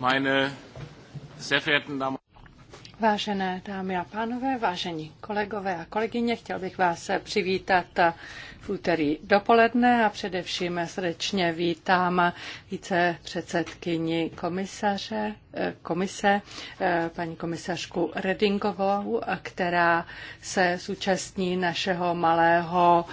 meine sehr verehrten Damen Vážené dámy a pánové, vážení kolegové a kolegyně, chtěl bych vás přivítat v úterý dopoledne a především srdečně vítám více předsedkyni komisaře Eh, komise, eh, paní komisařku Redingovou, eh, která se zúčastní našeho malého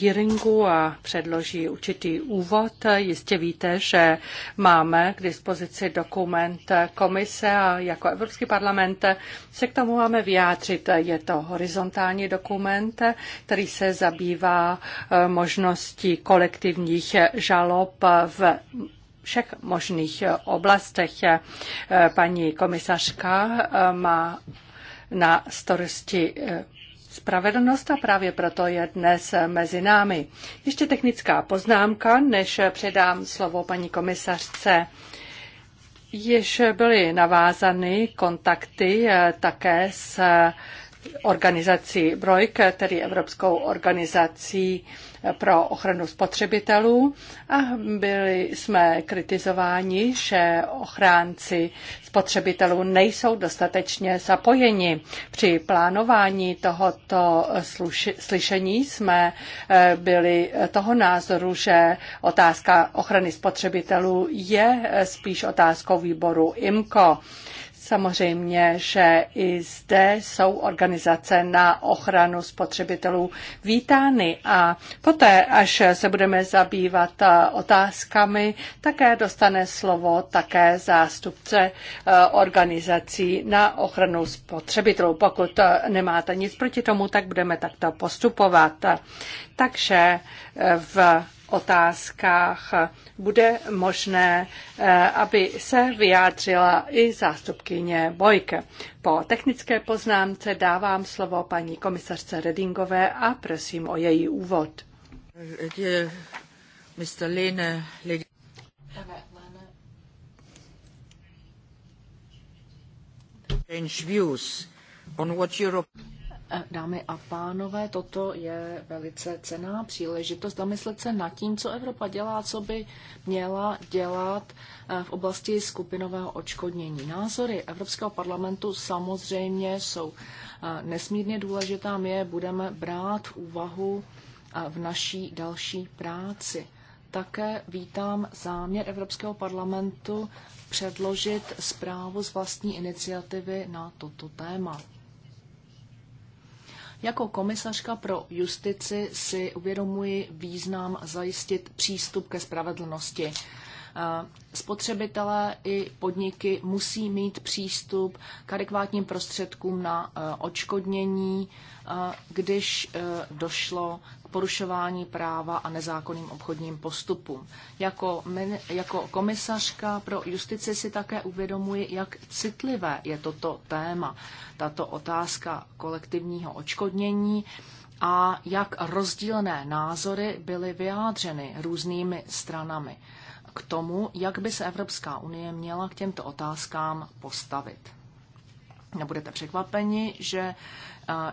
hearingu a předloží určitý úvod. Jistě víte, že máme k dispozici dokument komise a jako Evropský parlament se k tomu máme vyjádřit. Je to horizontální dokument, který se zabývá možností kolektivních žalob v všech možných oblastech. Paní komisařka má na starosti spravedlnost a právě proto je dnes mezi námi. Ještě technická poznámka, než předám slovo paní komisařce. Již byly navázany kontakty také s organizací BROIK, tedy Evropskou organizací pro ochranu spotřebitelů a byli jsme kritizováni, že ochránci spotřebitelů nejsou dostatečně zapojeni. Při plánování tohoto slyšení jsme eh, byli toho názoru, že otázka ochrany spotřebitelů je eh, spíš otázkou výboru IMCO. Samozřejmě, že i zde jsou organizace na ochranu spotřebitelů vítány a poté, až se budeme zabývat eh, otázkami, také dostane slovo také zástupce eh, organizací na ochranu spotřebitelů. Pokud eh, nemáte nic proti tomu, tak budeme takto postupovat. Takže v otázkách bude možné, eh, aby se vyjádřila i zástupkyně Bojke. Po technické poznámce dávám slovo paní komisařce Redingové a prosím o její úvod. Change views on what Europe... Eh, dámy a pánové, toto je velice cená příležitost zamyslet se nad tím, co Evropa dělá, co by měla dělat eh, v oblasti skupinového očkodnění. Názory Evropského parlamentu samozřejmě jsou eh, nesmírně důležitá. My je budeme brát v úvahu v naší další práci. Také vítám záměr Evropského parlamentu předložit zprávu z vlastní iniciativy na toto téma. Jako komisařka pro justici si uvědomuji význam zajistit přístup ke spravedlnosti. Eh, spotřebitelé i podniky musí mít přístup k adekvátním prostředkům na eh, odškodnění, eh, když došlo porušování práva a nezákonným obchodním postupům. Jako, min, jako komisařka pro justici si také uvědomuji, jak citlivé je toto téma, tato otázka kolektivního očkodnění a jak rozdílné názory byly vyjádřeny různými stranami k tomu, jak by se Evropská unie měla k těmto otázkám postavit. Nebudete překvapeni, že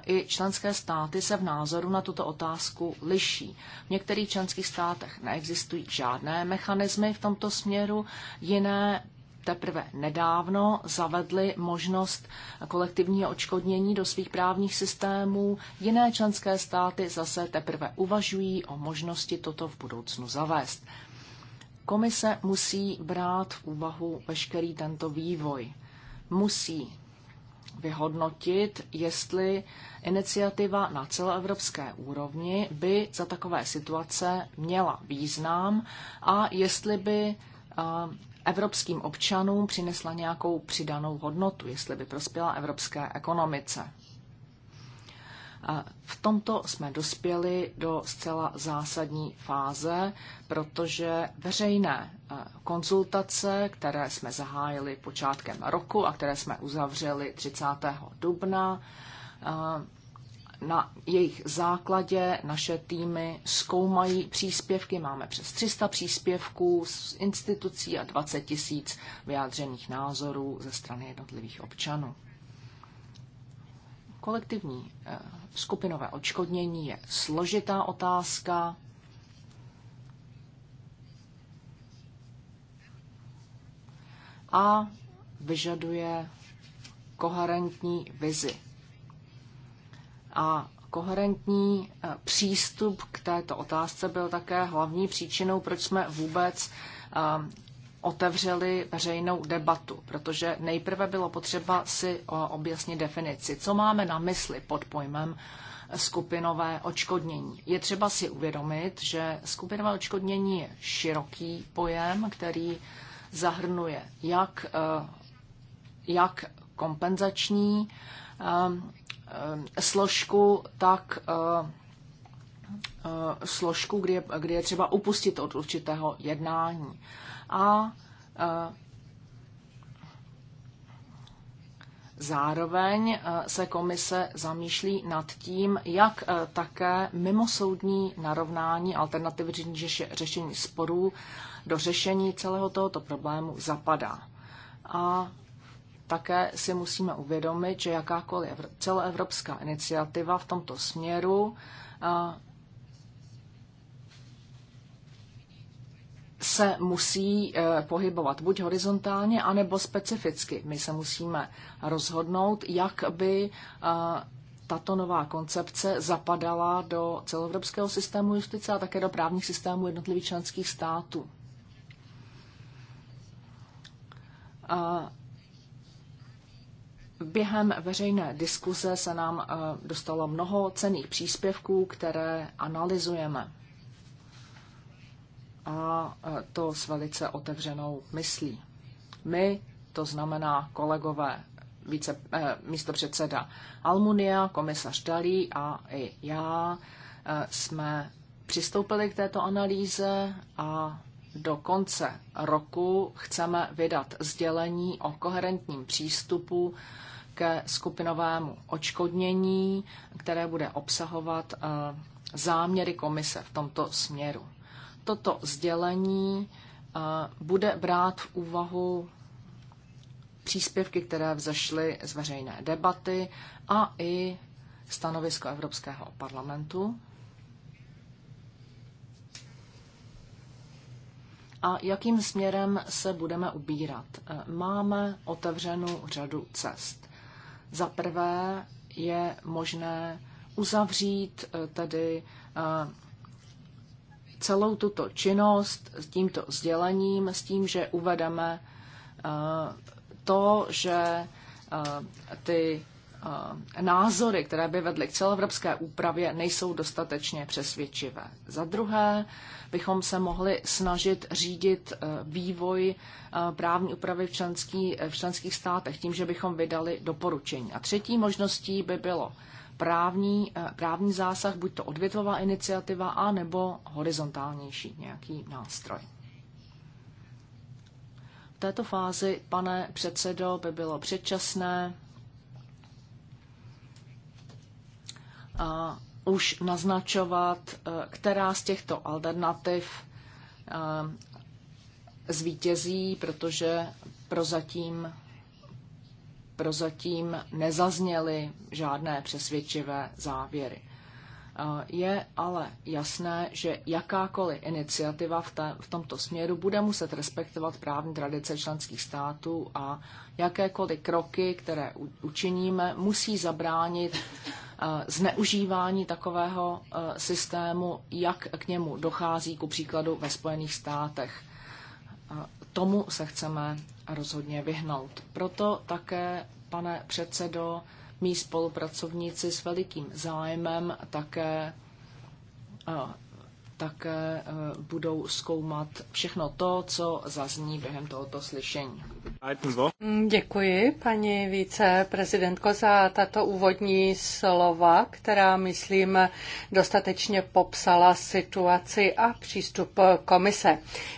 i členské státy se v názoru na tuto otázku liší. V některých členských státech neexistují žádné mechanismy v tomto směru, jiné teprve nedávno zavedly možnost kolektivního očkodnění do svých právních systémů, jiné členské státy zase teprve uvažují o možnosti toto v budoucnu zavést. Komise musí brát v úvahu veškerý tento vývoj. Musí vyhodnotit, jestli iniciativa na celoevropské úrovni by za takové situace měla význam a jestli by eh, evropským občanům přinesla nějakou přidanou hodnotu, jestli by prospěla evropské ekonomice. V tomto jsme dospěli do zcela zásadní fáze, protože veřejné eh, konzultace, které jsme zahájili počátkem roku a které jsme uzavřeli 30. dubna, eh, na jejich základě naše týmy zkoumají příspěvky. Máme přes 300 příspěvků z institucí a 20 tisíc vyjádřených názorů ze strany jednotlivých občanů. Kolektivní eh, skupinové odškodnění je složitá otázka. A vyžaduje koherentní vizi. A koherentní eh, přístup k této otázce byl také hlavní příčinou, proč jsme vůbec eh, otevřeli veřejnou debatu, protože nejprve bylo potřeba si objasnit definici, co máme na mysli pod pojmem skupinové očkodnění. Je třeba si uvědomit, že skupinové očkodnění je široký pojem, který zahrnuje jak, eh, jak kompenzační eh, eh, složku, tak složku, kdy je, kdy je třeba upustit od určitého jednání a e, Zároveň e, se komise zamýšlí nad tím, jak e, také mimosoudní narovnání alternativy řešení sporů do řešení celého tohoto problému zapadá. A také si musíme uvědomit, že jakákoliv celoevropská iniciativa v tomto směru se musí eh, pohybovat buď horizontálně, anebo specificky. My se musíme rozhodnout, jak by eh, tato nová koncepce zapadala do celoevropského systému justice a také do právních systémů jednotlivých členských států. A eh, Během veřejné diskuze se nám dostalo mnoho cených příspěvků, které analyzujeme a to s velice otevřenou myslí. My, to znamená kolegové více, eh, místo předseda Almunia, komisař Dalí a i já, eh, jsme přistoupili k této analýze a do konce roku chceme vydat sdělení o koherentním přístupu ke skupinovému očkodnění, které bude obsahovat eh, záměry komise v tomto směru toto sdělení eh, bude brát v úvahu příspěvky, které vzešly z veřejné debaty a i stanovisko Evropského parlamentu. A jakým směrem se budeme ubírat? Eh, máme otevřenou řadu cest. Za prvé je možné uzavřít eh, tedy celou tuto činnost s tímto sdělením, s tím, že uvedeme eh, to, že eh, ty eh, názory, které by vedly k celoevropské úpravě, nejsou dostatečně přesvědčivé. Za druhé bychom se mohli snažit řídit vývoj právní úpravy v, členský, v členských státech tím, že bychom vydali doporučení. A třetí možností by bylo právní, eh, právní zásah, buď to odvětvová iniciativa, a nebo horizontálnější nějaký nástroj. V této fázi, pane předsedo, by bylo předčasné a už naznačovat, eh, která z těchto alternativ eh, zvítězí, protože prozatím prozatím nezazněly žádné přesvědčivé závěry. Je ale jasné, že jakákoliv iniciativa v, ta, v tomto směru bude muset respektovat právní tradice členských států a jakékoliv kroky, které učiníme, musí zabránit e, zneužívání takového e, systému, jak k němu dochází, ku příkladu ve Spojených státech. Tomu se chceme rozhodně vyhnout. Proto také, pane předsedo, mý spolupracovníci s velikým zájmem také eh, také eh, budou zkoumat všechno to, co zazní během tohoto slyšení. Mm, děkuji, paní viceprezidentko, za tato úvodní slova, která, myslím, dostatečně popsala situaci a přístup komise.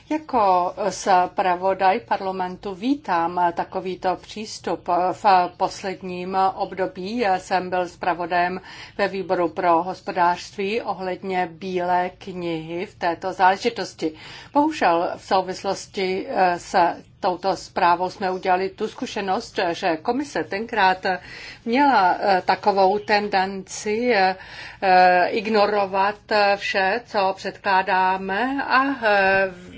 Jako zpravodaj parlamentu vítám takovýto přístup. V posledním období jsem byl zpravodajem ve výboru pro hospodářství ohledně Bílé knihy knihy v této záležitosti. Bohužel v souvislosti eh, s touto zprávou jsme udělali tu zkušenost, že komise tenkrát měla eh, takovou tendenci eh, eh, ignorovat vše, co předkládáme a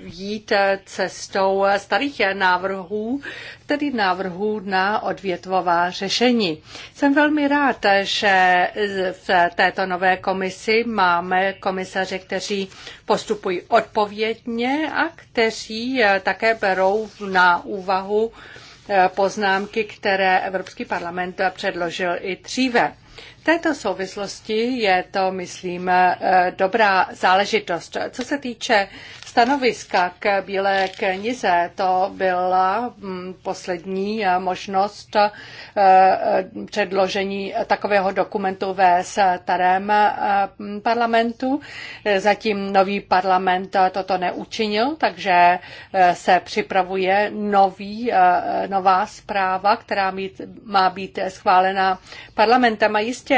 jít cestou starých návrhů, tedy návrhů na odvětvová řešení. Jsem velmi rád, že v této nové komisi máme komisaře, kteří postupují odpovědně a kteří také berou v na úvahu eh, poznámky, které Evropský parlament předložil i dříve. V této souvislosti je to, myslím, eh, dobrá záležitost. Co se týče stanoviska k Bílé knize. To byla mm, poslední možnost eh, předložení takového dokumentu ve starém eh, parlamentu. Zatím nový parlament toto neučinil, takže eh, se připravuje nový, nová zpráva, která mít, má být schválena parlamentem. A jistě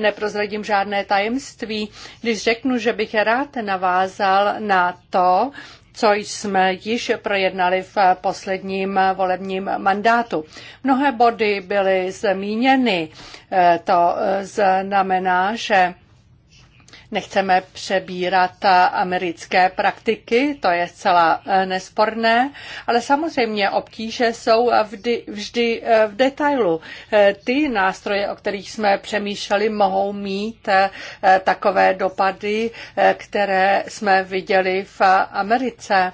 neprozradím žádné tajemství, když řeknu, že bych rád navázal na to, to, co jsme již projednali v posledním volebním mandátu. Mnohé body byly zmíněny. E, to znamená, že Nechceme přebírat americké praktiky, to je celá eh, nesporné, ale samozřejmě obtíže jsou vždy, vždy eh, v detailu. Eh, ty nástroje, o kterých jsme přemýšleli, mohou mít takové dopady, které jsme viděli v Americe.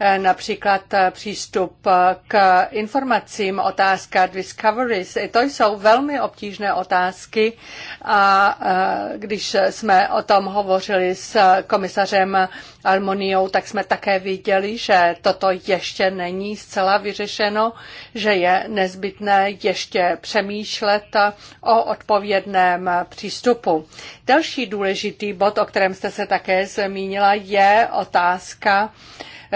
Eh, například eh, přístup eh, k informacím, otázka discoveries. To jsou velmi obtížné otázky a když jsme o tom hovořili s komisařem Almoniou, tak jsme také viděli, že toto ještě není zcela vyřešeno, že je nezbytné ještě přemýšlet o odpovědném přístupu. Další důležitý bod, o kterém jste se také zmínila, je otázka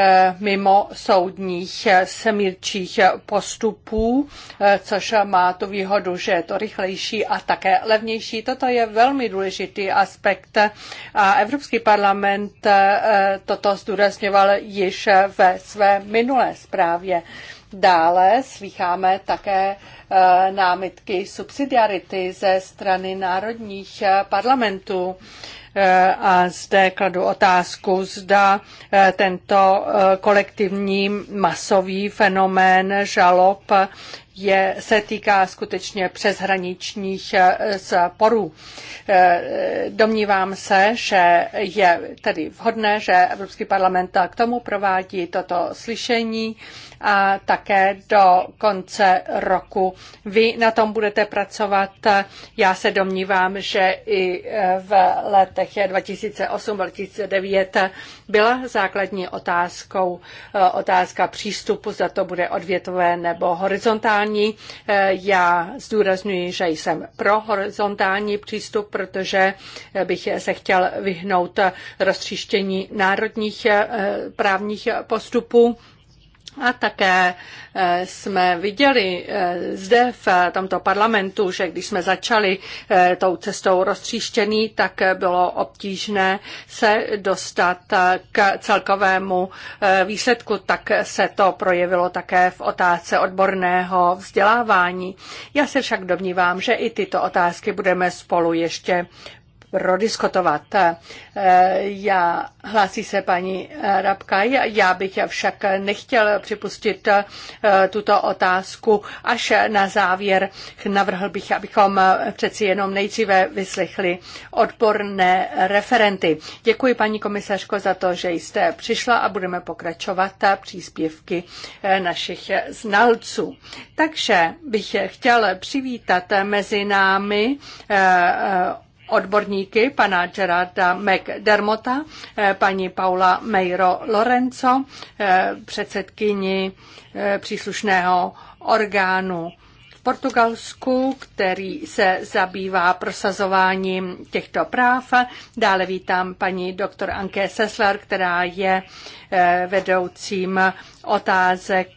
Eh, mimo soudních eh, semírčích postupů, eh, což má tu výhodu, že je to rychlejší a také levnější. Toto je velmi důležitý aspekt a Evropský parlament toto zdůrazňoval již ve své minulé zprávě. Dále slycháme také námitky subsidiarity ze strany národních parlamentů. Eh, a zde kladu otázku, zda eh, tento eh, kolektivní masový fenomén žalob je, se týká skutečně přeshraničních sporů. Domnívám se, že je tedy vhodné, že Evropský parlament k tomu provádí toto slyšení a také do konce roku. Vy na tom budete pracovat. Já se domnívám, že i v letech 2008-2009 byla základní otázkou otázka přístupu, za to bude odvětové nebo horizontální. Já zdůraznuji, že jsem pro horizontální přístup, protože bych se chtěl vyhnout roztříštění národních eh, právních postupů. A také eh, jsme viděli eh, zde v tomto parlamentu, že když jsme začali eh, tou cestou roztříštěný, tak bylo obtížné se dostat k celkovému výsledku. Tak se to projevilo také v otázce odborného vzdělávání. Já se však domnívám, že i tyto otázky budeme spolu ještě prodiskutovat. Já hlásí se paní Rabka, já bych však nechtěl připustit eh, tuto otázku až na závěr. Navrhl bych, abychom přeci jenom nejdříve vyslechli odborné referenty. Děkuji paní komisařko za to, že jste přišla a budeme pokračovat příspěvky eh, našich znalců. Takže bych chtěl přivítat mezi námi eh, odborníky, pana Gerarda McDermota, eh, paní Paula Meiro Lorenzo, eh, předsedkyni eh, příslušného orgánu v Portugalsku, který se zabývá prosazováním těchto práv. Dále vítám paní doktor Anke Sessler, která je vedoucím otázek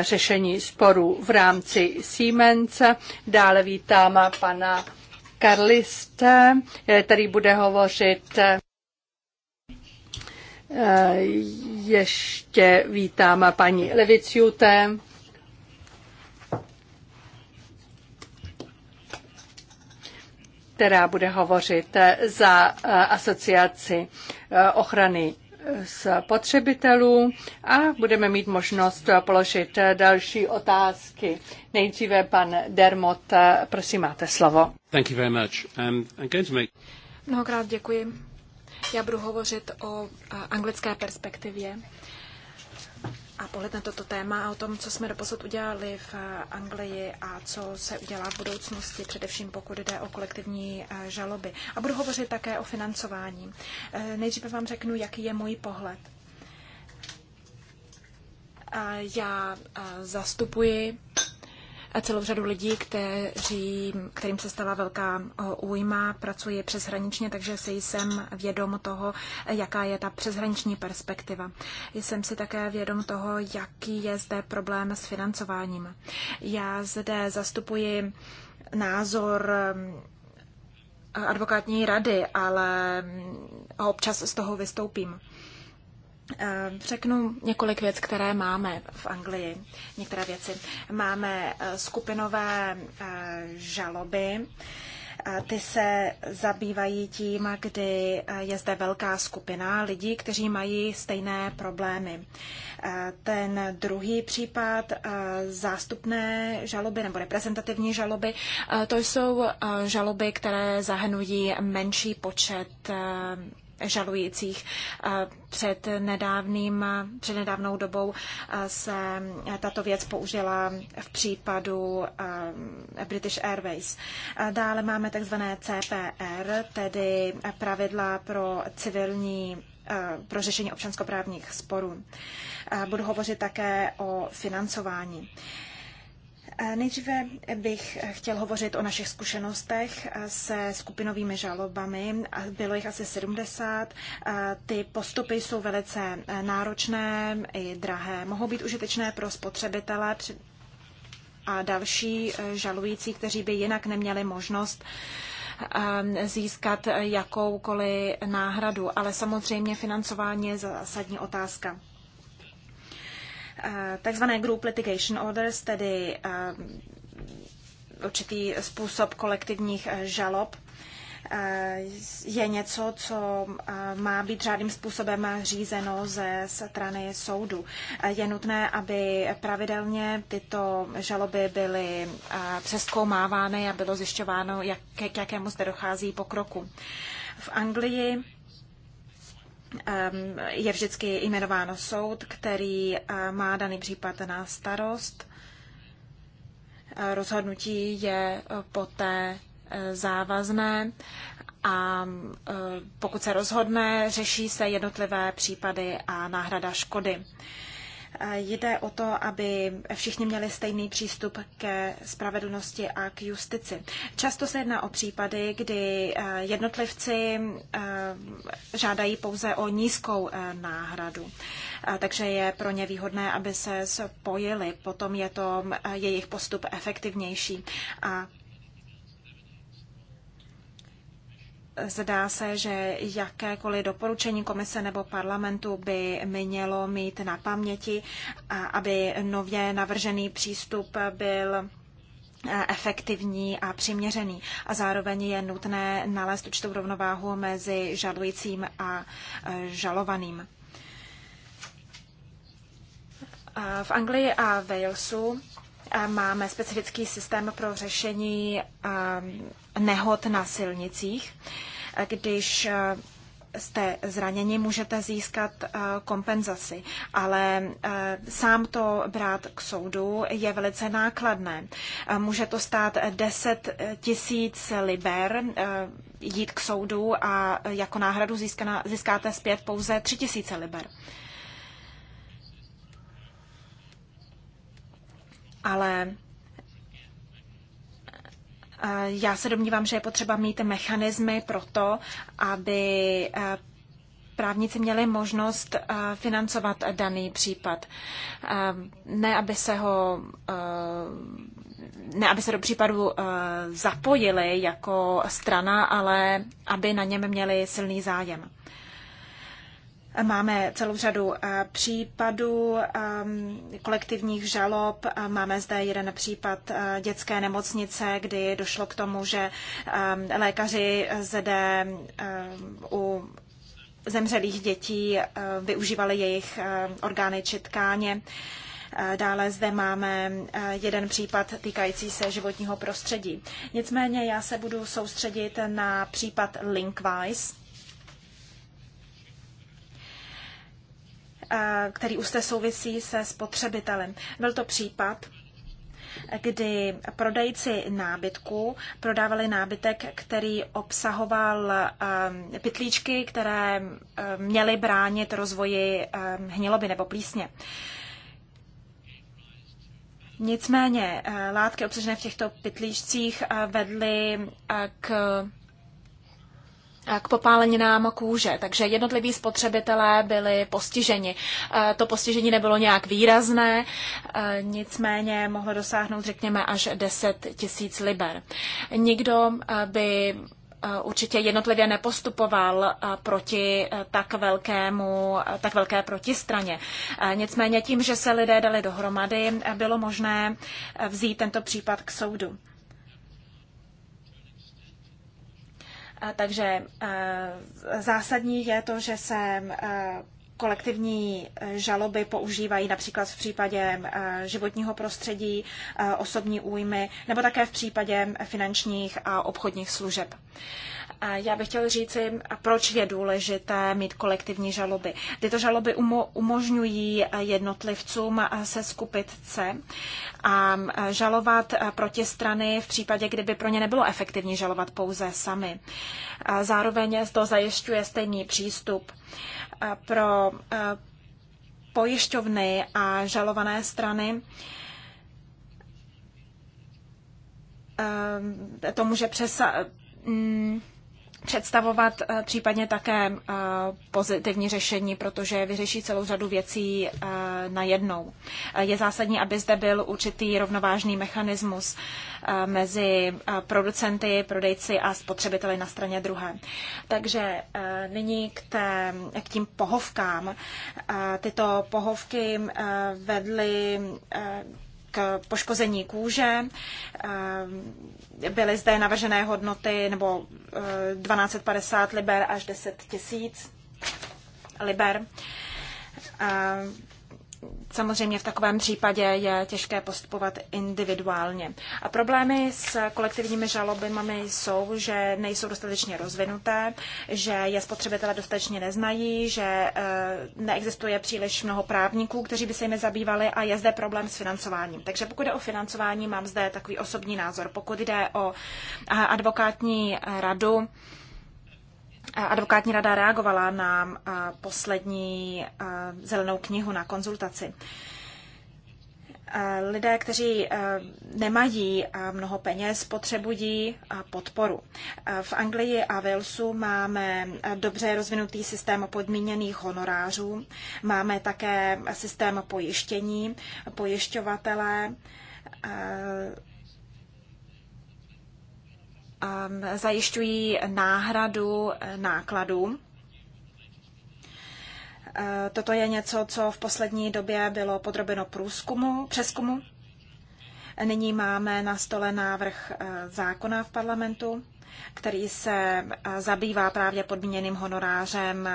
řešení sporů v rámci Siemens. Dále vítám pana Karlist, eh, který bude hovořit eh, ještě vítám paní Leviciute. která bude hovořit eh, za asociaci ochrany spotřebitelů a budeme mít možnost položit další otázky. Nejdříve pan Dermot, prosím, máte slovo. Thank you very much. Um, I'm going to make... Mnohokrát děkuji. Já budu hovořit o anglické perspektivě a pohled na toto téma a o tom, co jsme doposud udělali v eh, Anglii a co se udělá v budoucnosti, především pokud jde o kolektivní eh, žaloby. A budu hovořit také o financování. Eh, nejdříve vám řeknu, jaký je můj pohled. Já zastupuji celou řadu lidí, kteří, kterým se stala velká újma, pracuji přeshraničně, takže si jsem vědom toho, jaká je ta přeshraniční perspektiva. Jsem si také vědom toho, jaký je zde problém s financováním. Já zde zastupuji názor advokátní rady, ale občas z toho vystoupím. Ehm, řeknu několik věc, které máme v Anglii. Některé věci. Máme eh, skupinové eh, žaloby. Eh, ty se zabývají tím, kdy je zde velká skupina lidí, kteří mají stejné problémy. Ten druhý případ, zástupné žaloby nebo reprezentativní žaloby, to jsou žaloby, které zahrnují menší počet žalujících. Eh, před, nedávným, před nedávnou dobou eh, se tato věc použila v případu eh, British Airways. Dále máme takzvané CPR, tedy pravidla pro civilní pro řešení občanskoprávních sporů. Budu hovořit také o financování. Eh, nejdříve bych eh, chtěl hovořit o našich zkušenostech eh, se skupinovými žalobami. Bylo jich asi 70. Ty postupy jsou velice náročné i drahé. Mohou být užitečné pro spotřebitele a další žalující, kteří by jinak neměli možnost získat jakoukoliv náhradu. Ale samozřejmě financování je zásadní otázka. Eh, takzvané group litigation orders, tedy eh, určitý způsob kolektivních eh, žalob, je něco, co má být řádným způsobem řízeno ze strany soudu. Je nutné, aby pravidelně tyto žaloby byly přeskoumávány a bylo zjišťováno, jak, k jakému zde dochází pokroku. V Anglii Ehm, je vždycky jmenován soud, který eh, má daný případ na starost. Rozhodnutí je eh, poté eh, závazné a pokud se rozhodne, řeší se jednotlivé případy a náhrada škody. Jde o to, aby všichni měli stejný přístup ke spravedlnosti a k justici. Často se jedná o případy, kdy eh, jednotlivci eh, žádají pouze o nízkou eh, náhradu, takže je pro ně výhodné, aby se spojili. Potom je to jejich postup efektivnější a zdá se, že jakékoliv doporučení komise nebo parlamentu by mělo mít na paměti, aby nově navržený přístup byl e, efektivní a přiměřený. A zároveň je nutné nalézt určitou rovnováhu mezi žalujícím a e, žalovaným. V Anglii a Walesu Máme specifický systém pro řešení ehm, nehod na silnicích. Když e, jste zraněni, můžete získat e, kompenzaci, ale e, sám to brát k soudu je velice nákladné. Může to stát 10 tisíc liber jít k soudu a jako náhradu získáte zpět pouze 3 tisíce liber. ale eh, já se domnívám, že je potřeba mít mechanismy pro to, aby eh, právníci měli možnost eh, financovat daný případ. Ne, aby se ho ne, aby se do případu zapojili jako strana, ale aby na něm měli silný zájem. Máme celou řadu eh, případů ehm, kolektivních žalob. Eh, máme zde jeden případ eh, dětské nemocnice, kdy došlo k tomu, že ehm, lékaři zde ehm, u zemřelých dětí využívali jejich orgány či tkáně. Dále zde máme jeden případ týkající se životního prostředí. Nicméně já se budu soustředit na případ Linkwise který už se souvisí se spotřebitelem. Byl to případ, kdy prodejci nábytku prodávali nábytek, který obsahoval um, pytlíčky, které um, měly bránit rozvoji um, hniloby nebo plísně. Nicméně uh, látky obsažené v těchto pytlíčcích uh, vedly uh, k k popáleninám kůže. Takže jednotliví spotřebitelé byli postiženi. E, to postižení nebylo nějak výrazné, e, nicméně mohlo dosáhnout, řekněme, až 10 tisíc liber. Nikdo e, by určitě jednotlivě nepostupoval proti tak, velkému, tak velké protistraně. Nicméně tím, že se lidé dali dohromady, bylo možné vzít tento případ k soudu. Takže eh, zásadní je to, že se eh, kolektivní eh, žaloby používají například v případě životního prostředí, osobní újmy nebo také v případě finančních a obchodních služeb. Já bych chtěl říci, proč je důležité mít kolektivní žaloby. Tyto žaloby umožňují jednotlivcům se skupit se a žalovat proti strany v případě, kdyby pro ně nebylo efektivní žalovat pouze sami. Zároveň to zajišťuje stejný přístup pro e, pojišťovny a žalované strany. E, to může přesa, mm, představovat eh, případně také eh, pozitivní řešení, protože vyřeší celou řadu věcí eh, najednou. Je zásadní, aby zde byl určitý rovnovážný mechanismus mezi producenty, prodejci a spotřebiteli na straně druhé. Takže nyní k, té, k tím pohovkám. Tyto pohovky vedly k poškození kůže. Eh, byly zde navržené hodnoty nebo 1250 eh, liber až 10 tisíc liber. Eh, samozřejmě v takovém případě je těžké postupovat individuálně. A problémy s kolektivními žalobami jsou, že nejsou dostatečně rozvinuté, že je spotřebitele dostatečně neznají, že eh, neexistuje příliš mnoho právníků, kteří by se jimi zabývali a je zde problém s financováním. Takže pokud jde o financování, mám zde takový osobní názor. Pokud jde o eh, advokátní radu, Advokátní rada reagovala na poslední zelenou knihu na konzultaci. Lidé, kteří nemají mnoho peněz, potřebují podporu. V Anglii a Walesu máme dobře rozvinutý systém podmíněných honorářů, máme také systém pojištění, pojišťovatelé Um, zajišťují náhradu eh, nákladů. Eh, toto je něco, co v poslední době bylo podrobeno průzkumu, přeskumu. Nyní máme na stole návrh eh, zákona v parlamentu, který se zabývá právě podmíněným honorářem,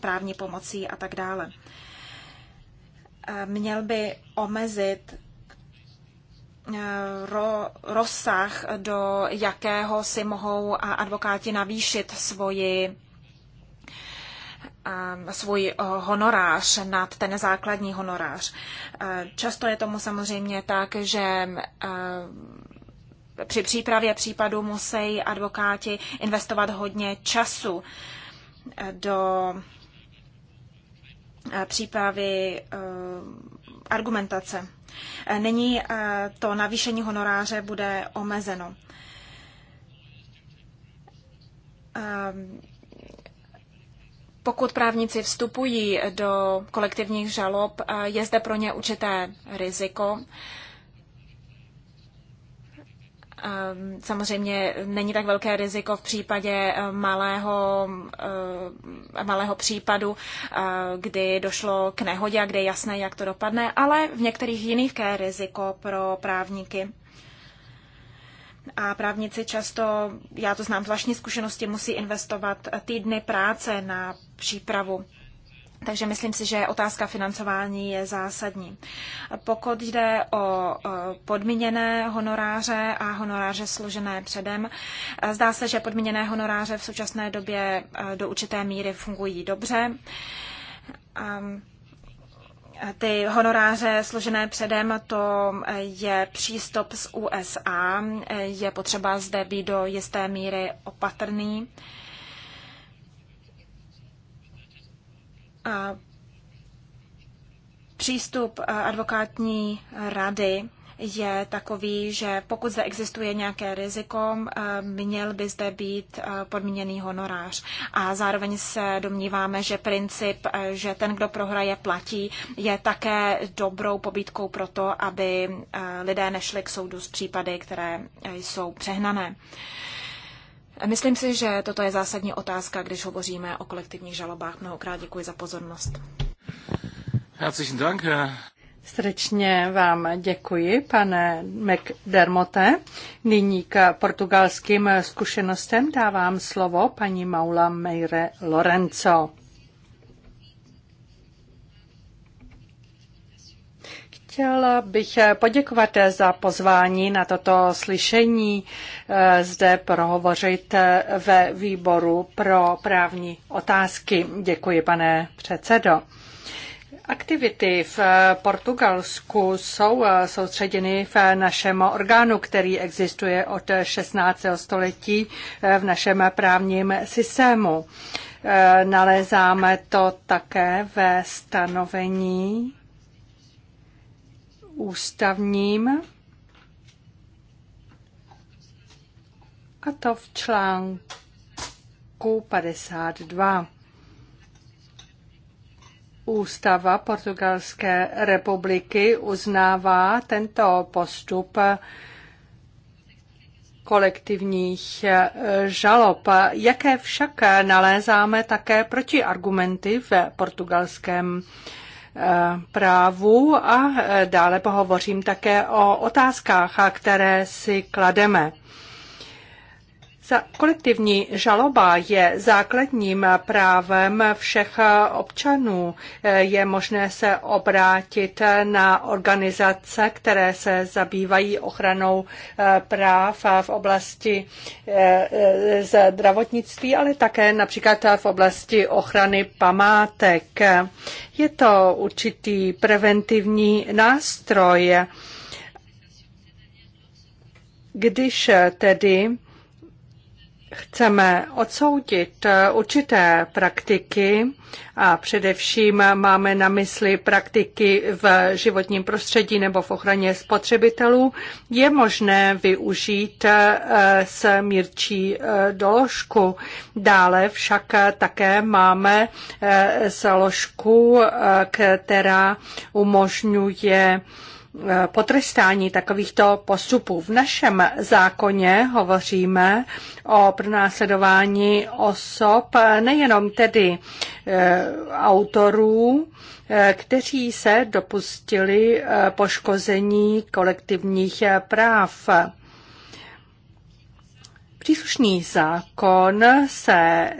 právní pomocí a tak dále. Měl by omezit Eh, ro, rozsah, do jakého si mohou advokáti navýšit svoji eh, svůj eh, honorář nad ten základní honorář. Často je tomu samozřejmě tak, že při přípravě případu musí advokáti investovat hodně času do přípravy argumentace. Nyní eh, to navýšení honoráře bude omezeno. Eh, pokud právníci vstupují do kolektivních žalob, eh, je zde pro ně určité riziko, Ehm, samozřejmě není tak velké riziko v případě eh, malého, eh, malého případu, eh, kdy došlo k nehodě a kde je jasné, jak to dopadne, ale v některých jiných je riziko pro právníky. A právníci často, já to znám z vlastní zkušenosti, musí investovat týdny práce na přípravu takže myslím si, že otázka financování je zásadní. Pokud jde o podmíněné honoráře a honoráře složené předem, zdá se, že podmíněné honoráře v současné době e, do určité míry fungují dobře. Ty honoráře složené předem, to je přístup z USA. E, je potřeba zde být do jisté míry opatrný. Přístup eh, advokátní rady je takový, že pokud zde existuje nějaké riziko, eh, měl by zde být eh, podmíněný honorář. A zároveň se domníváme, že princip, že ten, kdo prohraje, platí, je také dobrou pobídkou pro to, aby lidé nešli k soudu s případy, které jsou přehnané. Myslím si, že toto je zásadní otázka, když hovoříme o kolektivních žalobách. Mnohokrát děkuji za pozornost. Herzlichen Dank. Srdečně vám děkuji, pane McDermotte. Nyní k portugalským zkušenostem dávám slovo paní Maula Meire Lorenzo. Chtěla bych poděkovat za pozvání na toto slyšení eh, zde prohovořit eh, ve výboru pro právní otázky. Děkuji, pane předsedo. Aktivity v Portugalsku jsou eh, soustředěny v našem orgánu, který existuje od 16. století v našem právním systému. Nalézáme to také ve stanovení ústavním, a to v článku 52. Ústava Portugalské republiky uznává tento postup kolektivních žalob. Jaké však nalézáme také protiargumenty v portugalském právu a dále pohovořím také o otázkách, které si klademe. Kolektivní žaloba je základním právem všech občanů. Je možné se obrátit na organizace, které se zabývají ochranou eh, práv v oblasti eh, zdravotnictví, ale také například v oblasti ochrany památek. Je to určitý preventivní nástroj. Když tedy chceme odsoudit eh, určité praktiky a především máme na mysli praktiky v životním prostředí nebo v ochraně spotřebitelů, je možné využít eh, smírčí eh, doložku. Dále však také máme složku, která umožňuje Eh, potrestání takovýchto postupů. V našem zákoně hovoříme o pronásledování osob, nejenom tedy eh, autorů, eh, kteří se dopustili poškození kolektivních práv. Příslušný zákon se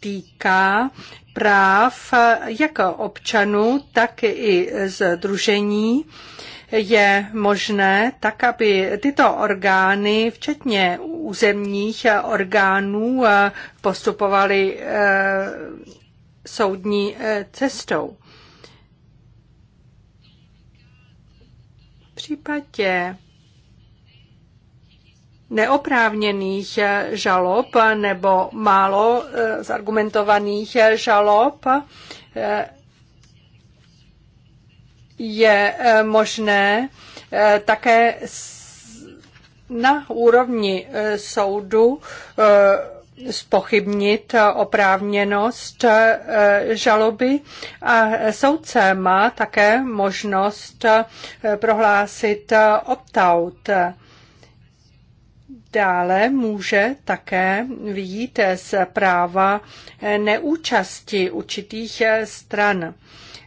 týká práv jako občanů, tak i združení je možné tak, aby tyto orgány, včetně územních orgánů, postupovaly eh, soudní eh, cestou. V případě neoprávněných eh, žalob nebo málo eh, zargumentovaných eh, žalob je možné také na úrovni soudu spochybnit oprávněnost žaloby a soudce má také možnost prohlásit opt-out. Dále může také vyjít z práva neúčasti určitých stran.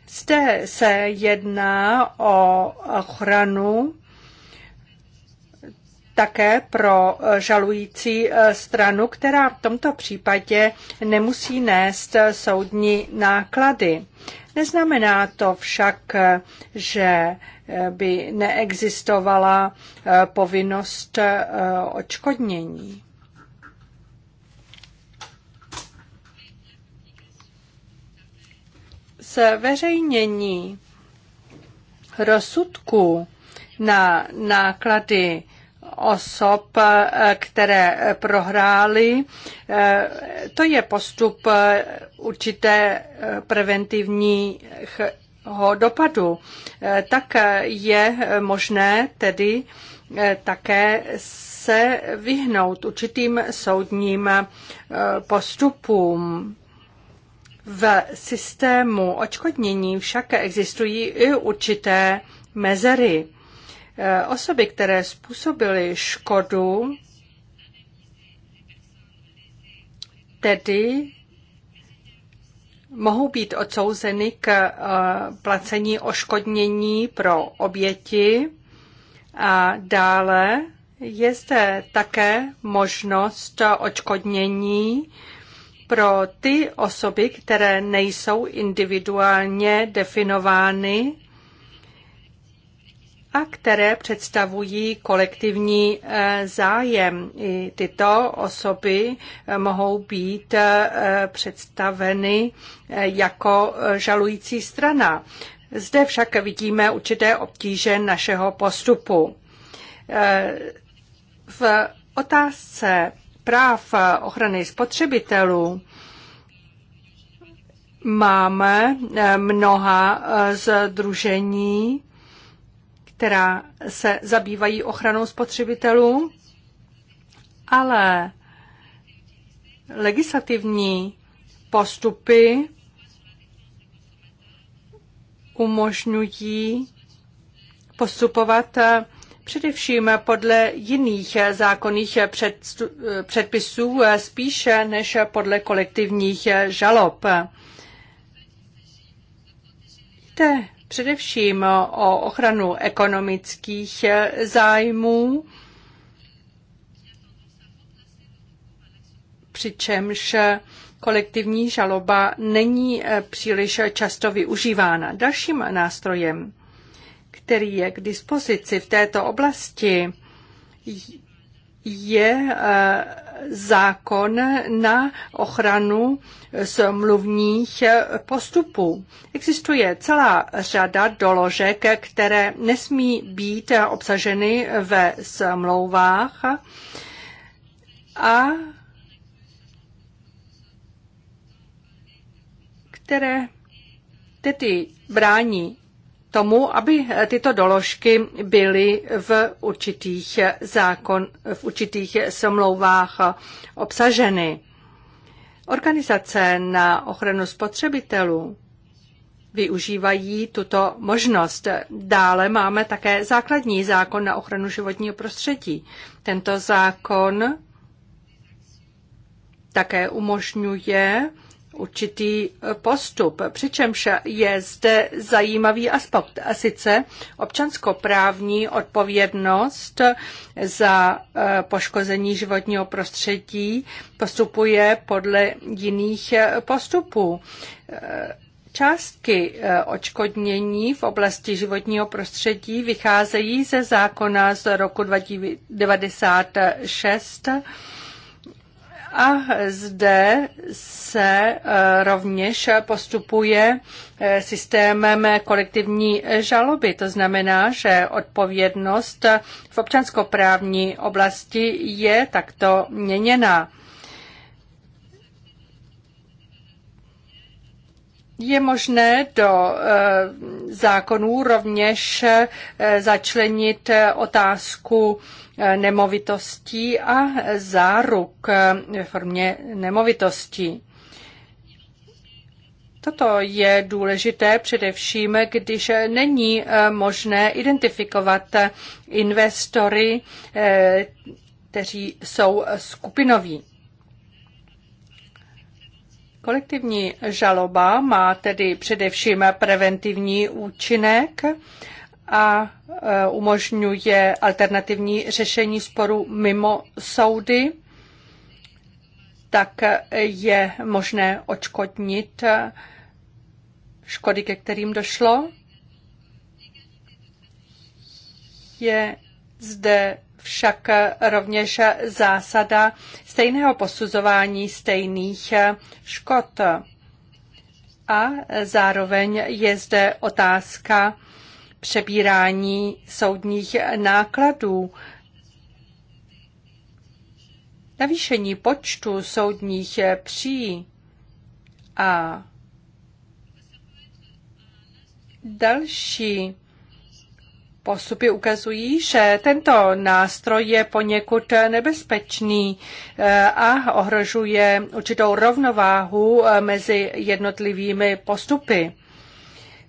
Zde se jedná o ochranu také pro žalující stranu, která v tomto případě nemusí nést soudní náklady. Neznamená to však, že by neexistovala eh, povinnost eh, očkodnění. Zveřejnění rozsudku na náklady osob, eh, které prohrály. To je postup určité preventivních dopadu, eh, tak eh, je možné tedy eh, také se vyhnout určitým soudním postupům. V systému očkodnění však existují i určité mezery. Osoby, které způsobily škodu, tedy mohou být odsouzeny k eh, placení oškodnění pro oběti a dále je zde také možnost odškodnění pro ty osoby, které nejsou individuálně definovány a které představují kolektivní eh, zájem. I tyto osoby eh, mohou být eh, představeny jako žalující strana. Zde však vidíme určité obtíže našeho postupu. V otázce práv ochrany spotřebitelů máme mnoha združení, která se zabývají ochranou spotřebitelů, ale legislativní postupy umožňují postupovat eh, především podle jiných zákonných eh, předpisů eh, spíše než podle kolektivních žalob. Jde především o ochranu ekonomických zájmů, přičemž kolektivní žaloba není příliš často využívána. Dalším nástrojem, který je k dispozici v této oblasti, je zákon na ochranu smluvních postupů. Existuje celá řada doložek, které nesmí být obsaženy ve smlouvách a které tedy brání tomu, aby tyto doložky byly v určitých zákon, v určitých smlouvách obsaženy. Organizace na ochranu spotřebitelů využívají tuto možnost. Dále máme také základní zákon na ochranu životního prostředí. Tento zákon také umožňuje určitý postup, přičemž je zde zajímavý aspekt, a sice občanskoprávní odpovědnost za eh, poškození životního prostředí postupuje podle jiných eh, postupů. Eh, částky očkodnění v oblasti životního prostředí vycházejí ze zákona z roku 1996 a zde se eh, rovněž postupuje eh, systémem kolektivní žaloby. To znamená, že odpovědnost v občanskoprávní oblasti je takto měněná. je možné do eh, zákonů rovněž eh, začlenit eh, otázku eh, nemovitostí a záruk ve formě nemovitostí. Toto je důležité především, když není možné identifikovat investory, kteří jsou skupinoví. Kolektivní žaloba má tedy především preventivní účinek a e, umožňuje alternativní řešení sporu mimo soudy, tak je možné očkodnit škody, ke kterým došlo. Je zde však rovněž zásada stejného posuzování stejných škod. A zároveň je zde otázka přebírání soudních nákladů. Navýšení počtu soudních pří a další postupy ukazují, že tento nástroj je poněkud nebezpečný eh, a ohrožuje určitou rovnováhu eh, mezi jednotlivými postupy.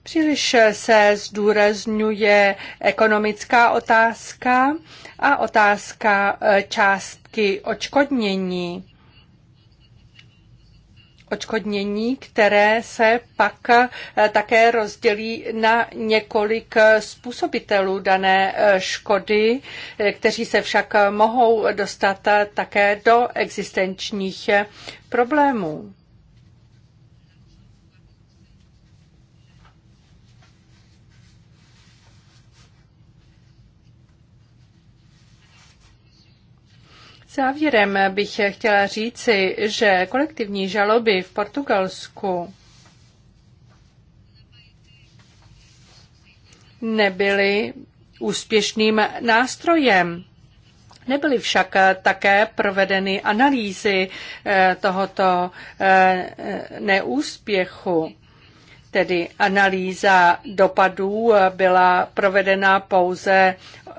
Příliš se zdůrazňuje ekonomická otázka a otázka eh, částky očkodnění odškodnění, které se pak eh, také rozdělí na několik eh, způsobitelů dané eh, škody, kteří se však mohou dostat také do existenčních problémů. Závěrem bych chtěla říci, že kolektivní žaloby v Portugalsku nebyly úspěšným nástrojem. Nebyly však také provedeny analýzy eh, tohoto eh, neúspěchu. Tedy analýza dopadů byla provedena pouze eh,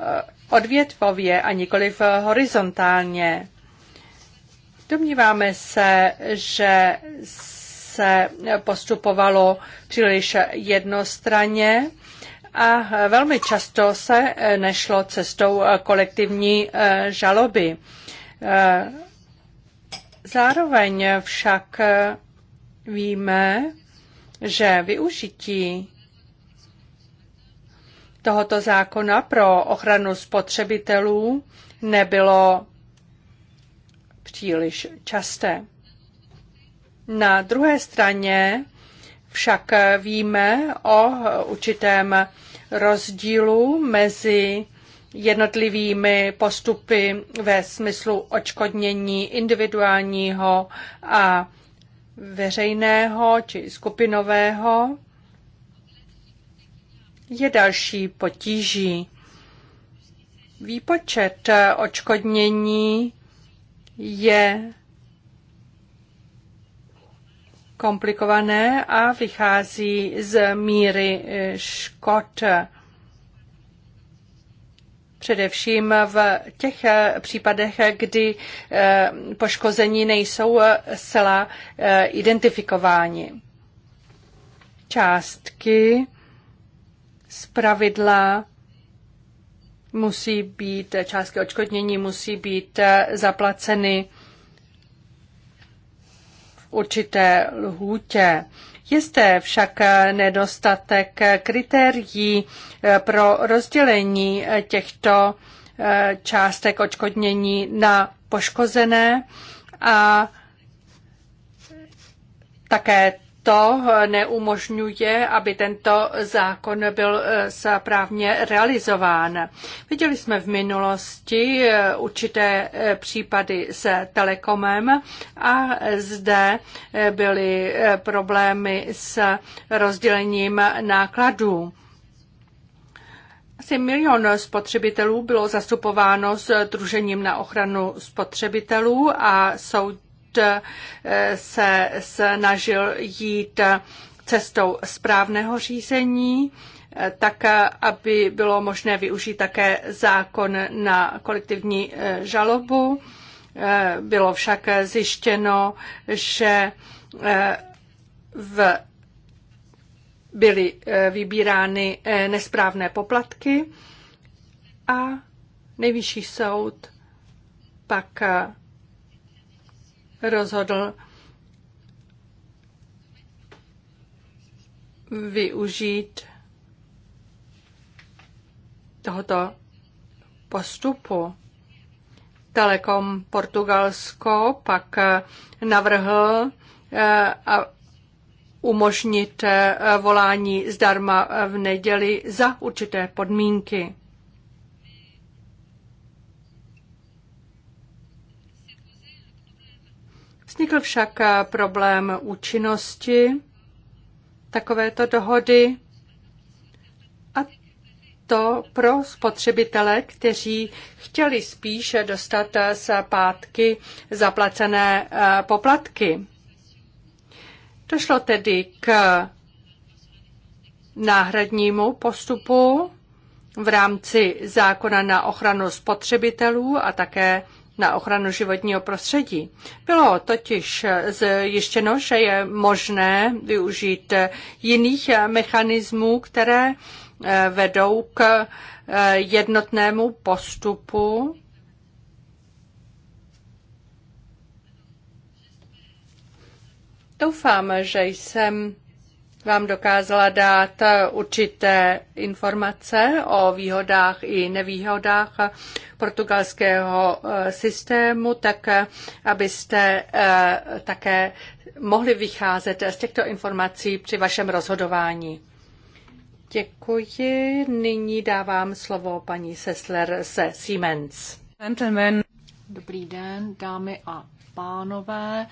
odvětvově a nikoliv horizontálně. Domníváme se, že se postupovalo příliš jednostranně a velmi často se nešlo cestou kolektivní eh, žaloby. Eh, zároveň však eh, víme, že využití tohoto zákona pro ochranu spotřebitelů nebylo příliš časté. Na druhé straně však víme o určitém rozdílu mezi jednotlivými postupy ve smyslu očkodnění individuálního a veřejného či skupinového je další potíží. Výpočet očkodnění je komplikované a vychází z míry eh, škod. Především v těch eh, případech, kdy eh, poškození nejsou zcela identifikováni. Částky Zpravidla musí být, částky odškodnění musí být eh, zaplaceny v určité lhůtě. Je zde však eh, nedostatek kritérií eh, pro rozdělení těchto částek odškodnění na poškozené a také to neumožňuje, aby tento zákon byl eh, správně realizován. Viděli jsme v minulosti eh, určité eh, případy se Telekomem a zde byly problémy s rozdělením nákladů. Asi milion spotřebitelů bylo zastupováno s Družením na ochranu spotřebitelů a soud Eh, se snažil jít eh, cestou správného řízení, eh, tak aby bylo možné využít také zákon na kolektivní žalobu. Bylo však zjištěno, že v, byly vybírány nesprávné poplatky a nejvyšší soud pak rozhodl využít tohoto postupu. Telekom Portugalsko pak navrhl eh, umožnit eh, volání zdarma v neděli za určité podmínky. Vznikl však eh, problém účinnosti takovéto dohody a to pro spotřebitele, kteří chtěli spíše dostat eh, z pátky zaplacené eh, poplatky. Došlo tedy k náhradnímu postupu v rámci zákona na ochranu spotřebitelů a také na ochranu životního prostředí. Bylo totiž zjištěno, že je možné využít jiných mechanismů, které eh, vedou k eh, jednotnému postupu Doufám, že jsem vám dokázala dát určité informace o výhodách i nevýhodách portugalského eh, systému, tak eh, abyste eh, také mohli vycházet z těchto informací při vašem rozhodování. Děkuji. Nyní dávám slovo paní Sessler ze Siemens. Gentlemen. Dobrý den, dámy a pánové.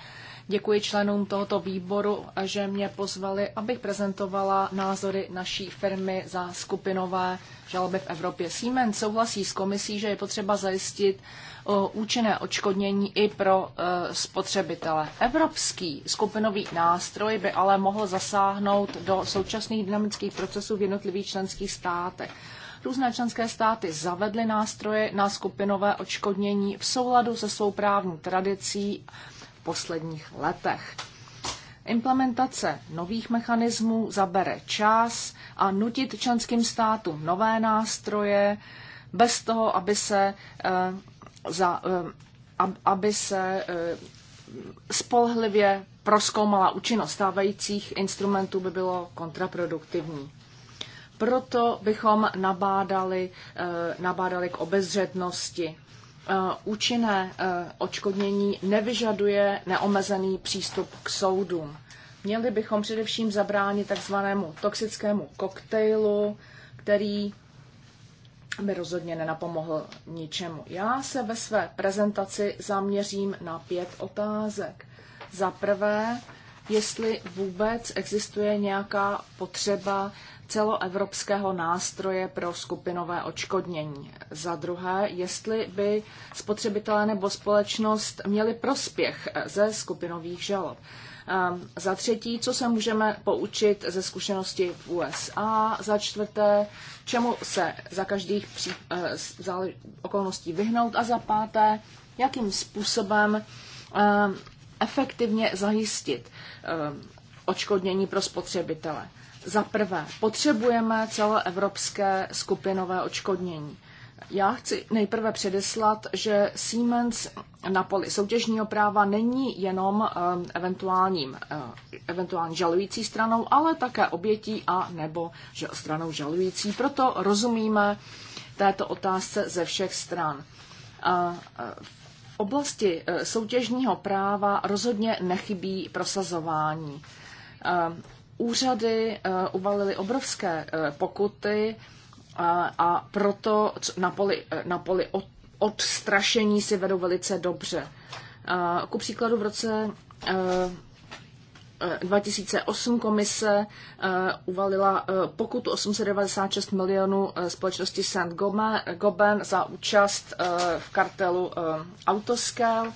Děkuji členům tohoto výboru, že mě pozvali, abych prezentovala názory naší firmy za skupinové žaloby v Evropě. Siemens souhlasí s komisí, že je potřeba zajistit účinné odškodnění i pro e, spotřebitele. Evropský skupinový nástroj by ale mohl zasáhnout do současných dynamických procesů v jednotlivých členských státech. Různé členské státy zavedly nástroje na skupinové odškodnění v souladu se svou právní tradicí v posledních letech. Implementace nových mechanismů zabere čas a nutit členským státům nové nástroje bez toho, aby se, eh, za, eh, aby se eh, spolehlivě proskoumala účinnost stávajících instrumentů, by bylo kontraproduktivní. Proto bychom nabádali, eh, nabádali k obezřetnosti. Eh, účinné eh, očkodnění nevyžaduje neomezený přístup k soudům. Měli bychom především zabránit takzvanému toxickému koktejlu, který by rozhodně nenapomohl ničemu. Já se ve své prezentaci zaměřím na pět otázek. Za prvé, jestli vůbec existuje nějaká potřeba celoevropského nástroje pro skupinové očkodnění. Za druhé, jestli by spotřebitelé nebo společnost měli prospěch ze skupinových žalob. Ehm, za třetí, co se můžeme poučit ze zkušenosti v USA. Za čtvrté, čemu se za každých pří, eh, za okolností vyhnout. A za páté, jakým způsobem ehm, efektivně zajistit ehm, očkodnění pro spotřebitele. Za prvé, potřebujeme celoevropské skupinové očkodnění. Já chci nejprve předeslat, že Siemens na poli soutěžního práva není jenom ehm, eventuálním, eh, eventuální žalující stranou, ale také obětí a nebo že stranou žalující. Proto rozumíme této otázce ze všech stran. Eh, eh, v oblasti soutěžního práva rozhodně nechybí prosazování ehm, úřady eh, uvalily obrovské eh, pokuty eh, a proto na poli, na poli odstrašení si vedou velice dobře. Ku příkladu v roce 2008 komise uvalila pokutu 896 milionů společnosti St. Goben za účast v kartelu Autoscal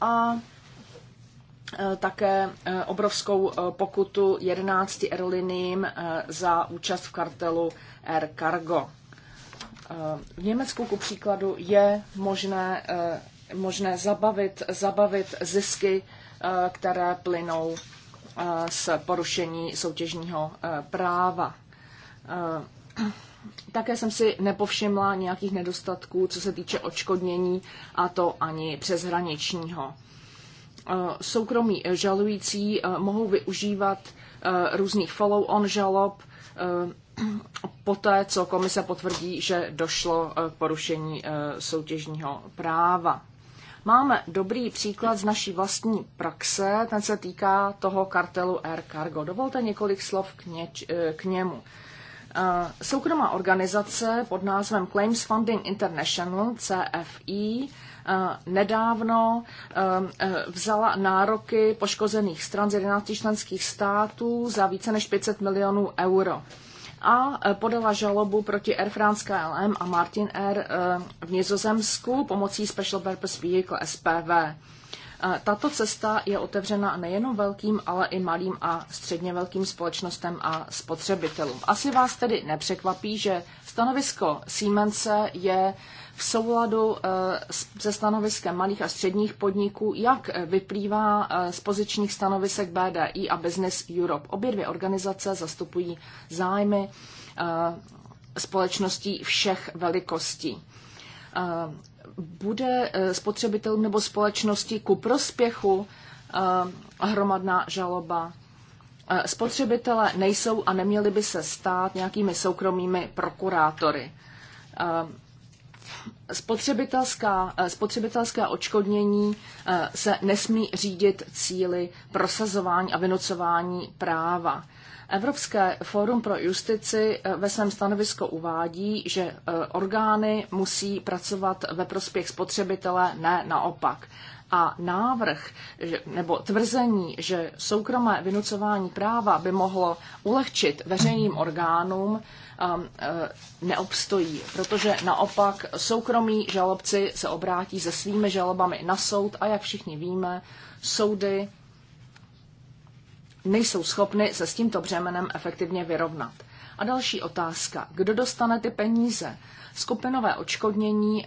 a Eh, také eh, obrovskou eh, pokutu 11 aeroliniím za účast v kartelu Air Cargo. V Německu ku příkladu je možné, možné zabavit, zabavit zisky, které plynou z porušení soutěžního práva. Také jsem si nepovšimla nějakých nedostatků, co se týče odškodnění, a to ani přeshraničního soukromí žalující eh, mohou využívat eh, různých follow-on žalob eh, poté, co komise potvrdí, že došlo k porušení soutěžního práva. Máme dobrý příklad z naší vlastní praxe, ten se týká toho kartelu Air Cargo. Dovolte několik slov k, něč, k němu. Soukromá organizace pod názvem Claims Funding International, CFI, Eh, nedávno eh, vzala nároky poškozených stran z 11 členských států za více než 500 milionů euro a eh, podala žalobu proti Air France KLM a Martin Air v Nizozemsku pomocí Special Purpose Vehicle SPV. Tato cesta je otevřena nejenom velkým, ale i malým a středně velkým společnostem a spotřebitelům. Asi vás tedy nepřekvapí, že stanovisko Siemense je v souladu eh, se stanoviskem malých a středních podniků, jak eh, vyplývá eh, z pozičních stanovisek BDI a Business Europe. Obě dvě organizace zastupují zájmy společností všech velikostí bude spotřebitelům nebo společnosti ku prospěchu hromadná žaloba. Spotřebitelé nejsou a neměli by se stát nějakými soukromými prokurátory spotřebitelská, eh, spotřebitelské očkodnění eh, se nesmí řídit cíly prosazování a vynucování práva. Evropské fórum pro justici eh, ve svém stanovisku uvádí, že orgány musí pracovat ve prospěch spotřebitele, ne naopak. A návrh nebo tvrzení, že soukromé vynucování práva by mohlo ulehčit veřejným orgánům, E, neobstojí, protože naopak soukromí žalobci se obrátí se svými žalobami na soud a jak všichni víme, soudy nejsou schopny se s tímto břemenem efektivně vyrovnat. A další otázka. Kdo dostane ty peníze? Skupinové očkodnění e,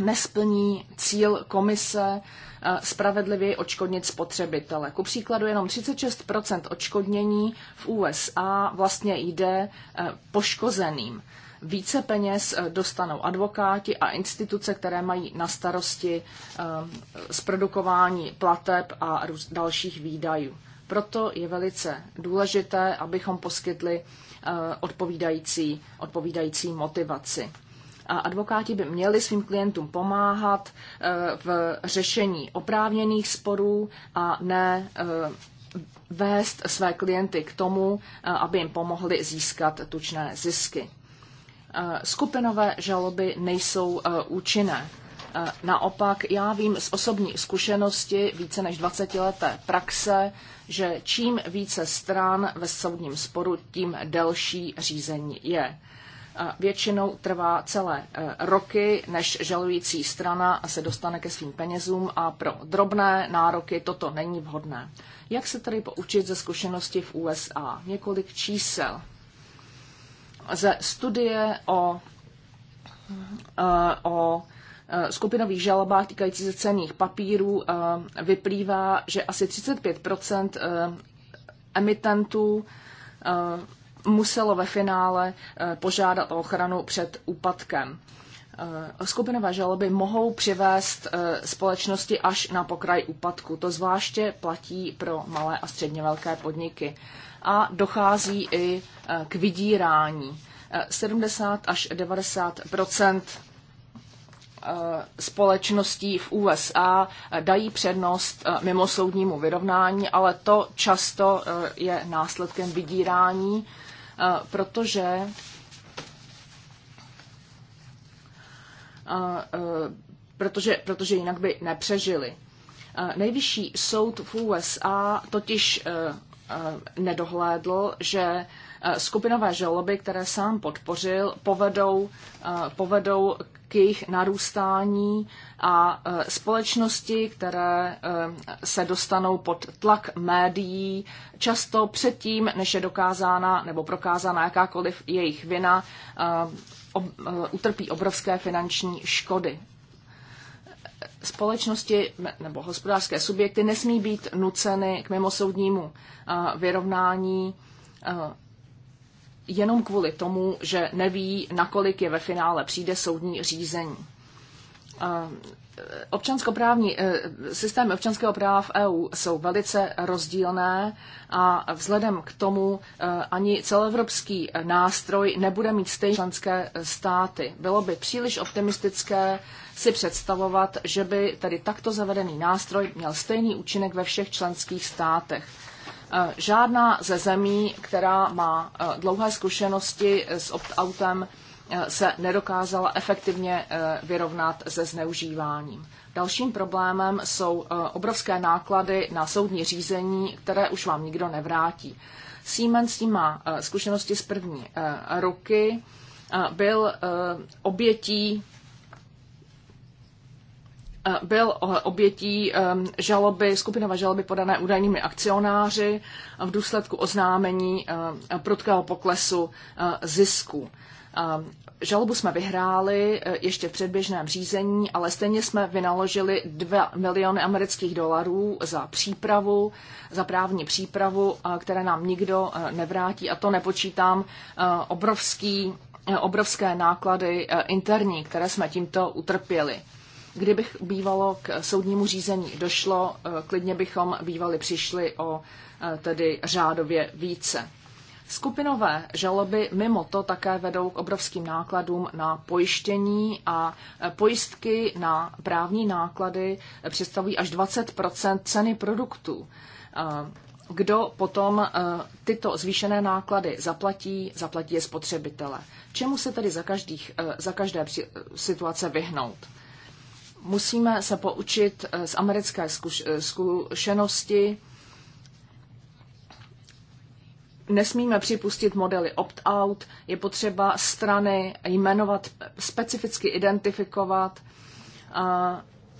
nesplní cíl komise eh, spravedlivěji očkodnit spotřebitele. Ku příkladu jenom 36 očkodnění v USA vlastně jde eh, poškozeným. Více peněz eh, dostanou advokáti a instituce, které mají na starosti zprodukování plateb a dalších výdajů. Proto je velice důležité, abychom poskytli odpovídající, odpovídající motivaci a advokáti by měli svým klientům pomáhat eh, v řešení oprávněných sporů a ne eh, vést své klienty k tomu, eh, aby jim pomohli získat tučné zisky. Skupinové žaloby nejsou účinné. Naopak já vím z osobní zkušenosti více než 20 leté praxe, že čím více stran ve soudním sporu, tím delší řízení je. Většinou trvá celé eh, roky, než žalující strana se dostane ke svým penězům a pro drobné nároky toto není vhodné. Jak se tedy poučit ze zkušenosti v USA? Několik čísel. Ze studie o, eh, o eh, skupinových žalobách týkající se cených papírů vyplývá, že asi 35 emitentů muselo ve finále eh, požádat o ochranu před úpadkem. Eh, skupinové žaloby mohou přivést eh, společnosti až na pokraj úpadku. To zvláště platí pro malé a středně velké podniky. A dochází i k vydírání. 70 až 90 společností v USA dají přednost mimosoudnímu vyrovnání, ale to často je následkem vydírání Eh, protože eh, eh, protože, protože jinak by nepřežili. Nejvyšší soud v USA totiž nedohlédl, že Eh, skupinové žaloby, které sám podpořil, povedou, eh, povedou k jejich narůstání a eh, společnosti, které se dostanou pod tlak médií, často předtím, než je dokázána nebo prokázána jakákoliv jejich vina, utrpí obrovské finanční škody společnosti nebo hospodářské subjekty nesmí být nuceny k mimosoudnímu vyrovnání jenom kvůli tomu, že neví, nakolik je ve finále přijde soudní řízení. Eh, občanskoprávní, eh, systémy občanského práva v EU jsou velice rozdílné a vzhledem k tomu eh, ani celoevropský nástroj nebude mít stejné členské státy. Bylo by příliš optimistické si představovat, že by tedy takto zavedený nástroj měl stejný účinek ve všech členských státech. Eh, žádná ze zemí, která má eh, dlouhé zkušenosti s opt-outem, eh, se nedokázala efektivně vyrovnat se zneužíváním. Dalším problémem jsou obrovské náklady na soudní řízení, které už vám nikdo nevrátí. Siemens s tím má zkušenosti z první roky, byl obětí Eh, byl eh, obětí ehm, žaloby, skupinové žaloby podané údajnými akcionáři eh, v důsledku oznámení prudkého poklesu zisku. Žalobu jsme vyhráli ještě v předběžném řízení, ale stejně jsme vynaložili 2 miliony amerických dolarů za přípravu, za právní přípravu, které nám nikdo nevrátí a to nepočítám obrovský, obrovské náklady interní, které jsme tímto utrpěli. Kdybych bývalo k soudnímu řízení došlo, eh, klidně bychom bývali přišli o eh, tedy řádově více. Skupinové žaloby mimo to také vedou k obrovským nákladům na pojištění a eh, pojistky na právní náklady představují až 20 ceny produktů. Kdo potom tyto zvýšené náklady zaplatí, zaplatí je spotřebitele. Čemu se tedy za, každých, za každé situace vyhnout? musíme se poučit eh, z americké eh, zkušenosti. Nesmíme připustit modely opt-out, je potřeba strany jmenovat, specificky identifikovat.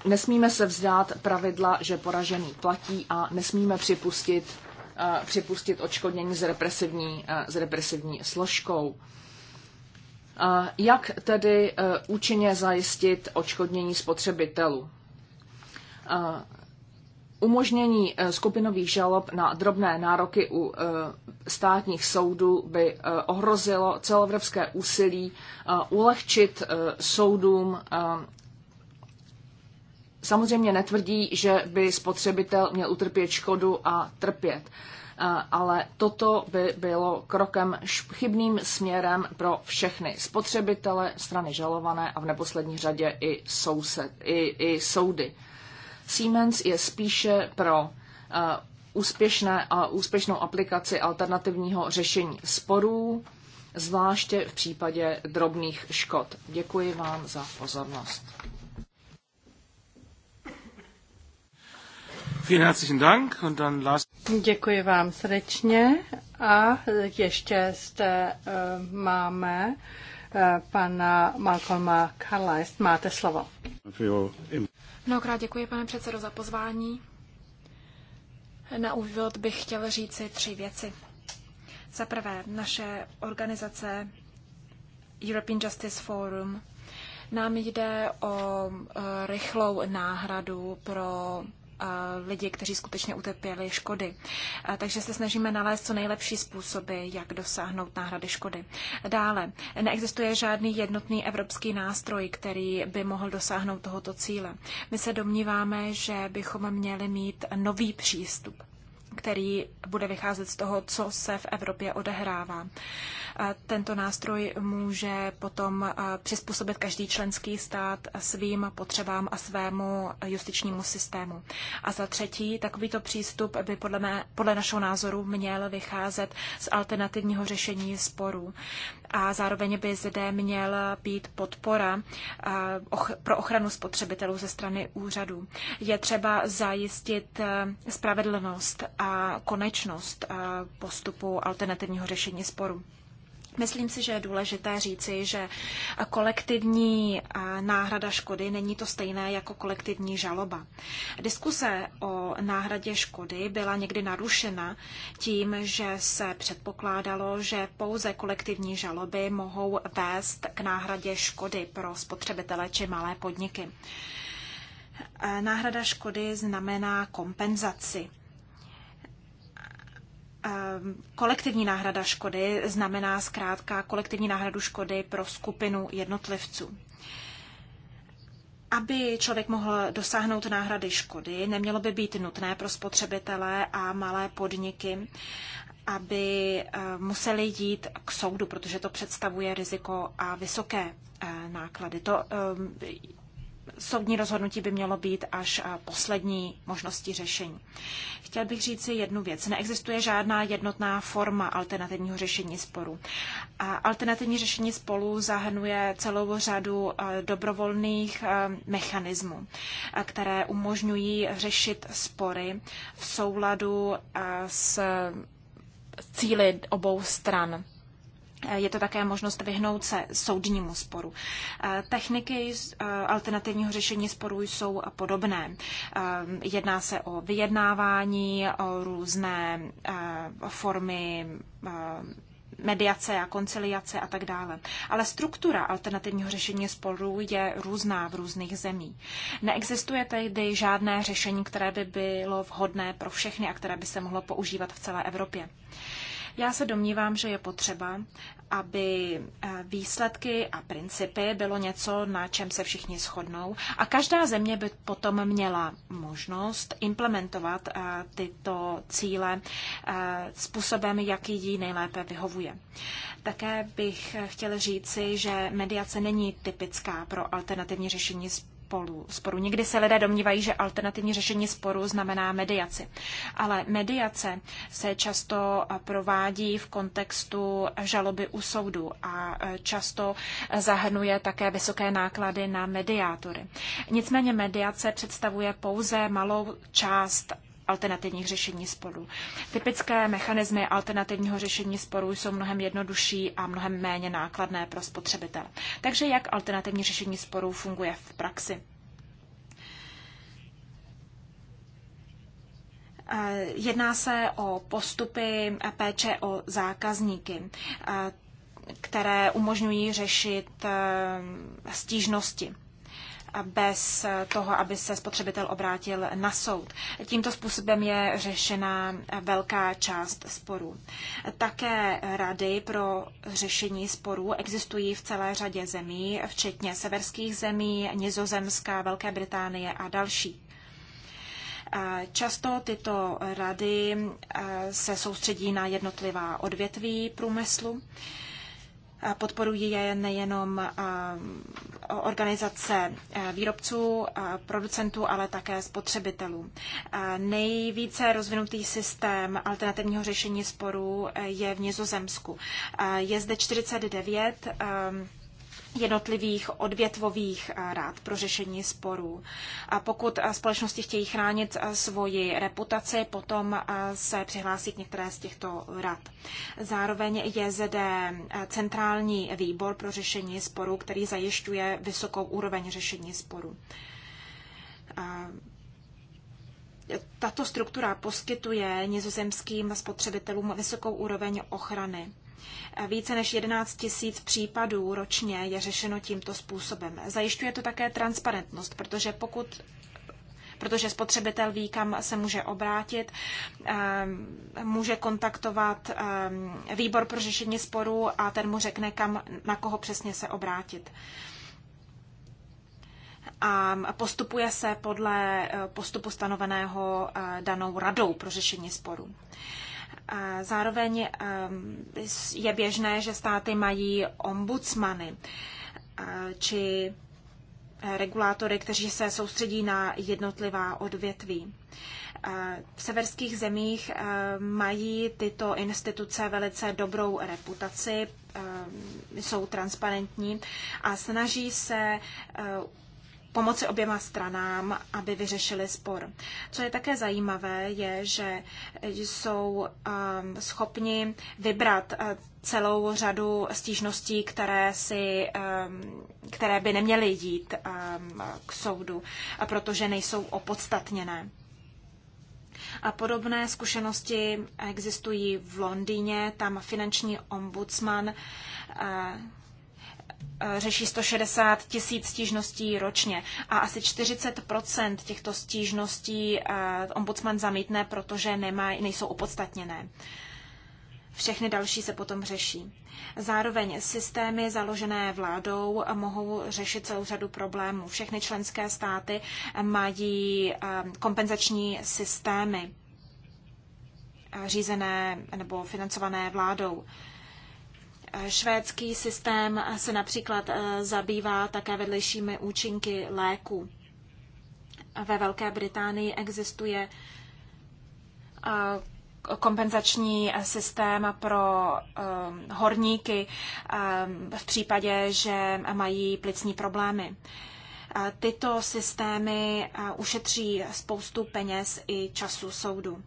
Nesmíme se vzdát pravidla, že poražený platí a nesmíme připustit, eh, připustit odškodnění s represivní, s represivní složkou jak tedy e, účinně zajistit odškodnění spotřebitelů? E, umožnění e, skupinových žalob na drobné nároky u státních soudů by ohrozilo celoevropské úsilí ulehčit soudům. Samozřejmě netvrdí, že by spotřebitel měl utrpět škodu a trpět. Eh, ale toto by bylo krokem chybným směrem pro všechny spotřebitele, strany žalované a v neposlední řadě i, soused, i, i soudy. Siemens je spíše pro eh, úspěšné a úspěšnou aplikaci alternativního řešení sporů, zvláště v případě drobných škod. Děkuji vám za pozornost. Vielen herzlichen Dank und dann last... Děkuji vám srdečně a ještě zde uh, máme uh, pana Malcolma Carlist. Máte slovo. Mnohokrát děkuji, pane předsedo, za pozvání. Na úvod bych chtěl říci tři věci. Za prvé, naše organizace European Justice Forum nám jde o eh, rychlou náhradu pro lidi, kteří skutečně utrpěli škody. Takže se snažíme nalézt co nejlepší způsoby, jak dosáhnout náhrady škody. Dále, neexistuje žádný jednotný evropský nástroj, který by mohl dosáhnout tohoto cíle. My se domníváme, že bychom měli mít nový přístup který bude vycházet z toho, co se v Evropě odehrává. Tento nástroj může potom přizpůsobit každý členský stát svým potřebám a svému justičnímu systému. A za třetí, takovýto přístup by podle, mé, podle našeho názoru měl vycházet z alternativního řešení sporů a zároveň by zde měla být podpora pro ochranu spotřebitelů ze strany úřadů. Je třeba zajistit e, spravedlnost a konečnost e, postupu alternativního řešení sporu. Myslím si, že je důležité říci, že kolektivní náhrada škody není to stejné jako kolektivní žaloba. Diskuse o náhradě škody byla někdy narušena tím, že se předpokládalo, že pouze kolektivní žaloby mohou vést k náhradě škody pro spotřebitele či malé podniky. Náhrada škody znamená kompenzaci Ehm, kolektivní náhrada škody znamená zkrátka kolektivní náhradu škody pro skupinu jednotlivců. Aby člověk mohl dosáhnout náhrady škody, nemělo by být nutné pro spotřebitele a malé podniky, aby ehm, museli jít k soudu, protože to představuje riziko a vysoké ehm, náklady. To soudní rozhodnutí by mělo být až poslední možností řešení. Chtěl bych říct si jednu věc. Neexistuje žádná jednotná forma alternativního řešení sporu. Alternativní řešení spolu zahrnuje celou řadu dobrovolných mechanismů, které umožňují řešit spory v souladu s cíly obou stran. Je to také možnost vyhnout se soudnímu sporu. Eh, techniky eh, alternativního řešení sporů jsou podobné. Eh, jedná se o vyjednávání, o různé formy mediace a konciliace a tak dále. Ale struktura alternativního řešení sporů je různá v různých zemí. Neexistuje tedy žádné řešení, které by bylo vhodné pro všechny a které by se mohlo používat v celé Evropě. Já se domnívám, že je potřeba, aby eh, výsledky a principy bylo něco, na čem se všichni shodnou a každá země by potom měla možnost implementovat eh, tyto cíle eh, způsobem, jaký jí nejlépe vyhovuje. Také bych chtěl říci, že mediace není typická pro alternativní řešení spolu, sporu. Někdy se lidé domnívají, že alternativní řešení sporu znamená mediaci. Ale mediace se často eh, provádí v kontextu žaloby u soudu a eh, často zahrnuje také vysoké náklady na mediátory. Nicméně mediace představuje pouze malou část alternativních řešení sporů. Typické mechanismy alternativního řešení sporů jsou mnohem jednodušší a mnohem méně nákladné pro spotřebitele. Takže jak alternativní řešení sporů funguje v praxi? Eh, jedná se o postupy péče o zákazníky, eh, které umožňují řešit eh, stížnosti bez toho, aby se spotřebitel obrátil na soud. Tímto způsobem je řešena velká část sporů. Také rady pro řešení sporů existují v celé řadě zemí, včetně severských zemí, Nizozemská, Velké Británie a další. Často tyto rady se soustředí na jednotlivá odvětví průmyslu Podporují je nejenom organizace výrobců, producentů, ale také spotřebitelů. Nejvíce rozvinutý systém alternativního řešení sporů e, je v Nizozemsku. Je zde 49 jednotlivých odvětvových eh, rád pro řešení sporů. A pokud eh, společnosti chtějí chránit eh, svoji reputaci, potom se přihlásí k některé z těchto rad. Zároveň je zde centrální výbor pro řešení sporů, který zajišťuje vysokou úroveň řešení sporů. Tato struktura poskytuje nizozemským spotřebitelům vysokou úroveň ochrany více než 11 tisíc případů ročně je řešeno tímto způsobem. Zajišťuje to také transparentnost, protože pokud protože spotřebitel ví, kam se může obrátit, ehm, může kontaktovat ehm, výbor pro řešení sporů a ten mu řekne, kam, na koho přesně se obrátit. A postupuje se podle eh, postupu stanoveného eh, danou radou pro řešení sporů. Zároveň ehm, je běžné, že státy mají ombudsmany eh, či regulátory, kteří se soustředí na jednotlivá odvětví. Eh, v severských zemích eh, mají tyto instituce velice dobrou reputaci, ehm, jsou transparentní a snaží se pomoci oběma stranám, aby vyřešili spor. Co je také zajímavé, je, že jsou um, schopni vybrat uh, celou řadu stížností, které, si, um, které by neměly jít um, k soudu, protože nejsou opodstatněné. A podobné zkušenosti existují v Londýně, tam finanční ombudsman uh, Eh, řeší 160 tisíc stížností ročně a asi 40 těchto stížností eh, ombudsman zamítne, protože nemá, nejsou opodstatněné. Všechny další se potom řeší. Zároveň systémy založené vládou mohou řešit celou řadu problémů. Všechny členské státy mají eh, kompenzační systémy řízené nebo financované vládou. Švédský systém se například eh, zabývá také vedlejšími účinky léků. Ve Velké Británii existuje eh, kompenzační systém pro eh, horníky v případě, že mají plicní problémy. Tyto systémy ušetří spoustu peněz i času soudu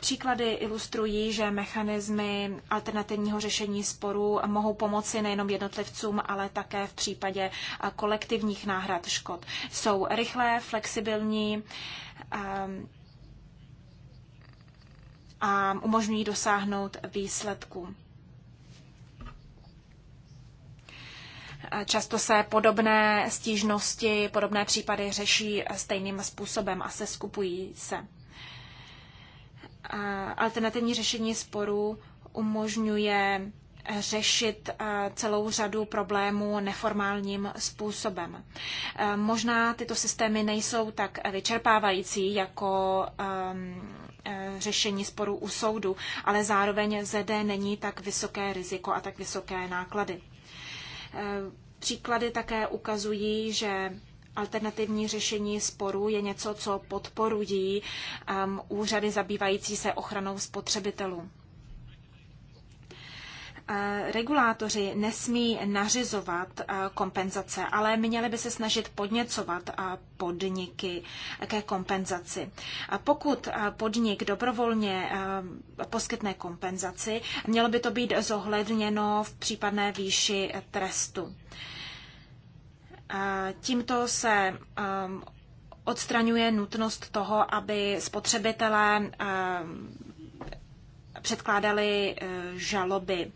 Příklady ilustrují, že mechanismy alternativního řešení sporů mohou pomoci nejenom jednotlivcům, ale také v případě kolektivních náhrad škod. Jsou rychlé, flexibilní ehm, a umožňují dosáhnout výsledků. Často se podobné stížnosti, podobné případy řeší stejným způsobem a se skupují se alternativní řešení sporů umožňuje řešit celou řadu problémů neformálním způsobem. Možná tyto systémy nejsou tak vyčerpávající jako řešení sporů u soudu, ale zároveň zde není tak vysoké riziko a tak vysoké náklady. Příklady také ukazují, že Alternativní řešení sporů je něco, co podporují um, úřady zabývající se ochranou spotřebitelů. Uh, regulátoři nesmí nařizovat uh, kompenzace, ale měli by se snažit podněcovat uh, podniky ke kompenzaci. Pokud podnik dobrovolně poskytne kompenzaci, mělo by to být zohledněno v případné výši trestu. Tímto se um, odstraňuje nutnost toho, aby spotřebitelé um, předkládali uh, žaloby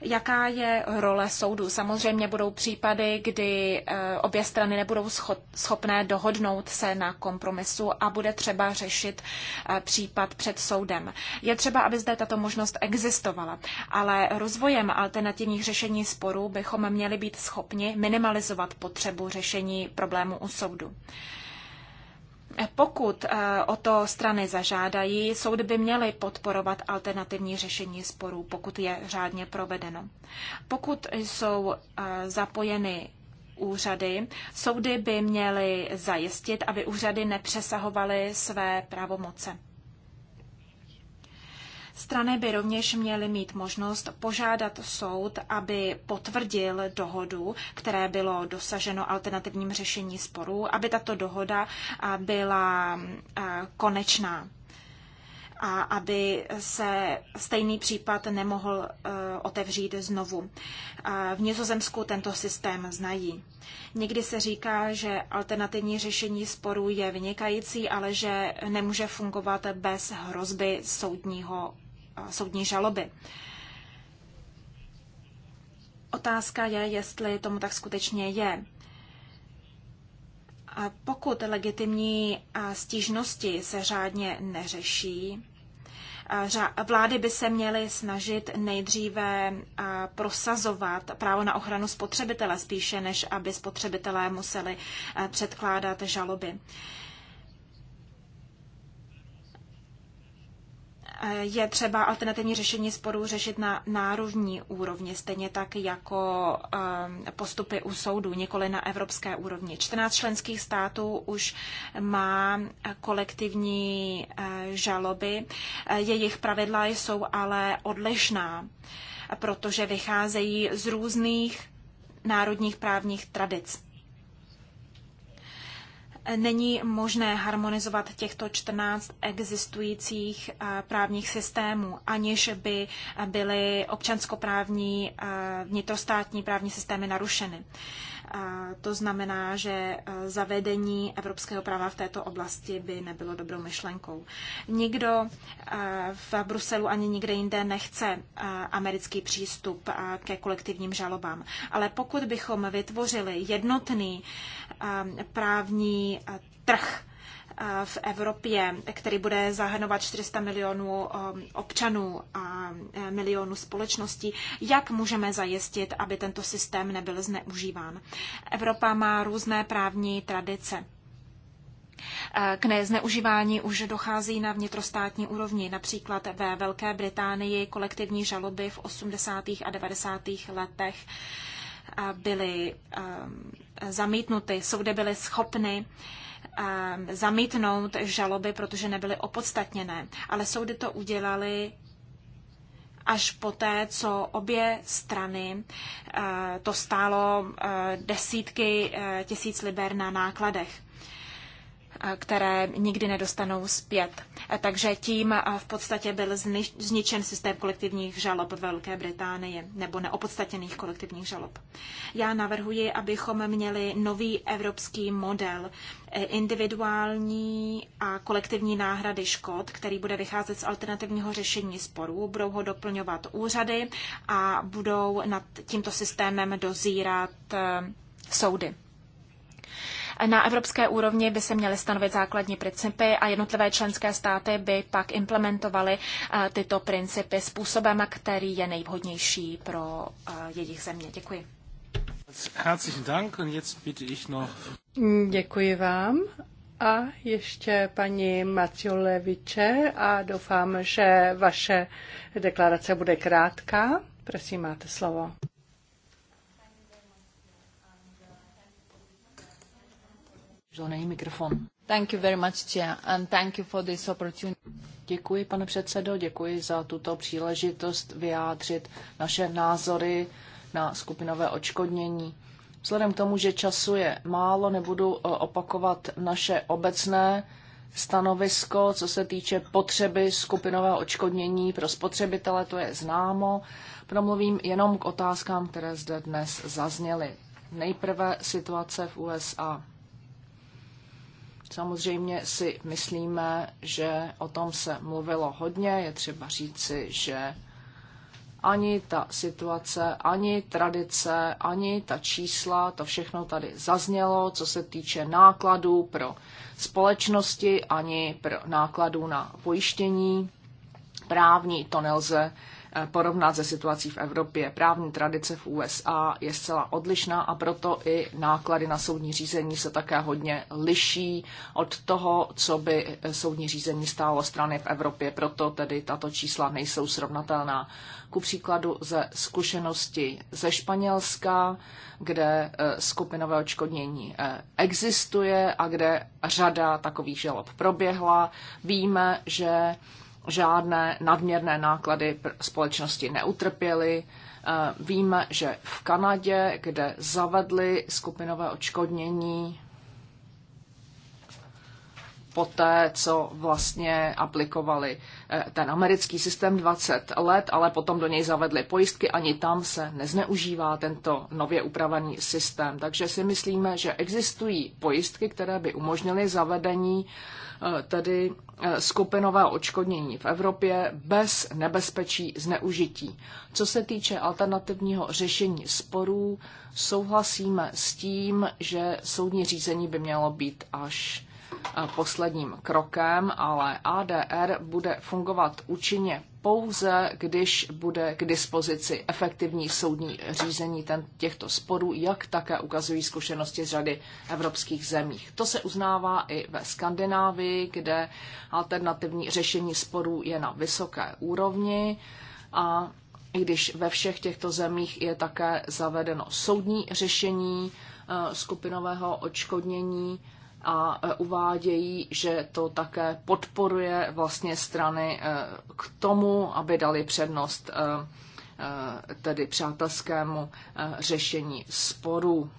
Jaká je role soudu? Samozřejmě budou případy, kdy eh, obě strany nebudou schopné dohodnout se na kompromisu a bude třeba řešit eh, případ před soudem. Je třeba, aby zde tato možnost existovala, ale rozvojem alternativních řešení sporů bychom měli být schopni minimalizovat potřebu řešení problému u soudu. Pokud eh, o to strany zažádají, soudy by měly podporovat alternativní řešení sporů, pokud je řádně provedeno. Pokud jsou eh, zapojeny úřady, soudy by měly zajistit, aby úřady nepřesahovaly své pravomoce. Strany by rovněž měly mít možnost požádat soud, aby potvrdil dohodu, které bylo dosaženo alternativním řešení sporů, aby tato dohoda byla konečná a aby se stejný případ nemohl e, otevřít znovu. E, v Nizozemsku tento systém znají. Někdy se říká, že alternativní řešení sporů je vynikající, ale že nemůže fungovat bez hrozby soudního soudní žaloby. Otázka je, jestli tomu tak skutečně je. A pokud legitimní stížnosti se řádně neřeší, vlády by se měly snažit nejdříve prosazovat právo na ochranu spotřebitele spíše, než aby spotřebitelé museli předkládat žaloby. je třeba alternativní řešení sporů řešit na národní úrovni, stejně tak jako eh, postupy u soudu, nikoli na evropské úrovni. 14 členských států už má kolektivní eh, žaloby. Eh, jejich pravidla jsou ale odlišná, protože vycházejí z různých národních právních tradic není možné harmonizovat těchto 14 existujících eh, právních systémů, aniž by byly občanskoprávní eh, vnitrostátní právní systémy narušeny. To znamená, že e, zavedení evropského práva v této oblasti by nebylo dobrou myšlenkou. Nikdo e, v Bruselu ani nikde jinde nechce e, americký přístup ke kolektivním žalobám. Ale pokud bychom vytvořili jednotný právní trh, v Evropě, který bude zahrnovat 400 milionů um, občanů a eh, milionů společností, jak můžeme zajistit, aby tento systém nebyl zneužíván. Evropa má různé právní tradice. Eh, k nezneužívání už dochází na vnitrostátní úrovni, například ve Velké Británii kolektivní žaloby v 80. a 90. letech eh, byly zamítnuty, soudy byly schopny Eh, zamítnout žaloby, protože nebyly opodstatněné. Ale soudy to udělali až poté, co obě strany eh, to stálo eh, desítky tisíc liber na nákladech které nikdy nedostanou zpět. Takže tím v podstatě byl zničen systém kolektivních žalob ve Velké Británii nebo neopodstatněných kolektivních žalob. Já navrhuji, abychom měli nový evropský model eh, individuální a kolektivní náhrady škod, který bude vycházet z alternativního řešení sporů. Budou ho doplňovat úřady a budou nad tímto systémem dozírat eh, soudy. Na evropské úrovni by se měly stanovit základní principy a jednotlivé členské státy by pak implementovaly eh, tyto principy způsobem, který je nejvhodnější pro eh, jejich země. Děkuji. Herzlichen Dank Děkuji vám. A ještě paní Matioleviče a doufám, že vaše deklarace bude krátká. Prosím, máte slovo. není mikrofon. Thank you very much, Chair, and thank you for this opportunity. Děkuji, pane předsedo, děkuji za tuto příležitost vyjádřit naše názory na skupinové očkodnění. Vzhledem k tomu, že času je málo, nebudu eh, opakovat naše obecné stanovisko, co se týče potřeby skupinového očkodnění pro spotřebitele, to je známo. Promluvím jenom k otázkám, které zde dnes zazněly. Nejprve situace v USA. Samozřejmě si myslíme, že o tom se mluvilo hodně. Je třeba říci, že ani ta situace, ani tradice, ani ta čísla, to všechno tady zaznělo, co se týče nákladů pro společnosti, ani pro nákladů na pojištění. Právní to nelze Eh, porovnat se situací v Evropě. Právní tradice v USA je zcela odlišná a proto i náklady na soudní řízení se také hodně liší od toho, co by eh, soudní řízení stálo strany v Evropě. Proto tedy tato čísla nejsou srovnatelná. Ku příkladu ze zkušenosti ze Španělska, kde eh, skupinové očkodnění existuje a kde řada takových žalob proběhla, víme, že žádné nadměrné náklady společnosti neutrpěly. Eh, víme, že v Kanadě, kde zavedli skupinové odškodnění, poté, co vlastně aplikovali eh, ten americký systém 20 let, ale potom do něj zavedli pojistky, ani tam se nezneužívá tento nově upravený systém. Takže si myslíme, že existují pojistky, které by umožnily zavedení eh, tedy eh, skupinové očkodnění v Evropě bez nebezpečí zneužití. Co se týče alternativního řešení sporů, souhlasíme s tím, že soudní řízení by mělo být až Eh, posledním krokem, ale ADR bude fungovat účinně pouze, když bude k dispozici efektivní soudní řízení ten, těchto sporů, jak také ukazují zkušenosti z řady evropských zemích. To se uznává i ve Skandinávii, kde alternativní řešení sporů je na vysoké úrovni a i když ve všech těchto zemích je také zavedeno soudní řešení eh, skupinového odškodnění, a e, uvádějí, že to také podporuje vlastně strany e, k tomu, aby dali přednost e, tedy přátelskému řešení sporů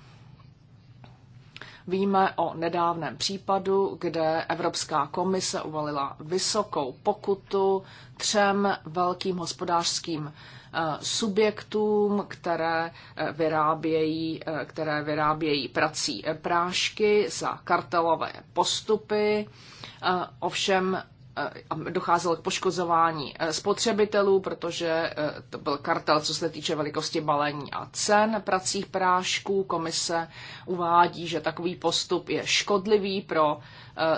Víme o nedávném případu, kde Evropská komise uvalila vysokou pokutu třem velkým hospodářským eh, subjektům, které eh, vyrábějí, eh, které vyrábějí prací prášky za kartelové postupy. Ovšem Eh, docházelo k poškozování eh, spotřebitelů, protože eh, to byl kartel, co se týče velikosti balení a cen pracích prášků. Komise uvádí, že takový postup je škodlivý pro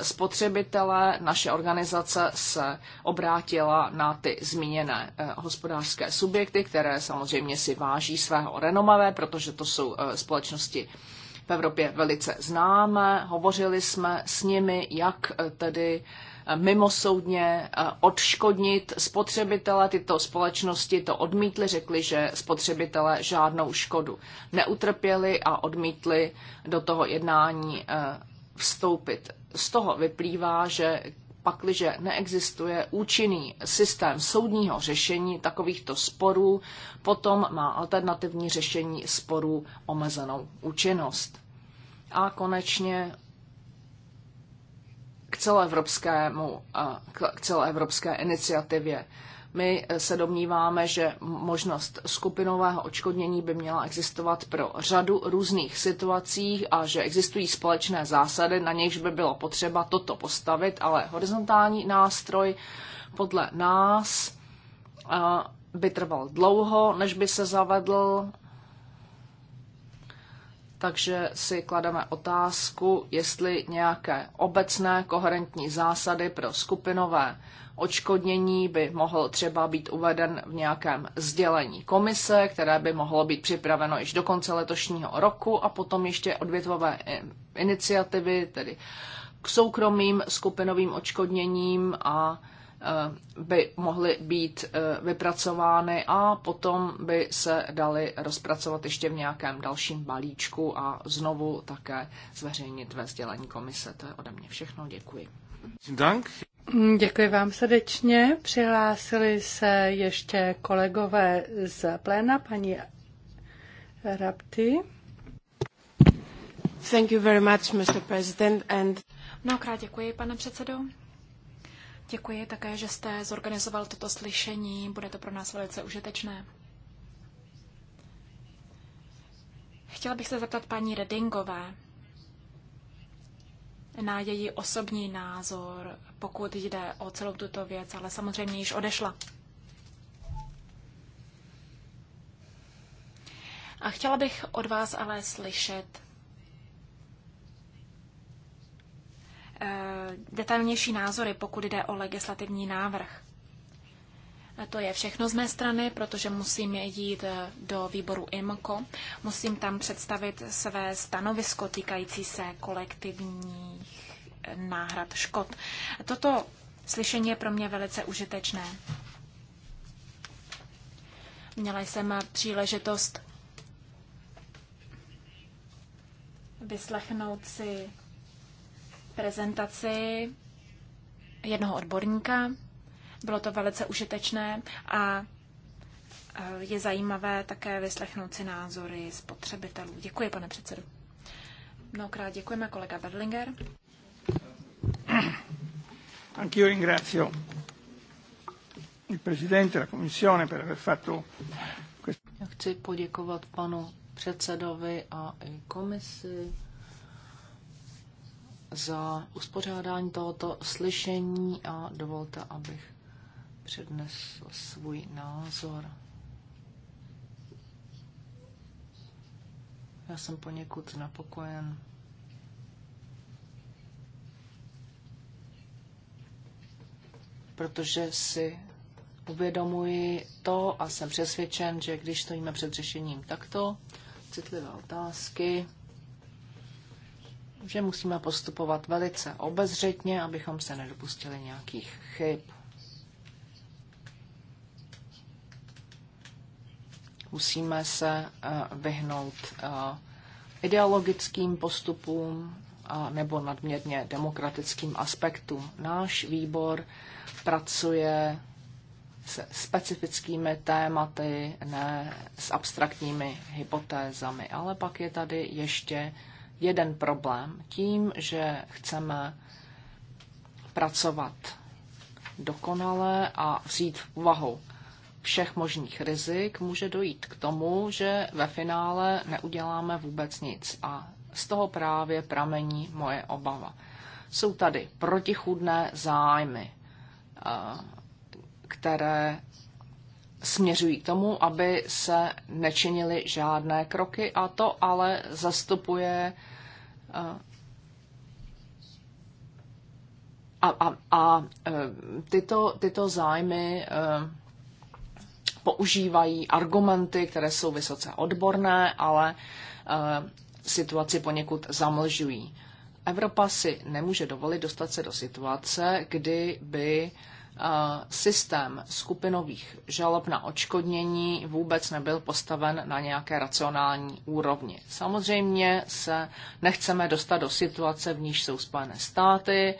spotřebitele. Naše organizace se obrátila na ty zmíněné hospodářské subjekty, které samozřejmě si váží svého renomavé, protože to jsou společnosti v Evropě velice známé. Hovořili jsme s nimi, jak tedy mimosoudně odškodnit spotřebitele. Tyto společnosti to odmítly, řekli, že spotřebitele žádnou škodu neutrpěli a odmítli do toho jednání e, vstoupit. Z toho vyplývá, že pakliže neexistuje účinný systém soudního řešení takovýchto sporů, potom má alternativní řešení sporů omezenou účinnost. A konečně k celoevropskému, k celoevropské iniciativě. My se domníváme, že možnost skupinového očkodnění by měla existovat pro řadu různých situací a že existují společné zásady, na nějž by bylo potřeba toto postavit, ale horizontální nástroj podle nás by trval dlouho, než by se zavedl takže si klademe otázku, jestli nějaké obecné koherentní zásady pro skupinové očkodnění by mohl třeba být uveden v nějakém sdělení komise, které by mohlo být připraveno již do konce letošního roku a potom ještě odvětvové iniciativy, tedy k soukromým skupinovým očkodněním a Eh, by mohly být eh, vypracovány a potom by se daly rozpracovat ještě v nějakém dalším balíčku a znovu také zveřejnit ve sdělení komise. To je ode mě všechno. Děkuji. Dank. Děkuji vám srdečně. Přihlásili se ještě kolegové z pléna, paní Rapti. Thank you very much, Mr. President. And... Mnohokrát děkuji, pane předsedo. Děkuji také, že jste zorganizoval toto slyšení. Bude to pro nás velice užitečné. Chtěla bych se zeptat paní Redingové na její osobní názor, pokud jde o celou tuto věc, ale samozřejmě již odešla. A chtěla bych od vás ale slyšet, Eh, detailnější názory, pokud jde o legislativní návrh. A to je všechno z mé strany, protože musím jít eh, do výboru IMCO. Musím tam představit své stanovisko týkající se kolektivních eh, náhrad škod. Toto slyšení je pro mě velice užitečné. Měla jsem příležitost vyslechnout si prezentaci jednoho odborníka. Bylo to velice užitečné a e, je zajímavé také vyslechnout si názory spotřebitelů. Děkuji, pane předsedu. Mnohokrát děkujeme, kolega Berlinger. Anch'io ringrazio il Presidente, la Commissione per aver fatto questo. Chci poděkovat panu předsedovi a i komisi za uspořádání tohoto slyšení a dovolte, abych přednesl svůj názor. Já jsem poněkud napokojen. Protože si uvědomuji to a jsem přesvědčen, že když stojíme před řešením takto, citlivé otázky, že musíme postupovat velice obezřetně, abychom se nedopustili nějakých chyb. Musíme se eh, vyhnout eh, ideologickým postupům eh, nebo nadměrně demokratickým aspektům. Náš výbor pracuje se specifickými tématy, ne s abstraktními hypotézami, ale pak je tady ještě jeden problém tím, že chceme pracovat dokonale a vzít v úvahu všech možných rizik, může dojít k tomu, že ve finále neuděláme vůbec nic. A z toho právě pramení moje obava. Jsou tady protichudné zájmy, eh, které směřují k tomu, aby se nečinily žádné kroky a to ale zastupuje eh, a, a, a eh, tyto, tyto zájmy eh, používají argumenty, které jsou vysoce odborné, ale situaci poněkud zamlžují. Evropa si nemůže dovolit dostat se do situace, kdy by uh, systém skupinových žalob na očkodnění vůbec nebyl postaven na nějaké racionální úrovni. Samozřejmě se nechceme dostat do situace, v níž jsou Spojené státy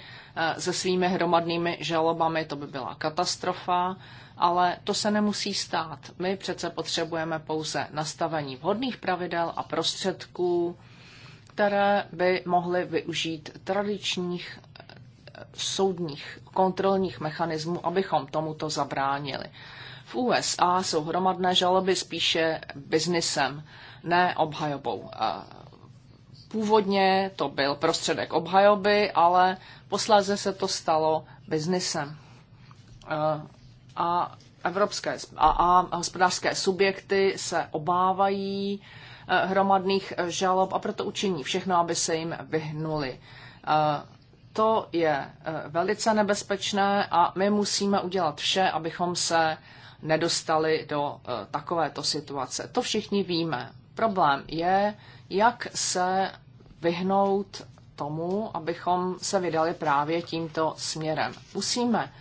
eh, se svými hromadnými žalobami, to by byla katastrofa, ale to se nemusí stát. My přece potřebujeme pouze nastavení vhodných pravidel a prostředků, které by mohly využít tradičních soudních kontrolních mechanismů, abychom tomuto zabránili. V USA jsou hromadné žaloby spíše biznisem, ne obhajobou. Původně to byl prostředek obhajoby, ale posléze se to stalo biznisem. A evropské a, a hospodářské subjekty se obávají eh, hromadných žalob a proto učiní všechno, aby se jim vyhnuli. Eh, to je eh, velice nebezpečné a my musíme udělat vše, abychom se nedostali do eh, takovéto situace. To všichni víme. Problém je, jak se vyhnout tomu, abychom se vydali právě tímto směrem. Musíme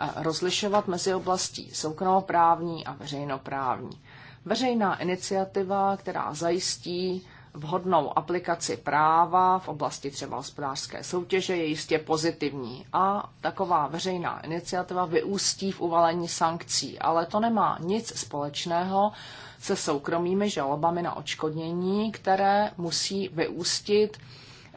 eh, rozlišovat mezi oblastí soukromoprávní a veřejnoprávní. Veřejná iniciativa, která zajistí vhodnou aplikaci práva v oblasti třeba hospodářské soutěže je jistě pozitivní a taková veřejná iniciativa vyústí v uvalení sankcí, ale to nemá nic společného se soukromými žalobami na očkodnění, které musí vyústit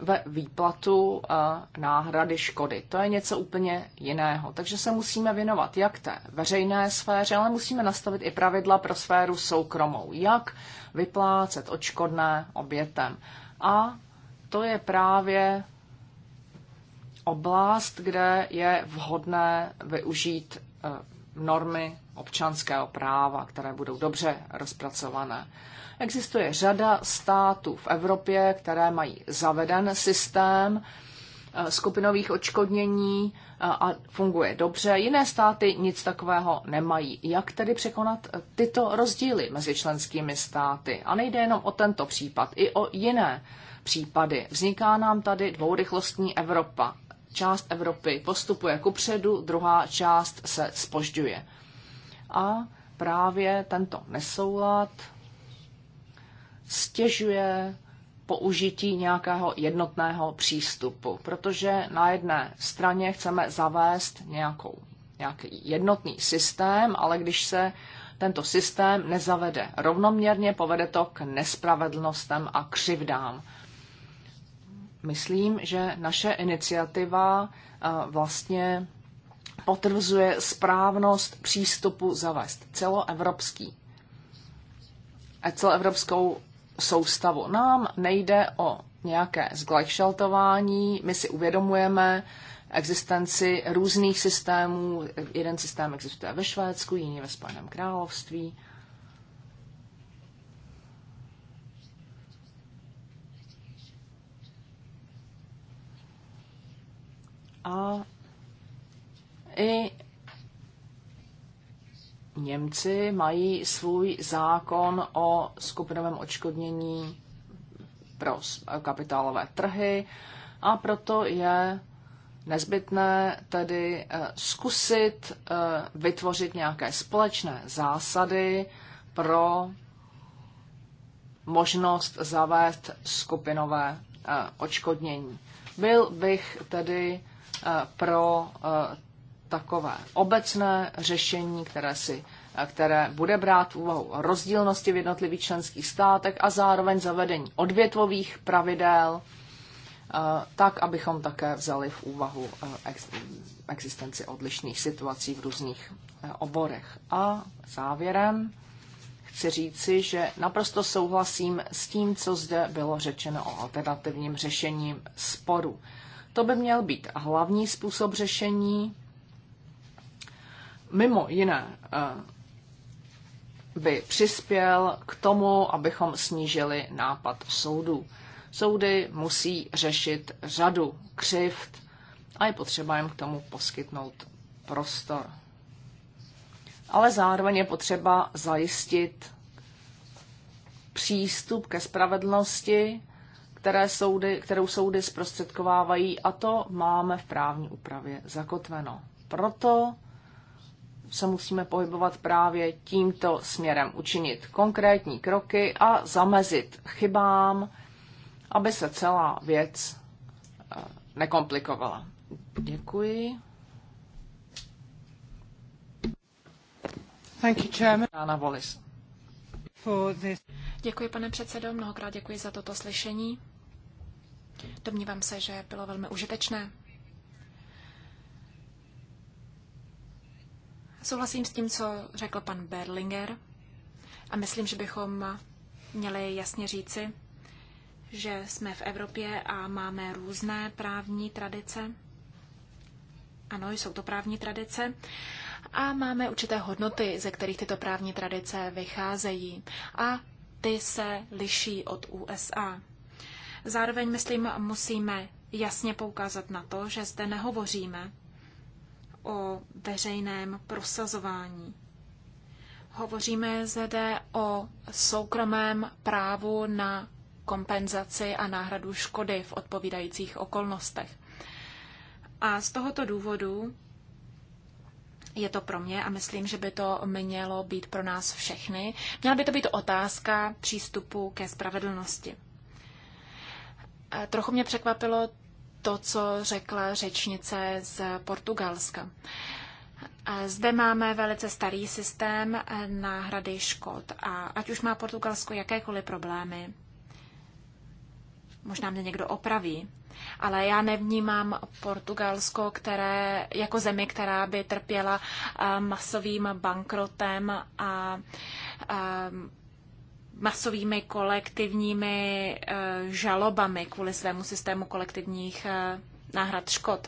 ve výplatu eh, náhrady škody. To je něco úplně jiného. Takže se musíme věnovat jak té veřejné sféře, ale musíme nastavit i pravidla pro sféru soukromou. Jak vyplácet odškodné obětem. A to je právě oblast, kde je vhodné využít eh, normy občanského práva, které budou dobře rozpracované. Existuje řada států v Evropě, které mají zaveden systém eh, skupinových očkodnění eh, a funguje dobře. Jiné státy nic takového nemají. Jak tedy překonat eh, tyto rozdíly mezi členskými státy? A nejde jenom o tento případ, i o jiné případy. Vzniká nám tady dvourychlostní Evropa. Část Evropy postupuje kupředu, druhá část se spožďuje. A právě tento nesoulad stěžuje použití nějakého jednotného přístupu, protože na jedné straně chceme zavést nějakou, nějaký jednotný systém, ale když se tento systém nezavede rovnoměrně, povede to k nespravedlnostem a křivdám. Myslím, že naše iniciativa eh, vlastně potvrzuje správnost přístupu zavést celoevropský eh, celoevropskou soustavu. Nám nejde o nějaké zglajšaltování, my si uvědomujeme existenci různých systémů. Jeden systém existuje ve Švédsku, jiný ve Spojeném království. A i Němci mají svůj zákon o skupinovém odškodnění pro kapitálové trhy a proto je nezbytné tedy eh, zkusit eh, vytvořit nějaké společné zásady pro možnost zavést skupinové eh, odškodnění. Byl bych tedy pro takové obecné řešení, které si které bude brát v úvahu rozdílnosti v jednotlivých členských státech a zároveň zavedení odvětvových pravidel, eh, tak, abychom také vzali v úvahu eh, existenci odlišných situací v různých eh, oborech. A závěrem chci říci, že naprosto souhlasím s tím, co zde bylo řečeno o alternativním řešení sporu. To by měl být hlavní způsob řešení mimo jiné eh, by přispěl k tomu, abychom snížili nápad soudů. Soudy musí řešit řadu křivt, a je potřeba jim k tomu poskytnout prostor. Ale zároveň je potřeba zajistit přístup ke spravedlnosti, které soudy, kterou soudy zprostředkovávají, a to máme v právní úpravě zakotveno. Proto se musíme pohybovat právě tímto směrem, učinit konkrétní kroky a zamezit chybám, aby se celá věc eh, nekomplikovala. Děkuji. Thank you, Chairman. Anna Wallis. Děkuji, pane předsedo, mnohokrát děkuji za toto slyšení. Domnívám se, že bylo velmi užitečné. Souhlasím s tím, co řekl pan Berlinger a myslím, že bychom měli jasně říci, že jsme v Evropě a máme různé právní tradice. Ano, jsou to právní tradice. A máme určité hodnoty, ze kterých tyto právní tradice vycházejí. A ty se liší od USA. Zároveň, myslím, musíme jasně poukázat na to, že zde nehovoříme o veřejném prosazování. Hovoříme zde o soukromém právu na kompenzaci a náhradu škody v odpovídajících okolnostech. A z tohoto důvodu je to pro mě a myslím, že by to mělo být pro nás všechny. Měla by to být otázka přístupu ke spravedlnosti. Trochu mě překvapilo to, co řekla řečnice z Portugalska. Zde máme velice starý systém náhrady škod a ať už má Portugalsko jakékoliv problémy, možná mě někdo opraví, ale já nevnímám Portugalsko které, jako zemi, která by trpěla eh, masovým bankrotem a, a eh, masovými kolektivními eh, žalobami kvůli svému systému kolektivních eh, náhrad škod.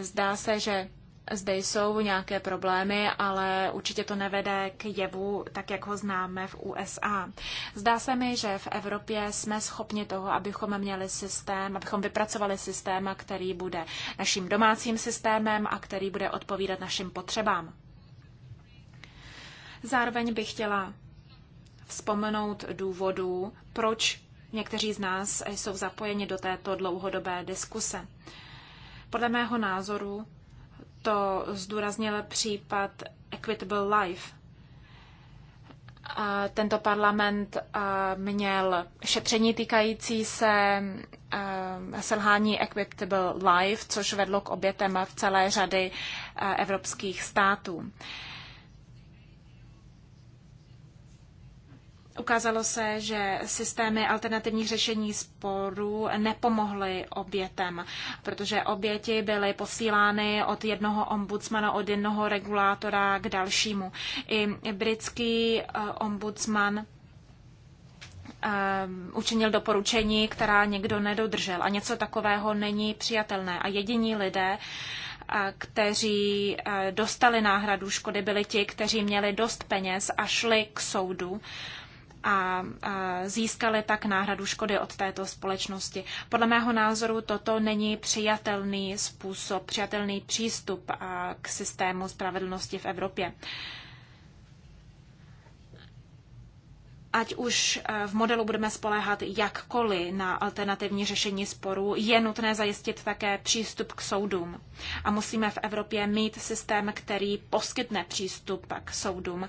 Zdá se, že zde jsou nějaké problémy, ale určitě to nevede k jevu, tak jak ho známe v USA. Zdá se mi, že v Evropě jsme schopni toho, abychom měli systém, abychom vypracovali systém, který bude naším domácím systémem a který bude odpovídat našim potřebám. Zároveň bych chtěla vzpomenout důvodů, proč někteří z nás jsou zapojeni do této dlouhodobé diskuse. Podle mého názoru to zdůraznil případ Equitable Life. Tento parlament měl šetření týkající se selhání Equitable Life, což vedlo k obětem v celé řady evropských států. Ukázalo se, že systémy alternativních řešení sporů nepomohly obětem, protože oběti byly posílány od jednoho ombudsmana, od jednoho regulátora k dalšímu. I britský eh, ombudsman eh, učinil doporučení, která někdo nedodržel. A něco takového není přijatelné. A jediní lidé, eh, kteří dostali náhradu škody, byli ti, kteří měli dost peněz a šli k soudu a získali tak náhradu škody od této společnosti. Podle mého názoru toto není přijatelný způsob, přijatelný přístup k systému spravedlnosti v Evropě. ať už e, v modelu budeme spoléhat jakkoliv na alternativní řešení sporů, je nutné zajistit také přístup k soudům. A musíme v Evropě mít systém, který poskytne přístup k soudům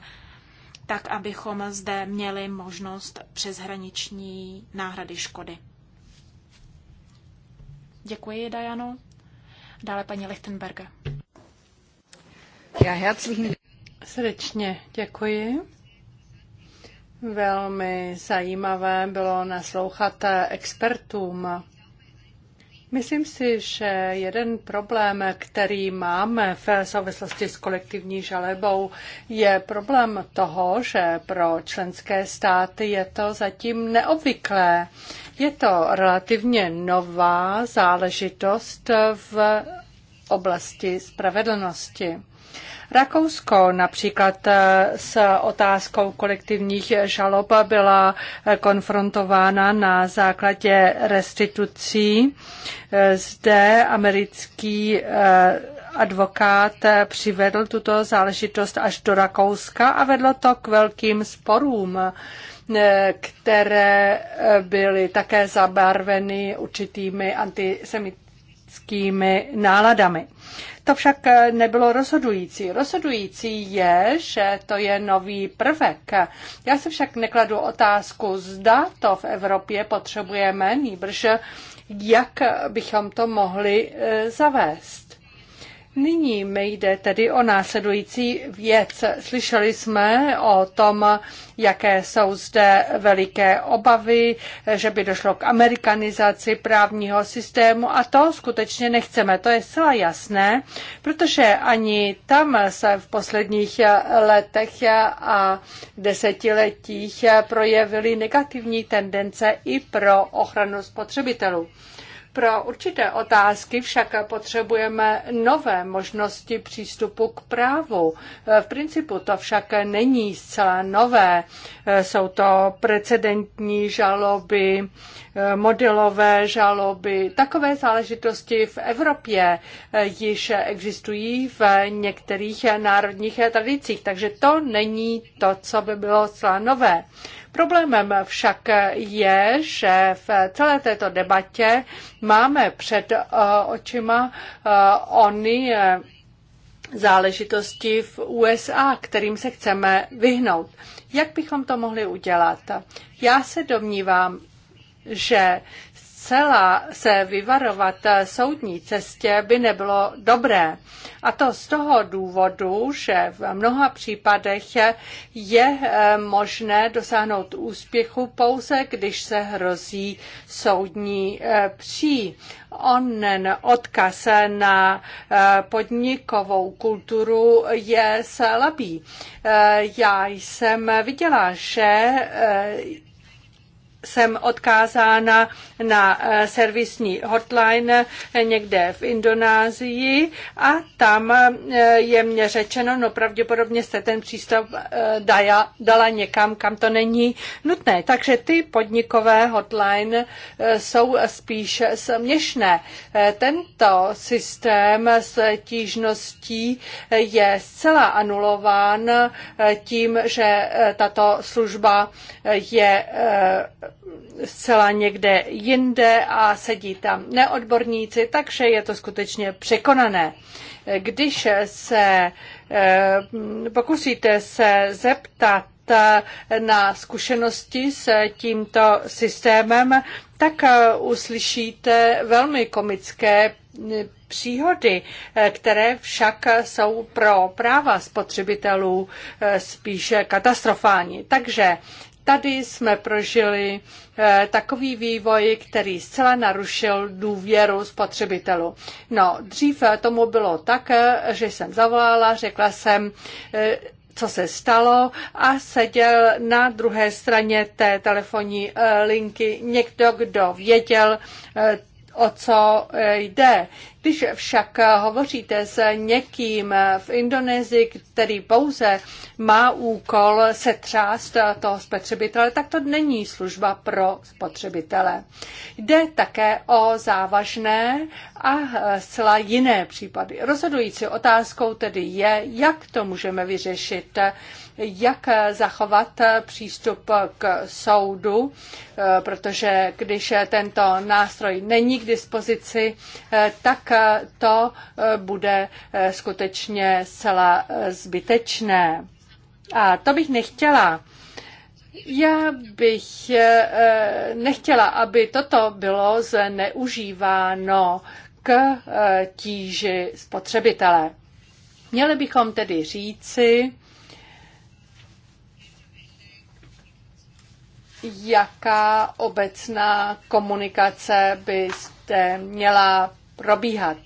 tak abychom zde měli možnost přeshraniční náhrady škody. Děkuji, Dajano. Dále paní Lichtenberger. Já herzlichen Srdečně děkuji. Velmi zajímavé bylo naslouchat eh, expertům. Myslím si, že jeden problém, který máme v souvislosti s kolektivní žalebou, je problém toho, že pro členské státy je to zatím neobvyklé. Je to relativně nová záležitost v oblasti spravedlnosti. Rakousko například eh, s otázkou kolektivních žalob byla eh, konfrontována na základě restitucí. Eh, zde americký advokát přivedl tuto záležitost až do Rakouska a vedlo to k velkým sporům, které byly také zabarveny určitými antisemitskými náladami. To však eh, nebylo rozhodující. Rozhodující je, že to je nový prvek. Já se však nekladu otázku, zda to v Evropě potřebujeme, nýbrž jak bychom to mohli eh, zavést. Nyní mi jde tedy o následující věc. Slyšeli jsme o tom, jaké jsou zde veliké obavy, že by došlo k amerikanizaci právního systému a to skutečně nechceme. To je zcela jasné, protože ani tam se v posledních letech a desetiletích projevily negativní tendence i pro ochranu spotřebitelů. Pro určité otázky však potřebujeme nové možnosti přístupu k právu. V principu to však není zcela nové. Jsou to precedentní žaloby, modelové žaloby. Takové záležitosti v Evropě eh, již existují v některých národních tradicích, takže to není to, co by bylo zcela nové. Problémem však je, že v celé této debatě máme před eh, očima eh, ony záležitosti v USA, kterým se chceme vyhnout. Jak bychom to mohli udělat? Já se domnívám, že zcela se vyvarovat soudní cestě by nebylo dobré. A to z toho důvodu, že v mnoha případech je eh, možné dosáhnout úspěchu pouze, když se hrozí soudní eh, pří. Onen odkaz na eh, podnikovou kulturu je slabý. Já jsem viděla, že jsem odkázána na eh, servisní hotline někde v Indonésii a tam eh, je mě řečeno, no pravděpodobně jste ten přístav eh, dala někam, kam to není nutné. Takže ty podnikové hotline jsou spíš směšné. Tento systém s tížností je zcela anulován tím, že tato služba je zcela někde jinde a sedí tam neodborníci, takže je to skutečně překonané. Když se eh, pokusíte se zeptat eh, na zkušenosti s tímto systémem, tak eh, uslyšíte velmi komické příhody, které však jsou pro práva spotřebitelů spíše katastrofální. Takže Tady jsme prožili eh, takový vývoj, který zcela narušil důvěru spotřebitelů. No, dřív tomu bylo tak, eh, že jsem zavolala, řekla jsem, eh, co se stalo a seděl na druhé straně té telefonní linky někdo, kdo věděl, o co eh, jde. Když však eh, hovoříte s někým eh, v Indonésii, který pouze má úkol se třást toho spotřebitele, tak to není služba pro spotřebitele. Jde také o závažné a zcela jiné případy. Rozhodující otázkou tedy je, jak to můžeme vyřešit jak zachovat přístup k soudu, protože když tento nástroj není k dispozici, tak to bude skutečně zcela zbytečné. A to bych nechtěla. Já bych eh, nechtěla, aby toto bylo zneužíváno k eh, tíži spotřebitele. Měli bychom tedy říci, jaká obecná komunikace by zde měla probíhat.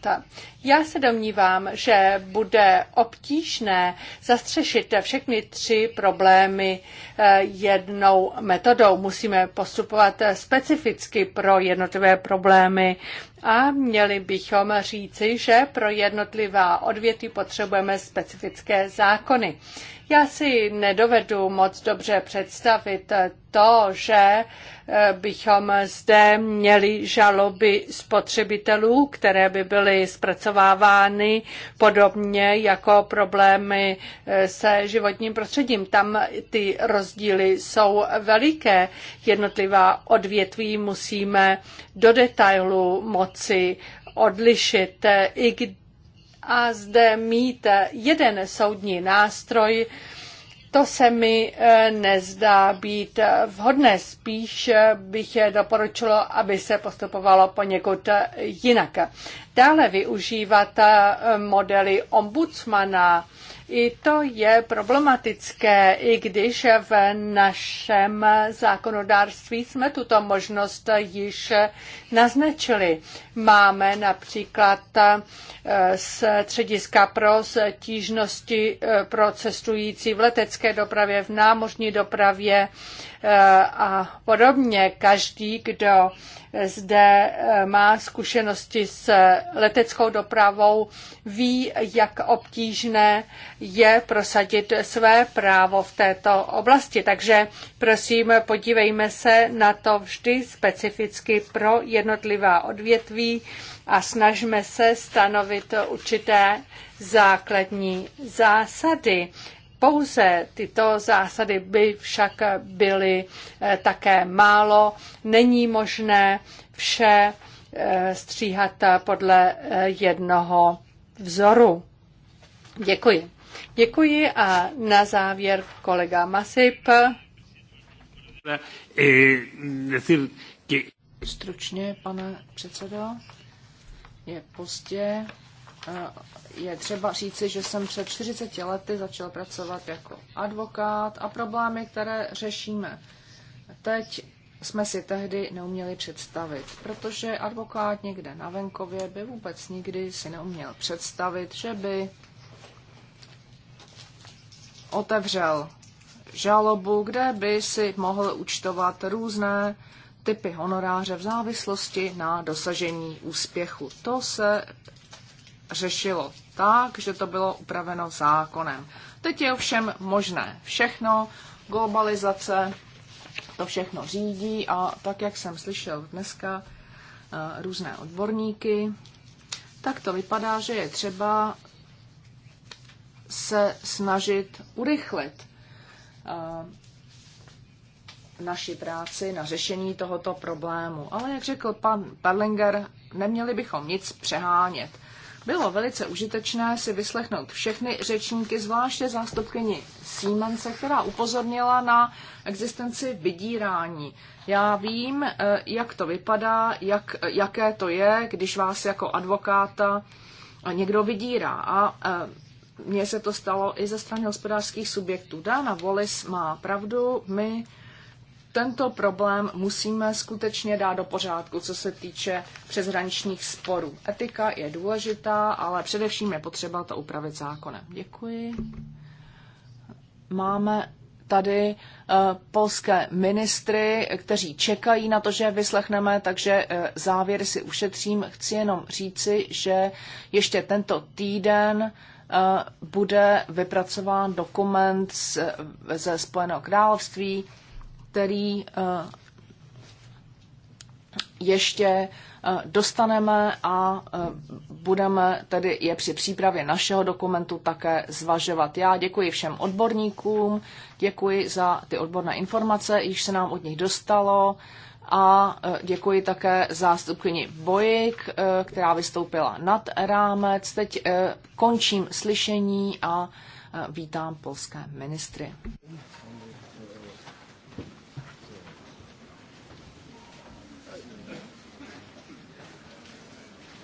Já se domnívám, že bude obtížné zastřešit všechny tři problémy eh, jednou metodou. Musíme postupovat specificky pro jednotlivé problémy a měli bychom říci, že pro jednotlivá odvětví potřebujeme specifické zákony. Já si nedovedu moc dobře představit to, že eh, bychom zde měli žaloby spotřebitelů, které by byly zpracovány zpracovávány podobně jako problémy eh, se životním prostředím. Tam ty rozdíly jsou veliké. Jednotlivá odvětví musíme do detailu moci odlišit, i a zde mít jeden soudní nástroj, to se mi eh, nezdá být eh, vhodné. Spíš bych doporučilo, aby se postupovalo poněkud jinak dále využívat eh, modely ombudsmana. I to je problematické, i když v našem zákonodárství jsme tuto možnost již naznačili. Máme například eh, střediska pro stížnosti eh, pro cestující v letecké dopravě, v námořní dopravě a podobně. Každý, kdo zde eh, má zkušenosti s leteckou dopravou, ví, jak obtížné je prosadit své právo v této oblasti. Takže prosím, podívejme se na to vždy specificky pro jednotlivá odvětví a snažme se stanovit určité základní zásady pouze tyto zásady by však byly eh, také málo. Není možné vše eh, stříhat eh, podle jednoho vzoru. Děkuji. Děkuji a na závěr kolega Masip. Stručně, pane předsedo, je pozdě, Eh, je třeba říci, že jsem před 40 lety začal pracovat jako advokát a problémy, které řešíme teď, jsme si tehdy neuměli představit, protože advokát někde na venkově by vůbec nikdy si neuměl představit, že by otevřel žalobu, kde by si mohl účtovat různé typy honoráře v závislosti na dosažení úspěchu. To se řešilo tak, že to bylo upraveno zákonem. Teď je ovšem možné všechno, globalizace to všechno řídí a tak, jak jsem slyšel dneska eh, různé odborníky, tak to vypadá, že je třeba se snažit urychlit eh, naši práci na řešení tohoto problému. Ale jak řekl pan Perlinger, neměli bychom nic přehánět. Bylo velice užitečné si vyslechnout všechny řečníky, zvláště zástupkyni Siemence, která upozornila na existenci vydírání. Já vím, eh, jak to vypadá, jak, jaké to je, když vás jako advokáta někdo vydírá. A eh, mně se to stalo i ze strany hospodářských subjektů. Dána Volis má pravdu, my tento problém musíme skutečně dát do pořádku, co se týče přeshraničních sporů. Etika je důležitá, ale především je potřeba to upravit zákonem. Děkuji. Máme tady eh, polské ministry, kteří čekají na to, že je vyslechneme, takže eh, závěry si ušetřím. Chci jenom říci, že ještě tento týden eh, bude vypracován dokument ze Spojeného království, který eh, ještě eh, dostaneme a eh, budeme tedy je při přípravě našeho dokumentu také zvažovat. Já děkuji všem odborníkům, děkuji za ty odborné informace, již se nám od nich dostalo a děkuji také zástupkyni Bojik, která vystoupila nad rámec. Teď končím slyšení a vítám polské ministry.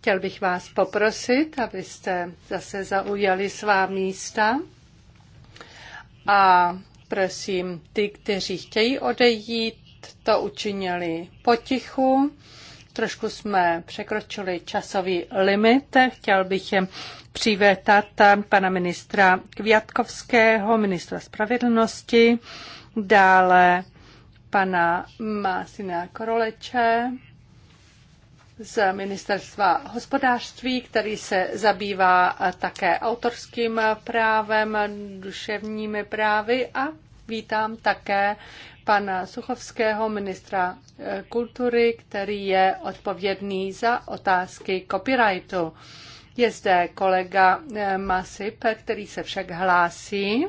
Chtěl bych vás poprosit, abyste zase zaujali svá místa. A prosím, ty, kteří chtějí odejít, to učinili potichu. Trošku jsme překročili časový limit. Chtěl bych přivétat pana ministra Kviatkovského ministra spravedlnosti, dále pana Masina Koroleče, z ministerstva hospodářství, který se zabývá také autorským právem, duševními právy a vítám také pana Suchovského, ministra eh, kultury, který je odpovědný za otázky copyrightu. Je zde kolega eh, Masip, který se však hlásí.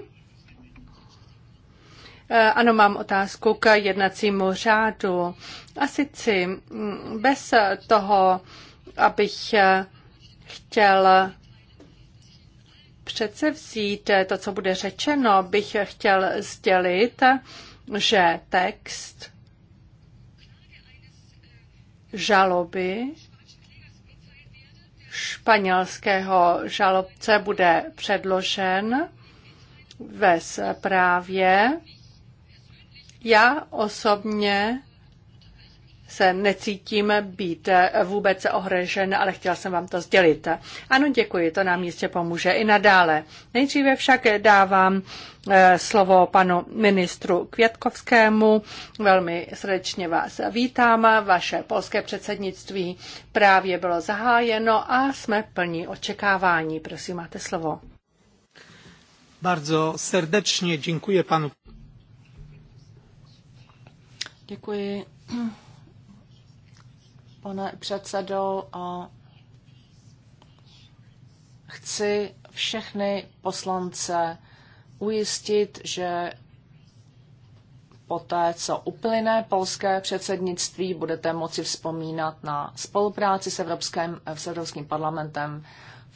Eh, ano, mám otázku k jednacímu řádu. A sice mm, bez toho, abych eh, chtěl přece vzít eh, to, co bude řečeno, bych chtěl sdělit, že text žaloby španělského žalobce bude předložen ve zprávě já osobně se necítím být vůbec ohrožen, ale chtěla jsem vám to sdělit. Ano, děkuji, to nám jistě pomůže i nadále. Nejdříve však dávám eh, slovo panu ministru Květkovskému. Velmi srdečně vás vítám. Vaše polské předsednictví právě bylo zahájeno a jsme plní očekávání. Prosím, máte slovo. Bardzo serdecznie dziękuję panu. Děkuji, pane předsedo, a chci všechny poslance ujistit, že poté, co uplyne polské předsednictví, budete moci vzpomínat na spolupráci s Evropským, s Evropským parlamentem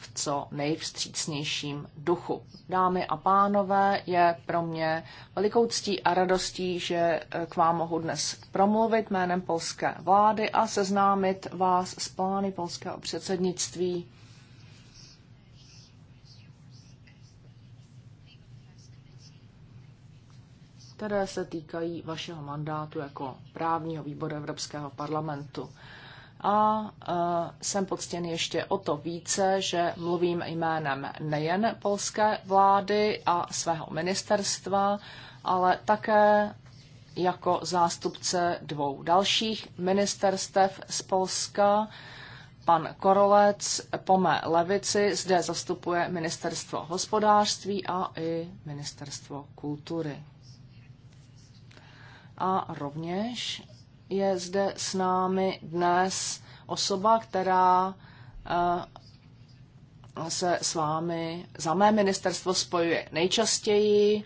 v co nejvstřícnějším duchu. Dámy a pánové, je pro mě velikou ctí a radostí, že k vám mohu dnes promluvit jménem polské vlády a seznámit vás s plány polského předsednictví které se týkají vašeho mandátu jako právního výboru Evropského parlamentu a e, jsem poctěn ještě o to více, že mluvím jménem nejen polské vlády a svého ministerstva, ale také jako zástupce dvou dalších ministerstev z Polska. Pan Korolec po mé levici zde zastupuje ministerstvo hospodářství a i ministerstvo kultury. A rovněž je zde s námi dnes osoba, která eh, se s vámi za mé ministerstvo spojuje nejčastěji.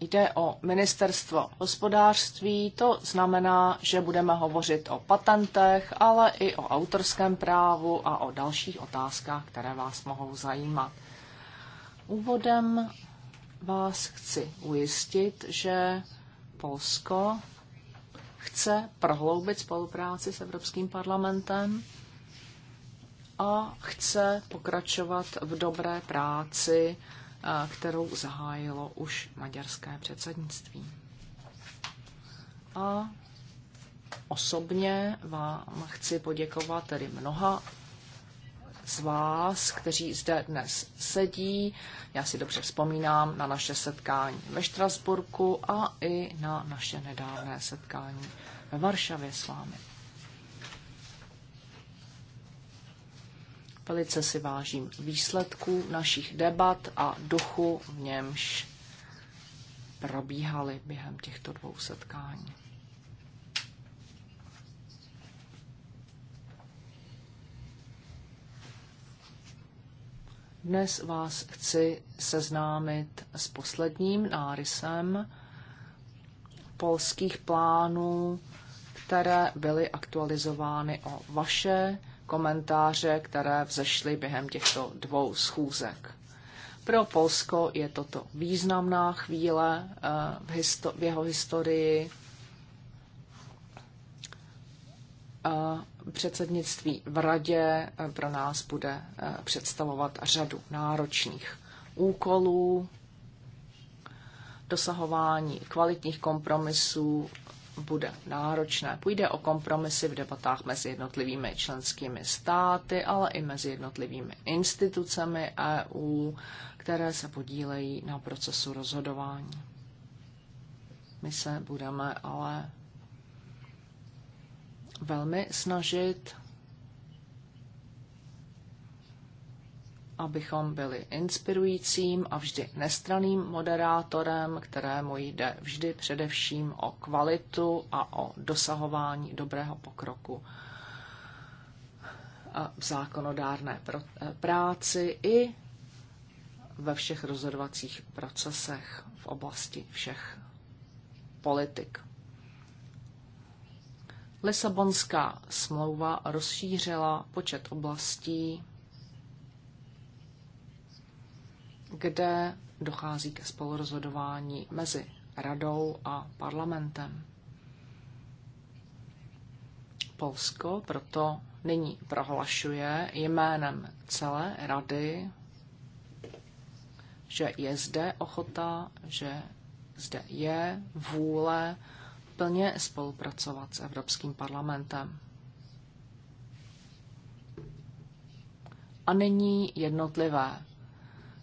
Jde o ministerstvo hospodářství, to znamená, že budeme hovořit o patentech, ale i o autorském právu a o dalších otázkách, které vás mohou zajímat. Úvodem vás chci ujistit, že Polsko chce prohloubit spolupráci s Evropským parlamentem a chce pokračovat v dobré práci, eh, kterou zahájilo už maďarské předsednictví. A osobně vám chci poděkovat tedy mnoha z vás, kteří zde dnes sedí. Já si dobře vzpomínám na naše setkání ve Štrasburku a i na naše nedávné setkání ve Varšavě s vámi. Velice si vážím výsledků našich debat a duchu, v němž probíhaly během těchto dvou setkání. Dnes vás chci seznámit s posledním nárysem polských plánů, které byly aktualizovány o vaše komentáře, které vzešly během těchto dvou schůzek. Pro Polsko je toto významná chvíle eh, v, histo- v jeho historii předsednictví v radě e, pro nás bude e, představovat řadu náročných úkolů, dosahování kvalitních kompromisů bude náročné. Půjde o kompromisy v debatách mezi jednotlivými členskými státy, ale i mezi jednotlivými institucemi EU, které se podílejí na procesu rozhodování. My se budeme ale velmi snažit, abychom byli inspirujícím a vždy nestraným moderátorem, kterému jde vždy především o kvalitu a o dosahování dobrého pokroku v zákonodárné eh, práci i ve všech rozhodovacích procesech v oblasti všech politik. Lisabonská smlouva rozšířila počet oblastí, kde dochází ke spolurozhodování mezi radou a parlamentem. Polsko proto nyní prohlašuje jménem celé rady, že je zde ochota, že zde je vůle plně spolupracovat s Evropským parlamentem. A nyní jednotlivé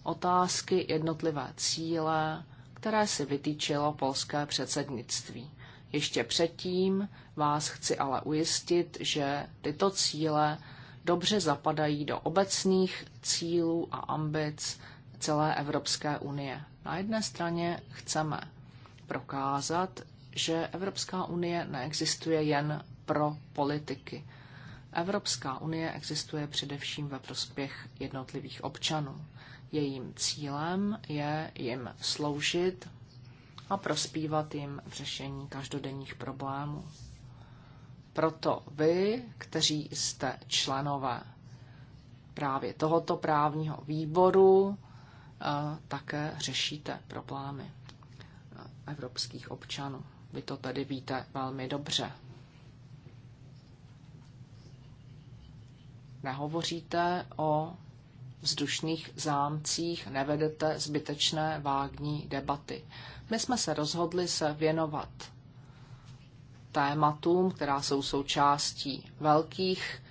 otázky, jednotlivé cíle, které si vytýčilo polské předsednictví. Ještě předtím vás chci ale ujistit, že tyto cíle dobře zapadají do obecných cílů a ambic celé Evropské unie. Na jedné straně chceme prokázat, že Evropská unie neexistuje jen pro politiky. Evropská unie existuje především ve prospěch jednotlivých občanů. Jejím cílem je jim sloužit a prospívat jim v řešení každodenních problémů. Proto vy, kteří jste členové právě tohoto právního výboru, eh, také řešíte problémy eh, evropských občanů. Vy to tedy víte velmi dobře. Nehovoříte o vzdušných zámcích, nevedete zbytečné vágní debaty. My jsme se rozhodli se věnovat tématům, která jsou součástí velkých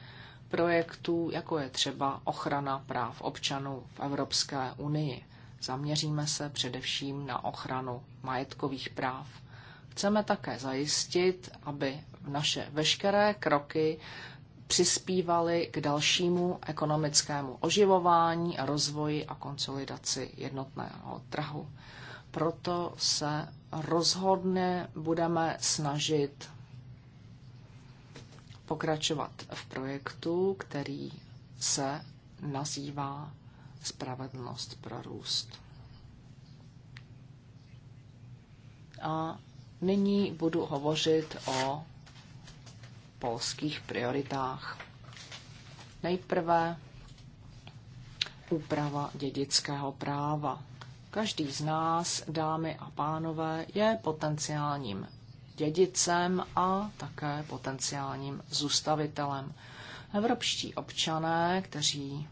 projektů, jako je třeba ochrana práv občanů v Evropské unii. Zaměříme se především na ochranu majetkových práv. Chceme také zajistit, aby naše veškeré kroky přispívaly k dalšímu ekonomickému oživování a rozvoji a konsolidaci jednotného trhu. Proto se rozhodně budeme snažit pokračovat v projektu, který se nazývá Spravedlnost pro růst. A Nyní budu hovořit o polských prioritách. Nejprve úprava dědického práva. Každý z nás, dámy a pánové, je potenciálním dědicem a také potenciálním zůstavitelem. Evropští občané, kteří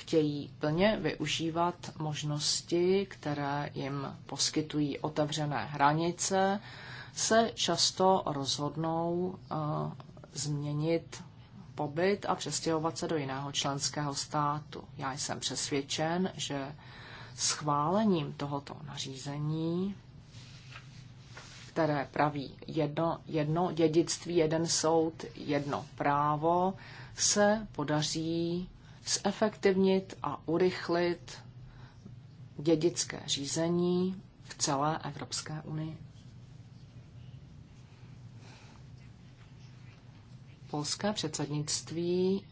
chtějí plně využívat možnosti, které jim poskytují otevřené hranice, se často rozhodnou eh, změnit pobyt a přestěhovat se do jiného členského státu. Já jsem přesvědčen, že schválením tohoto nařízení, které praví jedno, jedno dědictví, jeden soud, jedno právo, se podaří zefektivnit a urychlit dědické řízení v celé Evropské unii. Polské předsednictví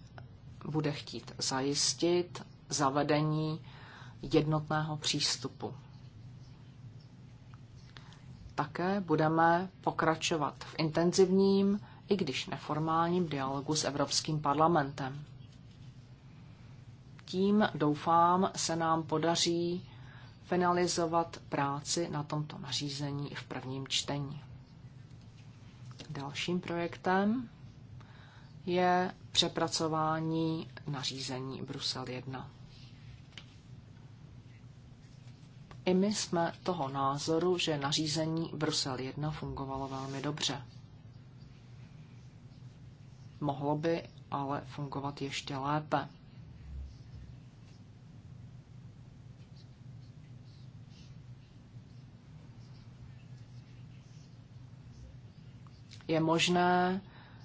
bude chtít zajistit zavedení jednotného přístupu. Také budeme pokračovat v intenzivním, i když neformálním dialogu s Evropským parlamentem tím, doufám, se nám podaří finalizovat práci na tomto nařízení v prvním čtení. Dalším projektem je přepracování nařízení Brusel 1. I my jsme toho názoru, že nařízení Brusel 1 fungovalo velmi dobře. Mohlo by ale fungovat ještě lépe. je možné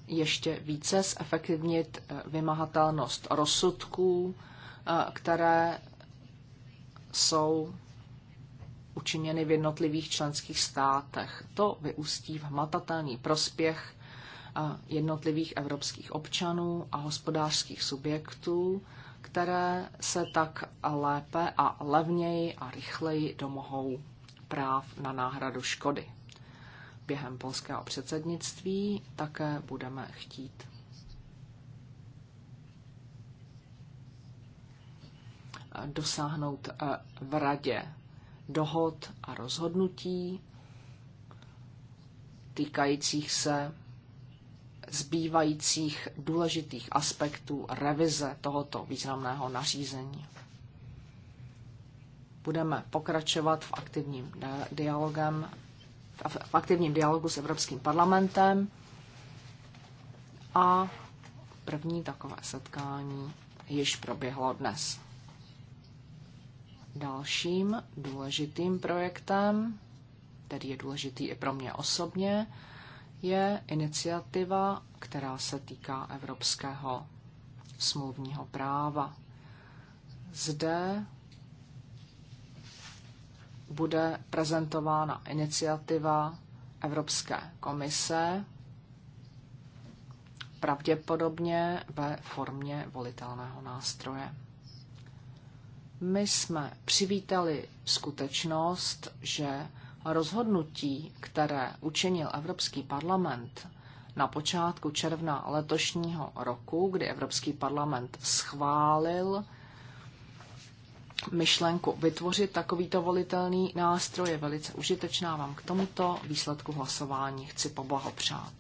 ještě více zefektivnit eh, vymahatelnost rozsudků, eh, které jsou učiněny v jednotlivých členských státech. To vyústí v hmatatelný prospěch eh, jednotlivých evropských občanů a hospodářských subjektů, které se tak lépe a levněji a rychleji domohou práv na náhradu škody během polského předsednictví také budeme chtít. dosáhnout eh, v radě dohod a rozhodnutí týkajících se zbývajících důležitých aspektů revize tohoto významného nařízení. Budeme pokračovat v aktivním dialogem v aktivním dialogu s Evropským parlamentem. A první takové setkání již proběhlo dnes. Dalším důležitým projektem, který je důležitý i pro mě osobně, je iniciativa, která se týká evropského smluvního práva. Zde bude prezentována iniciativa Evropské komise, pravděpodobně ve formě volitelného nástroje. My jsme přivítali skutečnost, že rozhodnutí, které učinil Evropský parlament na počátku června letošního roku, kdy Evropský parlament schválil myšlenku vytvořit takovýto volitelný nástroj je velice užitečná. Vám k tomuto výsledku hlasování chci poblahopřát.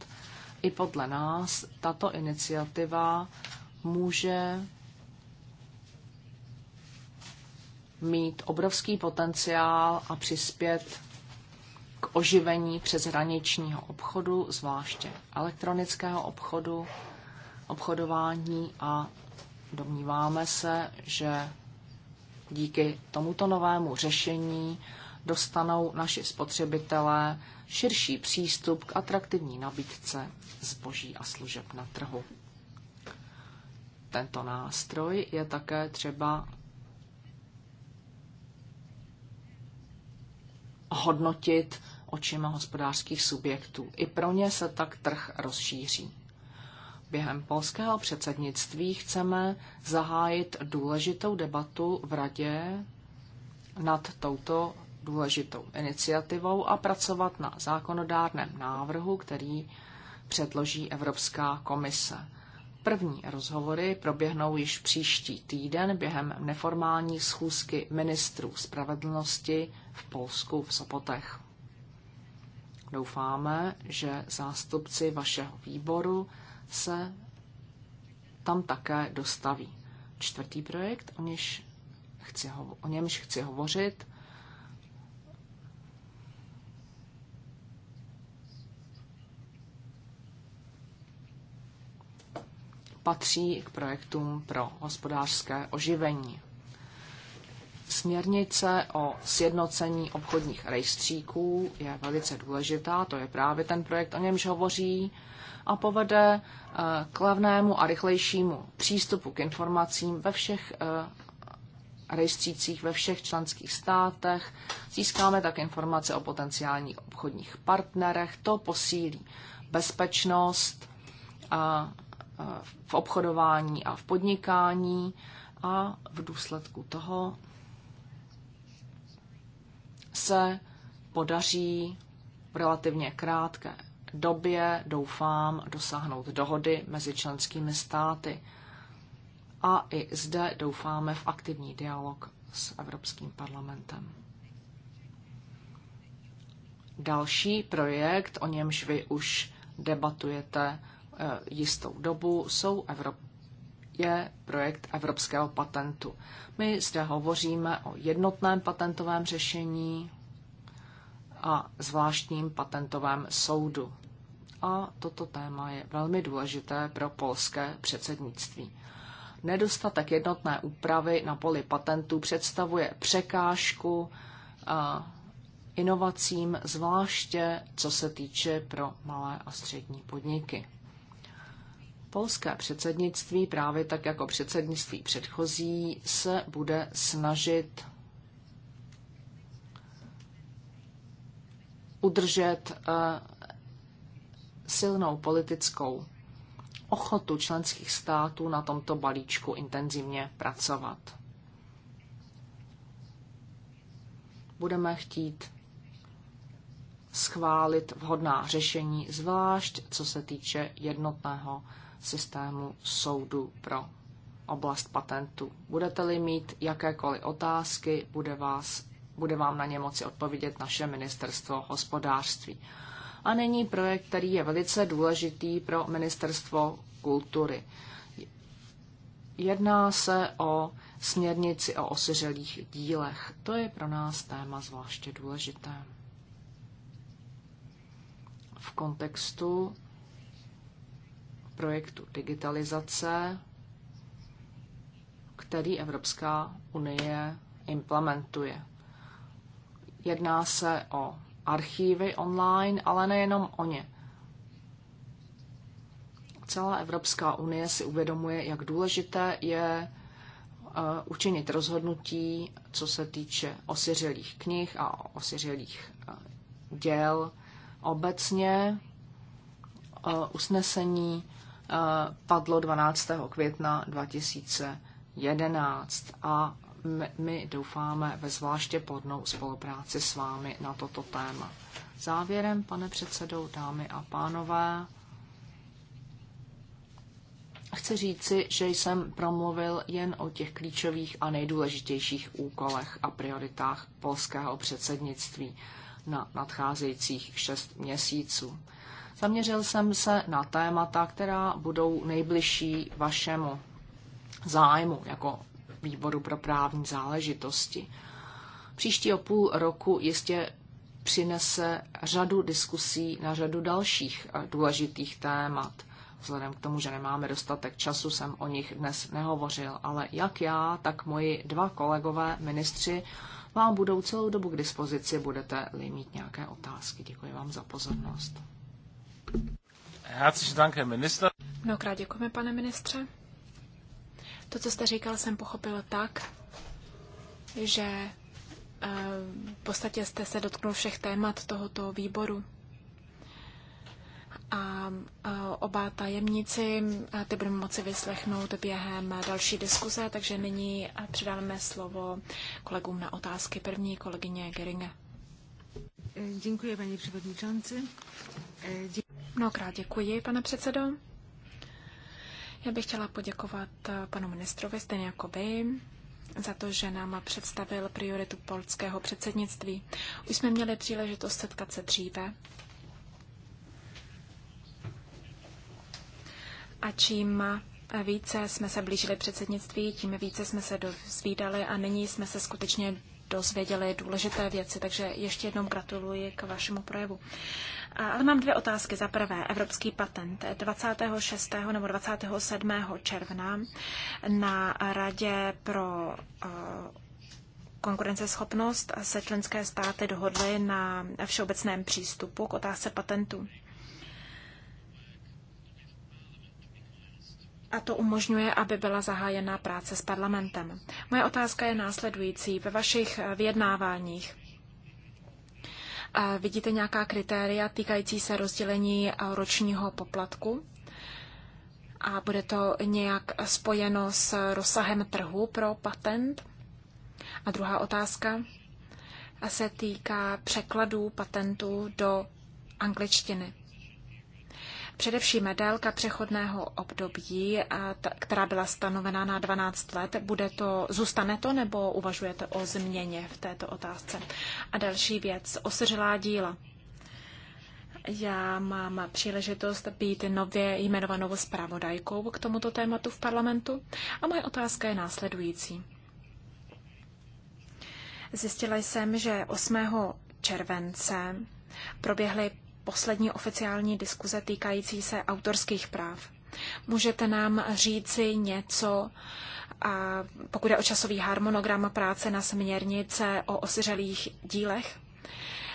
I podle nás tato iniciativa může mít obrovský potenciál a přispět k oživení přeshraničního obchodu, zvláště elektronického obchodu, obchodování a domníváme se, že Díky tomuto novému řešení dostanou naši spotřebitelé širší přístup k atraktivní nabídce zboží a služeb na trhu. Tento nástroj je také třeba hodnotit očima hospodářských subjektů. I pro ně se tak trh rozšíří. Během polského předsednictví chceme zahájit důležitou debatu v Radě nad touto důležitou iniciativou a pracovat na zákonodárném návrhu, který předloží Evropská komise. První rozhovory proběhnou již příští týden během neformální schůzky ministrů spravedlnosti v Polsku v Sopotech. Doufáme, že zástupci vašeho výboru se tam také dostaví. Čtvrtý projekt, o, něž chci hovo- o němž chci hovořit, patří k projektům pro hospodářské oživení. Směrnice o sjednocení obchodních rejstříků je velice důležitá, to je právě ten projekt, o němž hovoří a povede eh, k levnému a rychlejšímu přístupu k informacím ve všech eh, rejstřících ve všech členských státech. Získáme tak informace o potenciálních obchodních partnerech. To posílí bezpečnost eh, v obchodování a v podnikání a v důsledku toho se podaří v relativně krátké době doufám dosáhnout dohody mezi členskými státy. A i zde doufáme v aktivní dialog s Evropským parlamentem. Další projekt, o němž vy už debatujete eh, jistou dobu, jsou Evrop- je projekt evropského patentu. My zde hovoříme o jednotném patentovém řešení a zvláštním patentovém soudu a toto téma je velmi důležité pro polské předsednictví. Nedostatek jednotné úpravy na poli patentů představuje překážku inovacím, zvláště co se týče pro malé a střední podniky. Polské předsednictví, právě tak jako předsednictví předchozí, se bude snažit udržet silnou politickou ochotu členských států na tomto balíčku intenzivně pracovat. Budeme chtít schválit vhodná řešení, zvlášť co se týče jednotného systému soudu pro oblast patentů. Budete-li mít jakékoliv otázky, bude, vás, bude vám na ně moci odpovědět naše ministerstvo hospodářství a není projekt, který je velice důležitý pro Ministerstvo kultury. Jedná se o směrnici o osiřelých dílech. To je pro nás téma zvláště důležité. V kontextu projektu digitalizace, který Evropská unie implementuje. Jedná se o archívy online, ale nejenom o ně. Celá Evropská unie si uvědomuje, jak důležité je eh, učinit rozhodnutí, co se týče osiřelých knih a osiřelých eh, děl obecně. Eh, usnesení padlo 12. května 2011 a my doufáme ve zvláště plodnou spolupráci s vámi na toto téma. Závěrem, pane předsedou, dámy a pánové, chci říci, že jsem promluvil jen o těch klíčových a nejdůležitějších úkolech a prioritách polského předsednictví na nadcházejících šest měsíců. Zaměřil jsem se na témata, která budou nejbližší vašemu zájmu jako výboru pro právní záležitosti. Příštího půl roku jistě přinese řadu diskusí na řadu dalších eh, důležitých témat. Vzhledem k tomu, že nemáme dostatek času, jsem o nich dnes nehovořil, ale jak já, tak moji dva kolegové ministři vám budou celou dobu k dispozici, budete-li mít nějaké otázky. Děkuji vám za pozornost. Herzlichen Dank, Herr Minister. Mnohokrát děkujeme, pane ministře. To, co jste říkal, jsem pochopil tak, že eh, v podstatě jste se dotknul všech témat tohoto výboru. A eh, oba tajemníci eh, ty budeme moci vyslechnout během další diskuze, takže nyní předáme slovo kolegům na otázky. První kolegyně Geringe. Děkuji, paní předsedající. Mnohokrát děkuji, pane předsedo. Já bych chtěla poděkovat eh, panu ministrovi stejně jako vy za to, že nám představil prioritu polského předsednictví. Už jsme měli příležitost setkat se dříve. A čím více jsme se blížili předsednictví, tím více jsme se dozvídali a nyní jsme se skutečně dozvěděli důležité věci, takže ještě jednou gratuluji k vašemu projevu. Ale mám dvě otázky. Za prvé, evropský patent 26. nebo 27. června na Radě pro eh, konkurenceschopnost se členské státy dohodly na všeobecném přístupu k otázce patentu. a to umožňuje, aby byla zahájena práce s parlamentem. Moje otázka je následující. Ve vašich eh, vyjednáváních Vidíte nějaká kritéria týkající se rozdělení eh, ročního poplatku? A bude to nějak spojeno s rozsahem trhu pro patent? A druhá otázka se týká překladů patentů do angličtiny. Především délka přechodného období, která byla stanovena na 12 let, bude to, zůstane to nebo uvažujete o změně v této otázce? A další věc, osřelá díla. Já mám příležitost být nově jmenovanou zpravodajkou k tomuto tématu v parlamentu a moje otázka je následující. Zjistila jsem, že 8. července proběhly poslední oficiální diskuze týkající se autorských práv. Můžete nám říci něco, a pokud je o časový harmonogram práce na směrnice o osiřelých dílech?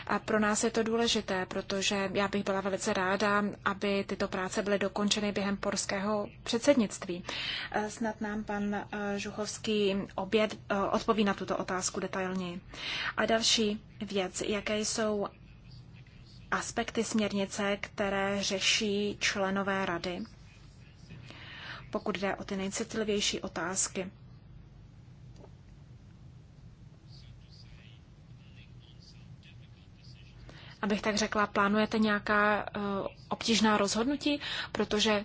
A pro nás je to důležité, protože já bych byla velice ráda, aby tyto práce byly dokončeny během porského předsednictví. E, snad nám pan e, Žuchovský oběd e, odpoví na tuto otázku detailněji. A další věc, jaké jsou aspekty směrnice, které řeší členové rady, pokud jde o ty nejcitlivější otázky. Abych tak řekla, plánujete nějaká eh, obtížná rozhodnutí, protože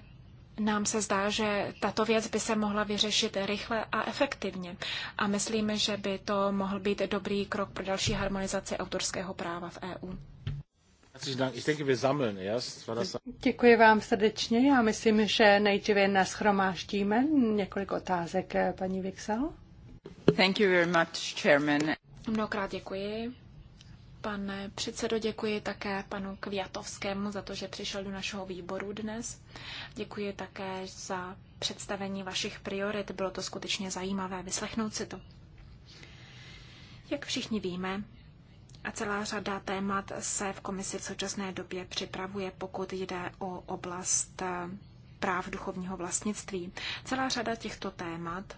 nám se zdá, že tato věc by se mohla vyřešit rychle a efektivně a myslíme, že by to mohl být dobrý krok pro další harmonizaci autorského práva v EU. Děkuji vám srdečně. Já myslím, že nejdříve nashromáždíme několik otázek, eh, paní Vixel. Thank you very much, Chairman. Mnohokrát děkuji. Pane předsedo, děkuji také panu Kviatovskému za to, že přišel do našeho výboru dnes. Děkuji také za představení vašich priorit. Bylo to skutečně zajímavé vyslechnout si to. Jak všichni víme, a celá řada témat se v komisi v současné době připravuje, pokud jde o oblast eh, práv duchovního vlastnictví. Celá řada těchto témat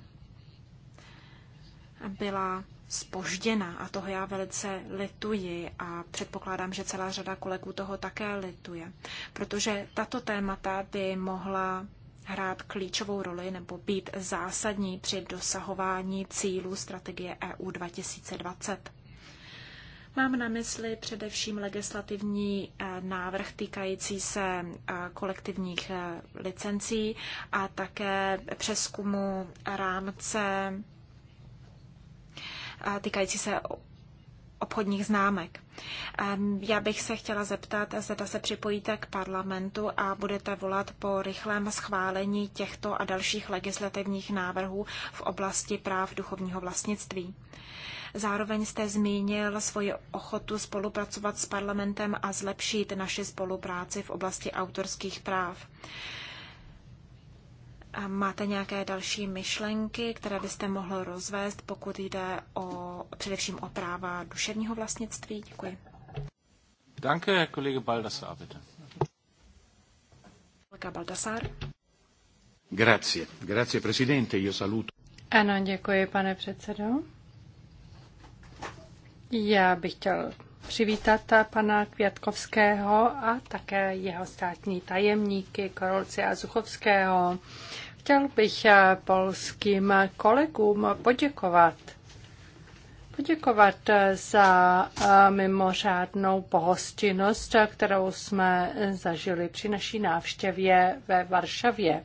byla spožděna a toho já velice lituji a předpokládám, že celá řada kolegů toho také lituje, protože tato témata by mohla hrát klíčovou roli nebo být zásadní při dosahování cílů strategie EU 2020. Mám na mysli především legislativní eh, návrh týkající se eh, kolektivních eh, licencí a také přeskumu rámce týkající se obchodních známek. Ehm, já bych se chtěla zeptat, zda se připojíte k parlamentu a budete volat po rychlém schválení těchto a dalších legislativních návrhů v oblasti práv duchovního vlastnictví. Zároveň jste zmínil svoji ochotu spolupracovat s parlamentem a zlepšit naši spolupráci v oblasti autorských práv. Máte nějaké další myšlenky, které byste mohl rozvést, pokud jde o, především o práva duševního vlastnictví? Děkuji. Danke, kolega Baldassar, bitte. Kolega Baldassar. Grazie. Grazie, presidente. Io saluto. Ano, děkuji, pane předsedo. Já bych chtěl přivítat pana Květkovského a také jeho státní tajemníky Korolce a Zuchovského. Chtěl bych eh, polským kolegům poděkovat. Poděkovat eh, za eh, mimořádnou pohostinnost, kterou jsme zažili při naší návštěvě ve Varšavě.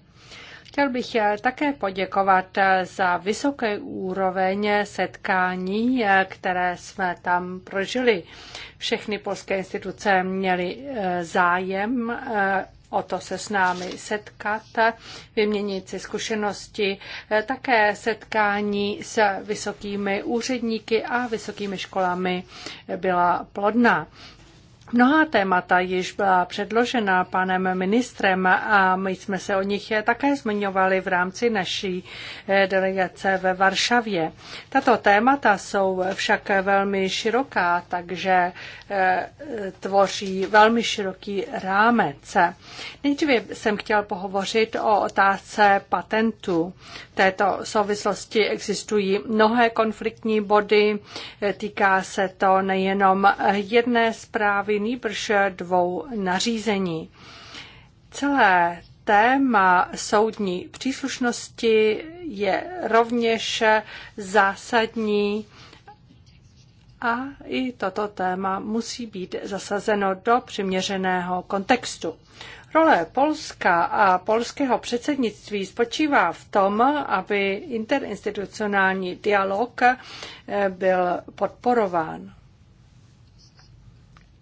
Chtěl bych eh, také poděkovat eh, za vysoké úroveň setkání, eh, které jsme tam prožili. Všechny polské instituce měly zájem o to se s námi setkat, vyměnit si zkušenosti, také setkání s vysokými úředníky a vysokými školami byla plodná. Mnoha témata již byla předložena panem ministrem a my jsme se o nich také zmiňovali v rámci naší eh, delegace ve Varšavě. Tato témata jsou však velmi široká, takže eh, tvoří velmi široký rámec. Nejdříve jsem chtěl pohovořit o otázce patentů. V této souvislosti existují mnohé konfliktní body, týká se to nejenom jedné zprávy, nýbrž dvou nařízení. Celé téma soudní příslušnosti je rovněž zásadní a i toto téma musí být zasazeno do přiměřeného kontextu. Role Polska a polského předsednictví spočívá v tom, aby interinstitucionální dialog eh, byl podporován.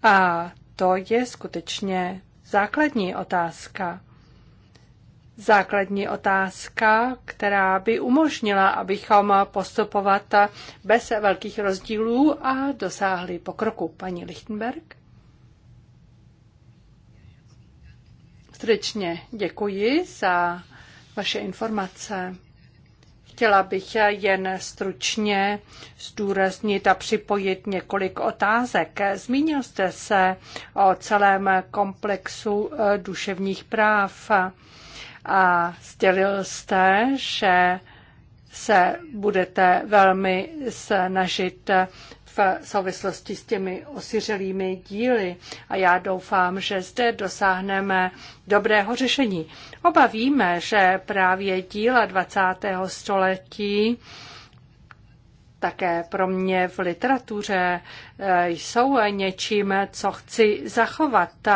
A to je skutečně základní otázka. Základní otázka, která by umožnila, abychom postupovat bez velkých rozdílů a dosáhli pokroku. Paní Lichtenberg? Srdečně děkuji za vaše informace. Chtěla bych jen stručně zdůraznit a připojit několik otázek. Zmínil jste se o celém komplexu eh, duševních práv a sdělil jste, že se budete velmi snažit v souvislosti s těmi osiřelými díly a já doufám, že zde dosáhneme dobrého řešení. Oba víme, že právě díla 20. století také pro mě v literatuře eh, jsou něčím, co chci zachovat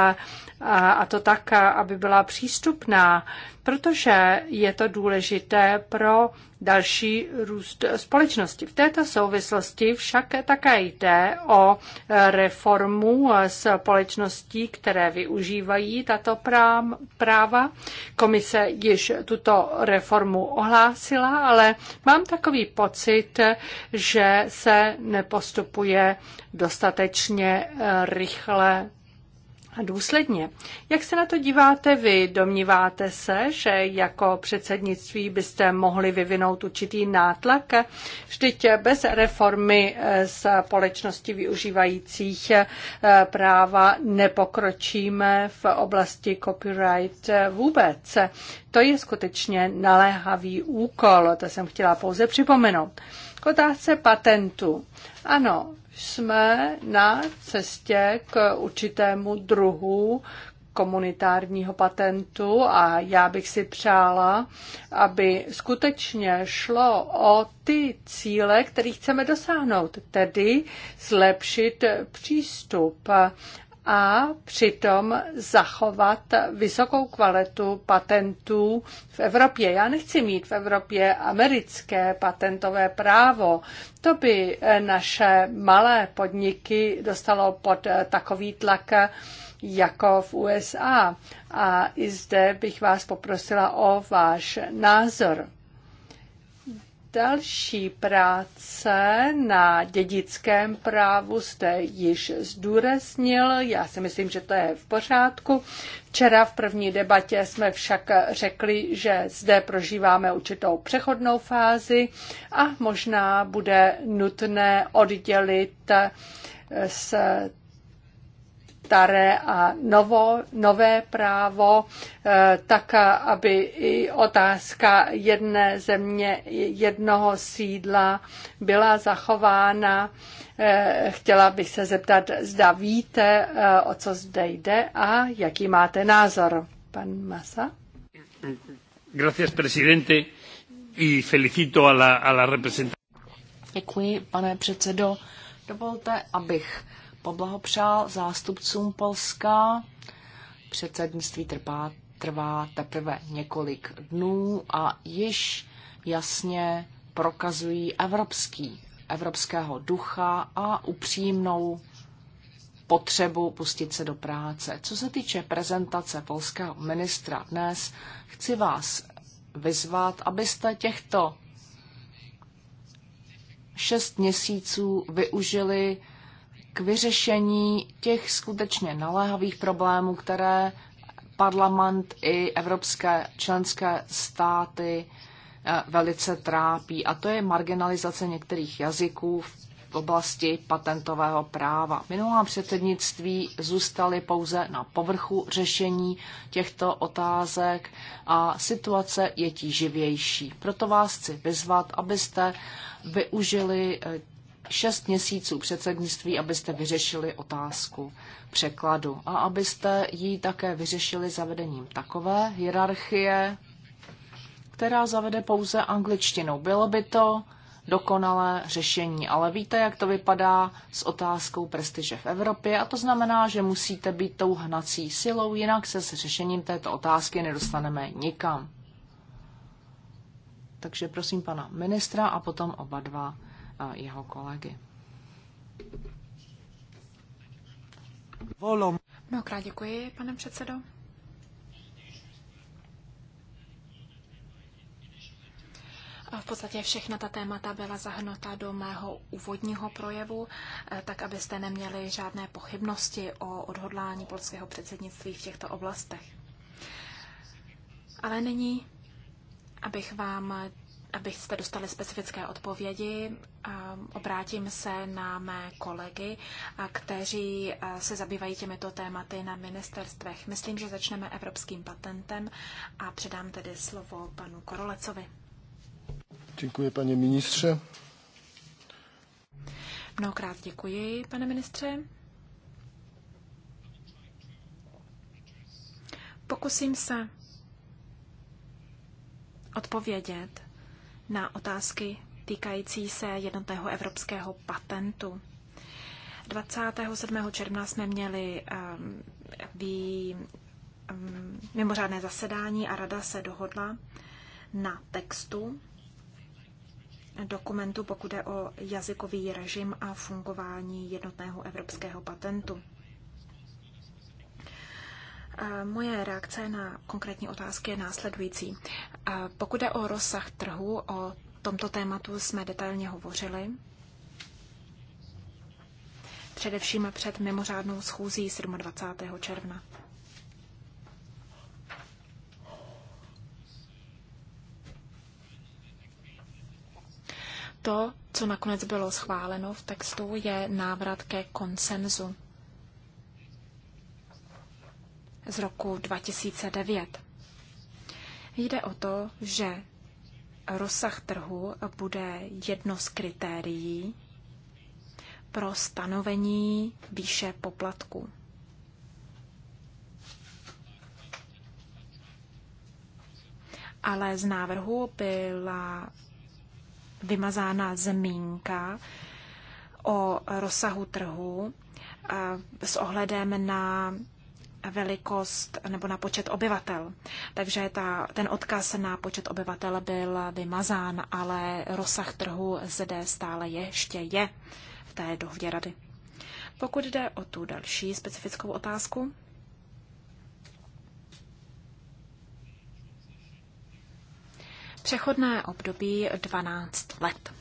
a to tak, aby byla přístupná protože je to důležité pro další růst společnosti. V této souvislosti však také jde o reformu společností, které využívají tato práva. Komise již tuto reformu ohlásila, ale mám takový pocit, že se nepostupuje dostatečně rychle a důsledně. Jak se na to díváte vy? Domníváte se, že jako předsednictví byste mohli vyvinout určitý nátlak? Vždyť bez reformy eh, společnosti využívajících eh, práva nepokročíme v oblasti copyright eh, vůbec. To je skutečně naléhavý úkol, to jsem chtěla pouze připomenout. K otázce patentu. Ano, jsme na cestě k určitému druhu komunitárního patentu a já bych si přála, aby skutečně šlo o ty cíle, které chceme dosáhnout, tedy zlepšit přístup a přitom zachovat vysokou kvalitu patentů v Evropě. Já nechci mít v Evropě americké patentové právo. To by eh, naše malé podniky dostalo pod eh, takový tlak eh, jako v USA. A i zde bych vás poprosila o váš názor. Další práce na dědickém právu jste již zdůraznil. Já si myslím, že to je v pořádku. Včera v první debatě jsme však řekli, že zde prožíváme určitou přechodnou fázi a možná bude nutné oddělit s staré a novo, nové právo, eh, tak aby i otázka jedné země, jednoho sídla byla zachována. Eh, chtěla bych se zeptat, zda víte, eh, o co zde jde a jaký máte názor. Pan Masa? Gracias, presidente, y felicito a la, a la representante. Děkuji, pane předsedo. Dovolte, abych poblahopřál zástupcům Polska. Předsednictví trpá, trvá teprve několik dnů a již jasně prokazují evropský, evropského ducha a upřímnou potřebu pustit se do práce. Co se týče prezentace polského ministra dnes, chci vás vyzvat, abyste těchto šest měsíců využili k vyřešení těch skutečně naléhavých problémů, které parlament i evropské členské státy eh, velice trápí, a to je marginalizace některých jazyků v oblasti patentového práva. Minulá předsednictví zůstaly pouze na povrchu řešení těchto otázek a situace je tíživější. Proto vás chci vyzvat, abyste využili eh, šest měsíců předsednictví, abyste vyřešili otázku překladu a abyste ji také vyřešili zavedením takové hierarchie, která zavede pouze angličtinu. Bylo by to dokonalé řešení, ale víte, jak to vypadá s otázkou prestiže v Evropě a to znamená, že musíte být tou hnací silou, jinak se s řešením této otázky nedostaneme nikam. Takže prosím pana ministra a potom oba dva jeho kolegy. Volom. Mnohokrát děkuji, pane předsedo. A v podstatě všechna ta témata byla zahrnuta do mého úvodního projevu, eh, tak abyste neměli žádné pochybnosti o odhodlání polského předsednictví v těchto oblastech. Ale nyní, abych vám abyste dostali specifické odpovědi, obrátím se na mé kolegy, kteří se zabývají těmito tématy na ministerstvech. Myslím, že začneme evropským patentem a předám tedy slovo panu Korolecovi. Děkuji, paní ministře. Mnohokrát děkuji, pane ministře. Pokusím se odpovědět na otázky týkající se jednotného evropského patentu. 27. června jsme měli um, vý, um, mimořádné zasedání a rada se dohodla na textu dokumentu, pokud jde o jazykový režim a fungování jednotného evropského patentu. Ehm, moje reakce na konkrétní otázky je následující. A pokud jde o rozsah trhu, o tomto tématu jsme detailně hovořili. Především před mimořádnou schůzí 27. června. To, co nakonec bylo schváleno v textu, je návrat ke konsenzu z roku 2009. Jde o to, že rozsah trhu bude jedno z kritérií pro stanovení výše poplatku. Ale z návrhu byla vymazána zmínka o rozsahu trhu eh, s ohledem na velikost nebo na počet obyvatel. Takže ta, ten odkaz na počet obyvatel byl vymazán, ale rozsah trhu zde stále ještě je v té dohodě rady. Pokud jde o tu další specifickou otázku, přechodné období 12 let.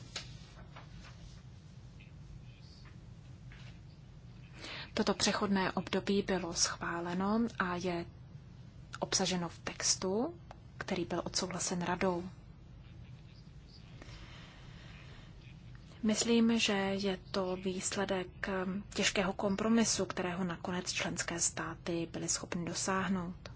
Toto přechodné období bylo schváleno a je obsaženo v textu, který byl odsouhlasen radou. Myslím, že je to výsledek těžkého kompromisu, kterého nakonec členské státy byly schopny dosáhnout.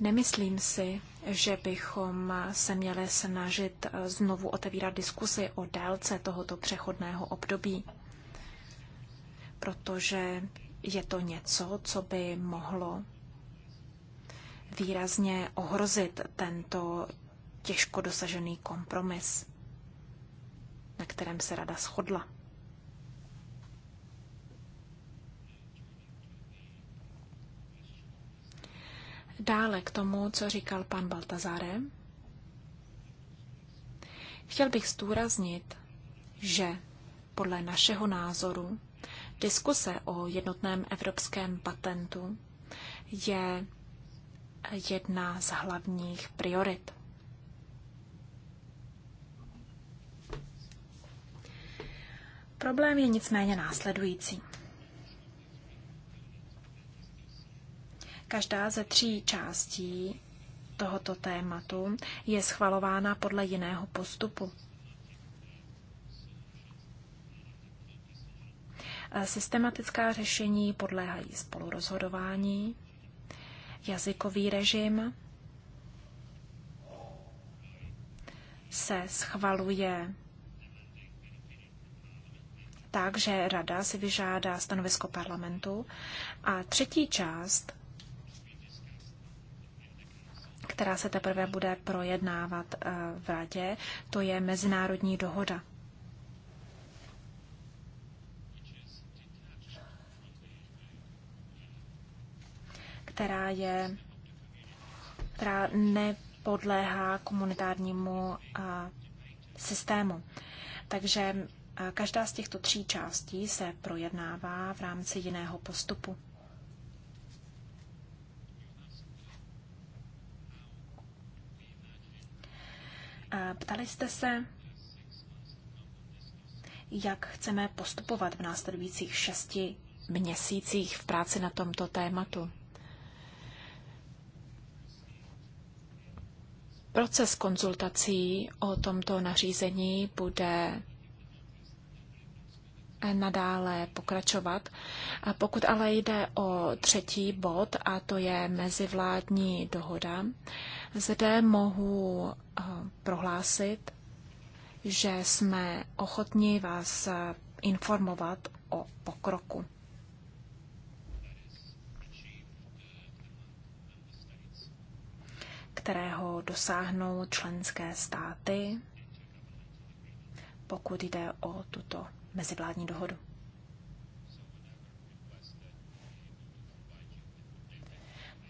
Nemyslím si, že bychom se měli snažit znovu otevírat diskusy o délce tohoto přechodného období, protože je to něco, co by mohlo výrazně ohrozit tento těžko dosažený kompromis, na kterém se rada shodla. Dále k tomu, co říkal pan Baltazáre, Chtěl bych zdůraznit, že podle našeho názoru diskuse o jednotném evropském patentu je jedna z hlavních priorit. Problém je nicméně následující. Každá ze tří částí tohoto tématu je schvalována podle jiného postupu. Systematická řešení podléhají spolurozhodování, jazykový režim se schvaluje tak, že rada si vyžádá stanovisko parlamentu a třetí část která se teprve bude projednávat eh, v radě, to je mezinárodní dohoda. která je, která nepodléhá komunitárnímu a, eh, systému. Takže a, eh, každá z těchto tří částí se projednává v rámci jiného postupu. Ptali jste se, jak chceme postupovat v následujících šesti měsících v práci na tomto tématu. Proces konzultací o tomto nařízení bude nadále pokračovat. A pokud ale jde o třetí bod, a to je mezivládní dohoda, zde mohu eh, prohlásit, že jsme ochotní vás eh, informovat o pokroku. kterého dosáhnou členské státy, pokud jde o tuto mezivládní dohodu.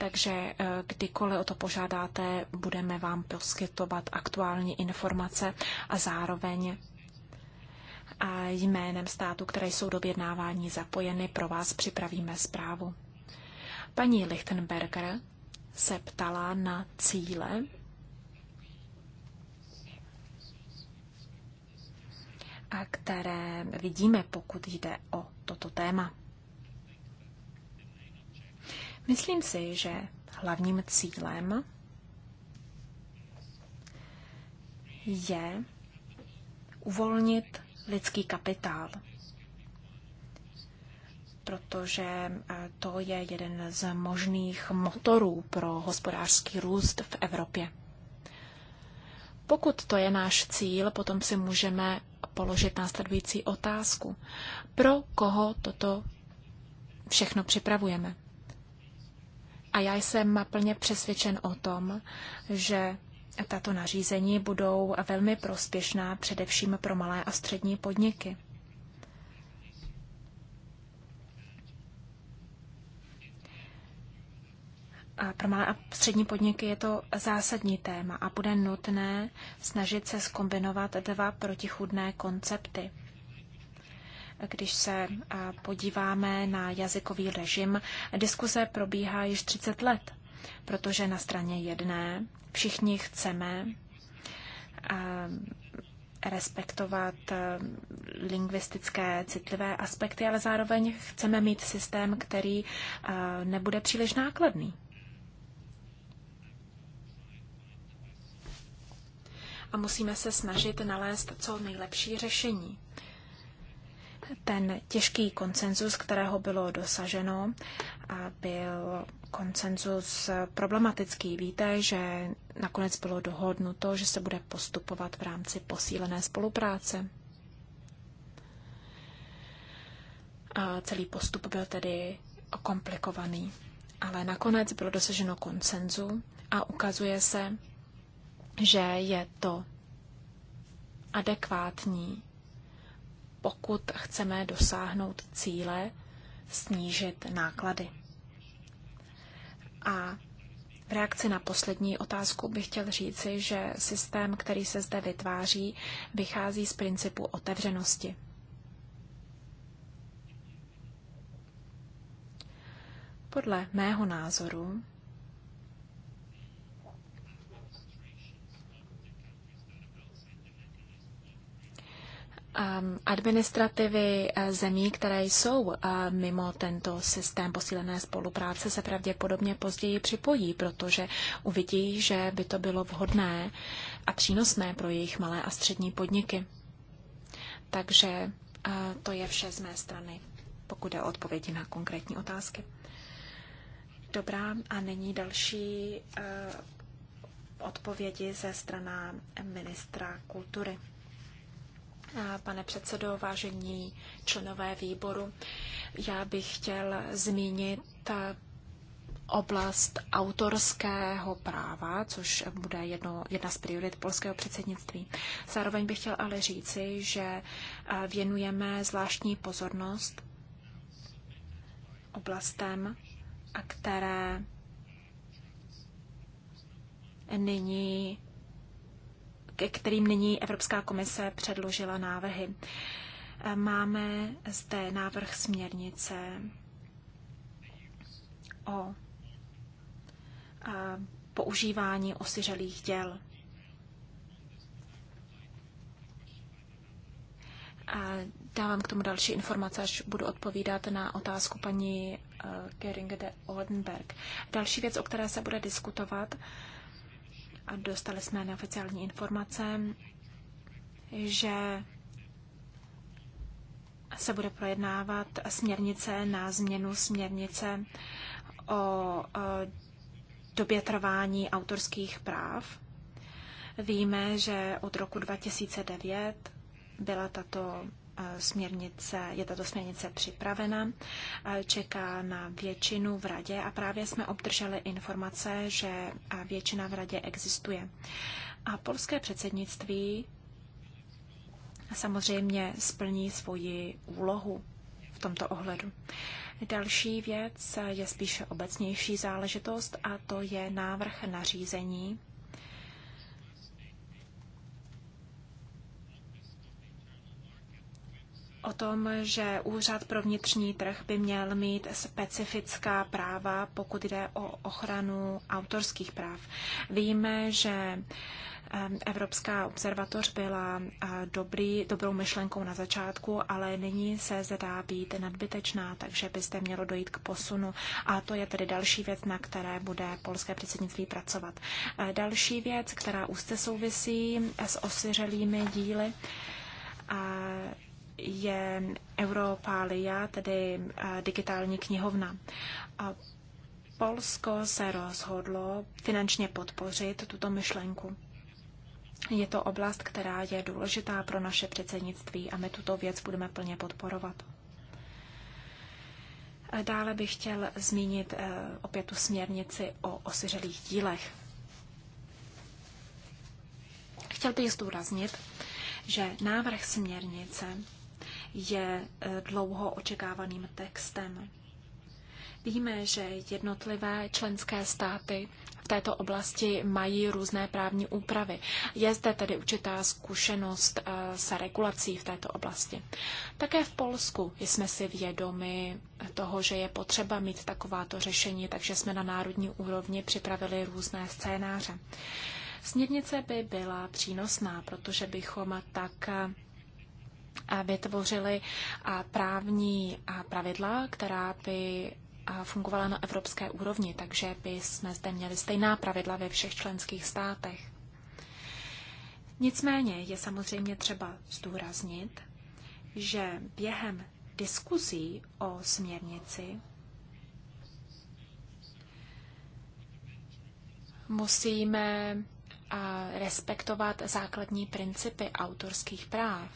Takže eh, kdykoliv o to požádáte, budeme vám poskytovat aktuální informace a zároveň a jménem státu, které jsou do vyjednávání zapojeny, pro vás připravíme zprávu. Paní Lichtenberger se ptala na cíle a které vidíme, pokud jde o toto téma. Myslím si, že hlavním cílem je uvolnit lidský kapitál, protože eh, to je jeden z možných motorů pro hospodářský růst v Evropě. Pokud to je náš cíl, potom si můžeme položit následující otázku. Pro koho toto všechno připravujeme? A já jsem plně přesvědčen o tom, že tato nařízení budou velmi prospěšná především pro malé a střední podniky. A pro malé a střední podniky je to zásadní téma a bude nutné snažit se skombinovat dva protichudné koncepty. Když se podíváme na jazykový režim, diskuse probíhá již 30 let, protože na straně jedné všichni chceme respektovat lingvistické citlivé aspekty, ale zároveň chceme mít systém, který nebude příliš nákladný. A musíme se snažit nalézt co nejlepší řešení. Ten těžký konsenzus, kterého bylo dosaženo, byl konsenzus problematický. Víte, že nakonec bylo dohodnuto, že se bude postupovat v rámci posílené spolupráce. A celý postup byl tedy komplikovaný. Ale nakonec bylo dosaženo konsenzu a ukazuje se, že je to adekvátní pokud chceme dosáhnout cíle snížit náklady. A v reakci na poslední otázku bych chtěl říci, že systém, který se zde vytváří, vychází z principu otevřenosti. Podle mého názoru Ehm, administrativy eh, zemí, které jsou eh, mimo tento systém posílené spolupráce, se pravděpodobně později připojí, protože uvidí, že by to bylo vhodné a přínosné pro jejich malé a střední podniky. Takže eh, to je vše z mé strany, pokud je o odpovědi na konkrétní otázky. Dobrá, a nyní další odpovědi ze strana ministra kultury. Pane předsedo, vážení členové výboru, já bych chtěl zmínit eh, oblast autorského práva, což bude jedno, jedna z priorit polského předsednictví. Zároveň bych chtěl ale říci, že eh, věnujeme zvláštní pozornost oblastem, eh, které nyní ke kterým nyní Evropská komise předložila návrhy. Eh, máme zde návrh směrnice o eh, používání osiřelých děl. A eh, dávám k tomu další informace, až budu odpovídat na otázku paní Geringe de Oldenberg. Další věc, o které se bude diskutovat, a dostali jsme neoficiální informace, že se bude projednávat směrnice na změnu směrnice o době trvání autorských práv. Víme, že od roku 2009 byla tato Eh, směrnice, je tato směrnice připravena, eh, čeká na většinu v radě a právě jsme obdrželi informace, že eh, většina v radě existuje. A polské předsednictví samozřejmě splní svoji úlohu v tomto ohledu. Další věc je spíše obecnější záležitost a to je návrh nařízení o tom, že úřad pro vnitřní trh by měl mít specifická práva, pokud jde o ochranu autorských práv. Víme, že Evropská observatoř byla dobrý, dobrou myšlenkou na začátku, ale nyní se zdá být nadbytečná, takže byste mělo dojít k posunu. A to je tedy další věc, na které bude polské předsednictví pracovat. E, další věc, která úzce souvisí s osyřelými díly, a je Europalia, tedy eh, digitální knihovna. A Polsko se rozhodlo finančně podpořit tuto myšlenku. Je to oblast, která je důležitá pro naše předsednictví a my tuto věc budeme plně podporovat. Dále bych chtěl zmínit eh, opět tu směrnici o osiřelých dílech. Chtěl bych zdůraznit, že návrh směrnice je eh, dlouho očekávaným textem. Víme, že jednotlivé členské státy v této oblasti mají různé právní úpravy. Je zde tedy určitá zkušenost eh, s regulací v této oblasti. Také v Polsku jsme si vědomi toho, že je potřeba mít takováto řešení, takže jsme na národní úrovni připravili různé scénáře. Směrnice by byla přínosná, protože bychom tak eh, vytvořili právní pravidla, která by fungovala na evropské úrovni, takže by jsme zde měli stejná pravidla ve všech členských státech. Nicméně je samozřejmě třeba zdůraznit, že během diskuzí o směrnici musíme respektovat základní principy autorských práv.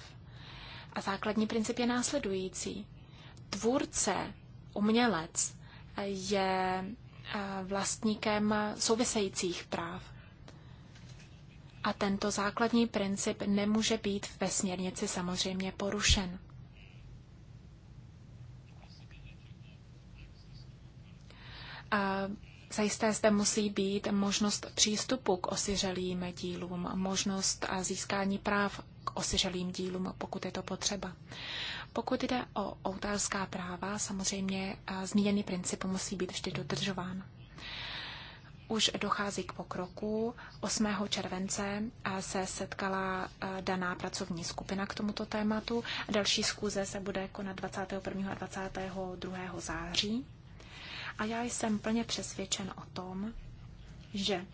A základní princip je následující. Tvůrce, umělec, je eh, vlastníkem souvisejících práv. A tento základní princip nemůže být ve směrnici samozřejmě porušen. A eh, Zajisté zde musí být možnost přístupu k osiřelým dílům, možnost získání práv k osiřelým dílům, pokud je to potřeba. Pokud jde o autorská práva, samozřejmě zmíněný princip musí být vždy dodržován. Už dochází k pokroku. 8. července se setkala daná pracovní skupina k tomuto tématu. Další schůze se bude konat 21. a 22. září. A já jsem plně přesvědčen o tom, že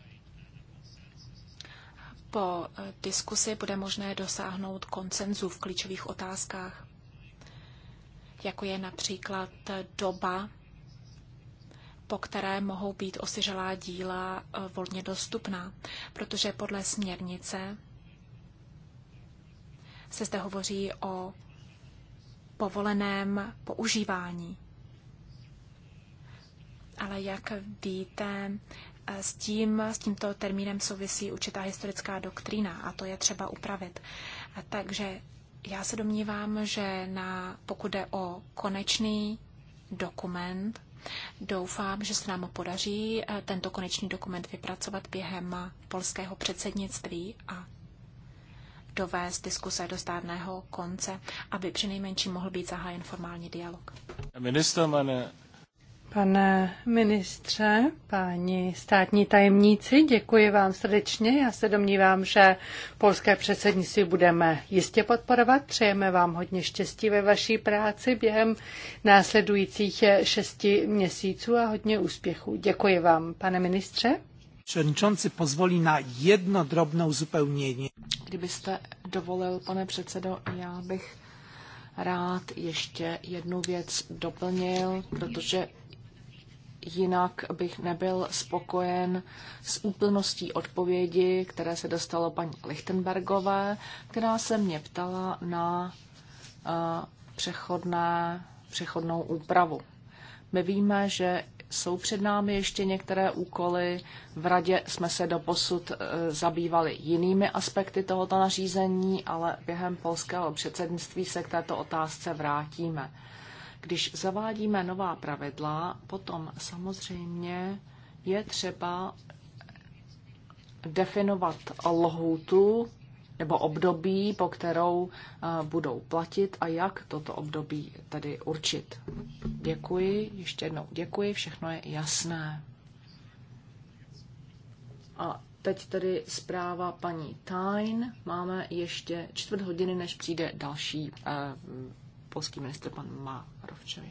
po eh, diskusi bude možné dosáhnout koncenzu v klíčových otázkách, jako je například doba, po které mohou být osiřelá díla eh, volně dostupná, protože podle směrnice se zde hovoří o povoleném používání ale jak víte, eh, s, tím, s tímto termínem souvisí určitá historická doktrína a to je třeba upravit. A takže já se domnívám, že na, pokud jde o konečný dokument, doufám, že se nám podaří eh, tento konečný dokument vypracovat během polského předsednictví a dovést diskuse do stádného konce, aby přinejmenším mohl být zahájen formální dialog. Minister, meine Pane ministře, páni státní tajemníci, děkuji vám srdečně. Já se domnívám, že polské předsednictví budeme jistě podporovat. Přejeme vám hodně štěstí ve vaší práci během následujících šesti měsíců a hodně úspěchů. Děkuji vám, pane ministře. Przewodniczący pozwoli na jedno drobné uzupełnienie. Kdybyste dovolil, pane předsedo, já bych rád ještě jednu věc doplnil, protože jinak bych nebyl spokojen s úplností odpovědi, které se dostalo paní Lichtenbergové, která se mě ptala na eh, přechodné, přechodnou úpravu. My víme, že jsou před námi ještě některé úkoly. V radě jsme se doposud eh, zabývali jinými aspekty tohoto nařízení, ale během polského předsednictví se k této otázce vrátíme. Když zavádíme nová pravidla, potom samozřejmě je třeba definovat lhůtu nebo období, po kterou eh, budou platit a jak toto období tedy určit. Děkuji, ještě jednou děkuji, všechno je jasné. A teď tedy zpráva paní Tyne. Máme ještě čtvrt hodiny, než přijde další eh, polský ministr pan Marovčovi.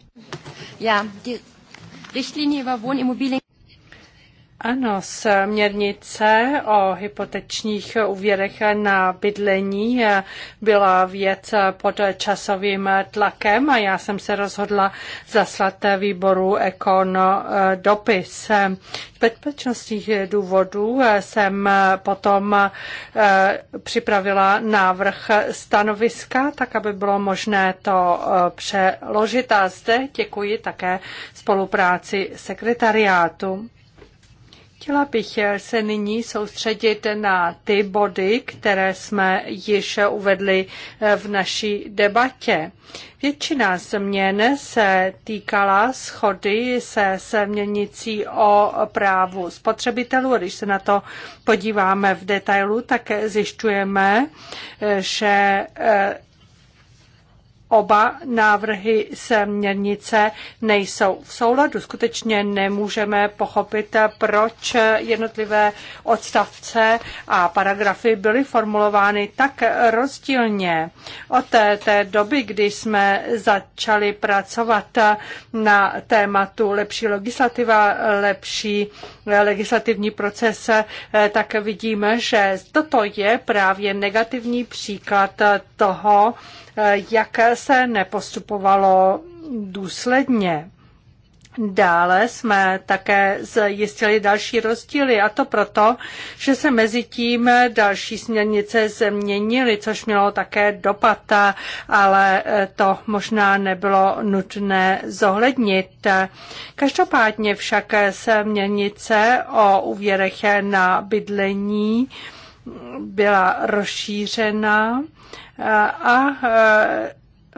Já, die Richtlinie über Wohnimmobilien ano, směrnice o hypotečních úvěrech na bydlení byla věc pod časovým tlakem a já jsem se rozhodla zaslat výboru Ekon dopis. Z bezpečnostních důvodů jsem potom eh, připravila návrh stanoviska, tak aby bylo možné to eh, přeložit a zde děkuji také spolupráci sekretariátu. Chtěla bych se nyní soustředit na ty body, které jsme již uvedli v naší debatě. Většina změn se týkala schody se směrnicí o právu spotřebitelů. Když se na to podíváme v detailu, tak zjišťujeme, že eh, oba návrhy směrnice nejsou v souladu. Skutečně nemůžeme pochopit, proč jednotlivé odstavce a paragrafy byly formulovány tak rozdílně. Od té, té doby, kdy jsme začali pracovat na tématu lepší legislativa, lepší legislativní proces, eh, tak vidíme, že toto je právě negativní příklad toho, eh, jak se nepostupovalo důsledně. Dále jsme také zjistili další rozdíly a to proto, že se mezi tím další směrnice změnily, což mělo také dopad, ale to možná nebylo nutné zohlednit. Každopádně však se měnice o úvěrech na bydlení byla rozšířena a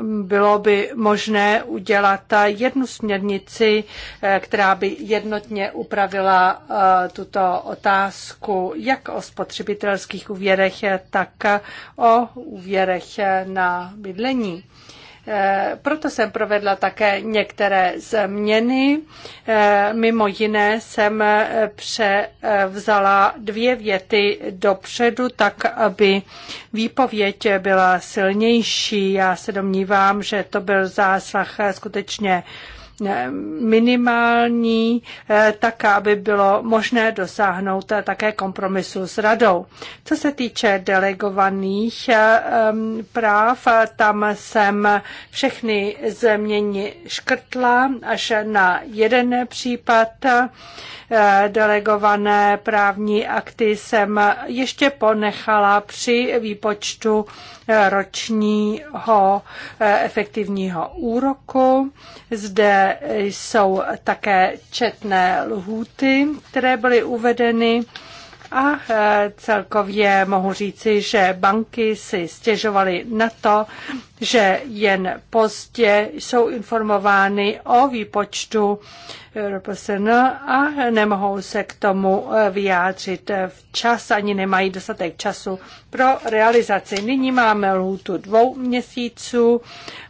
bylo by možné udělat jednu směrnici, eh, která by jednotně upravila eh, tuto otázku jak o spotřebitelských úvěrech, tak o úvěrech na bydlení. Eh, proto jsem provedla také některé změny. Eh, mimo jiné jsem eh, převzala dvě věty dopředu, tak aby výpověď byla silnější. Já se domnívám, že to byl zásah skutečně Eh, minimální, eh, tak aby bylo možné dosáhnout eh, také kompromisu s radou. Co se týče delegovaných práv, tam jsem všechny změny škrtla až na jeden případ. Delegované právní akty jsem ještě ponechala při výpočtu ročního eh, efektivního úroku. Zde jsou také četné lhůty, které byly uvedeny a eh, celkově mohu říci, že banky si stěžovaly na to, že jen pozdě jsou informovány o výpočtu RPSN a nemohou se k tomu eh, vyjádřit eh, včas, ani nemají dostatek času pro realizaci. Nyní máme lhůtu dvou měsíců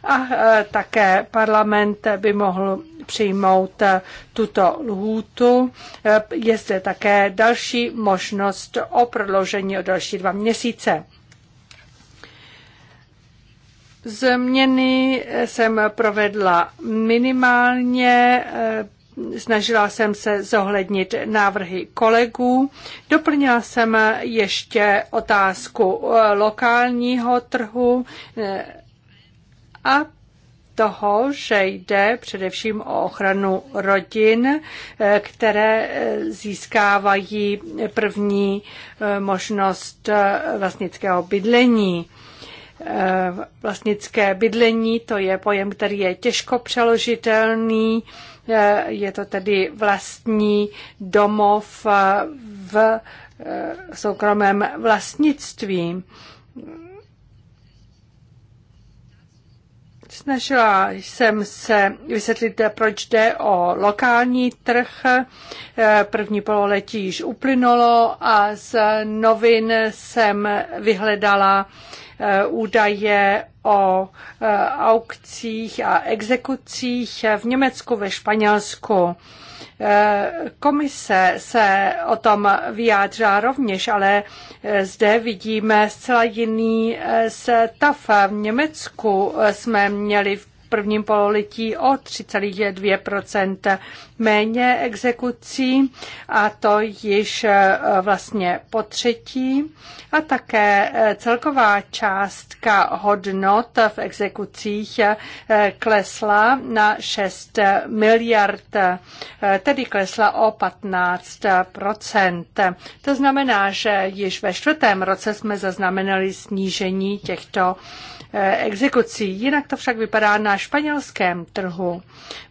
a eh, také parlament by mohl přijmout tuto lhůtu. Je zde také další možnost o prodloužení o další dva měsíce. Změny jsem provedla minimálně Snažila jsem se zohlednit návrhy kolegů. Doplnila jsem ještě otázku eh, lokálního trhu eh, a toho, že jde především o ochranu rodin, eh, které získávají první možnost vlastnického bydlení. Vlastnické bydlení to je pojem, který je těžko přeložitelný Eh, je to tedy vlastní domov eh, v eh, soukromém vlastnictví. Snažila jsem se vysvětlit, proč jde o lokální trh. První pololetí již uplynulo a z novin jsem vyhledala Eh, údaje o eh, aukcích a exekucích v Německu, ve Španělsku. Eh, komise se o tom vyjádřila rovněž, ale zde vidíme zcela jiný stav. V Německu jsme měli v prvním pololetí o 3,2 méně exekucí a to již e, vlastně po třetí a také e, celková částka hodnot v exekucích e, klesla na 6 miliard, tedy klesla o 15 To znamená, že již ve čtvrtém roce jsme zaznamenali snížení těchto Eh, exekucí. Jinak to však vypadá na španělském trhu.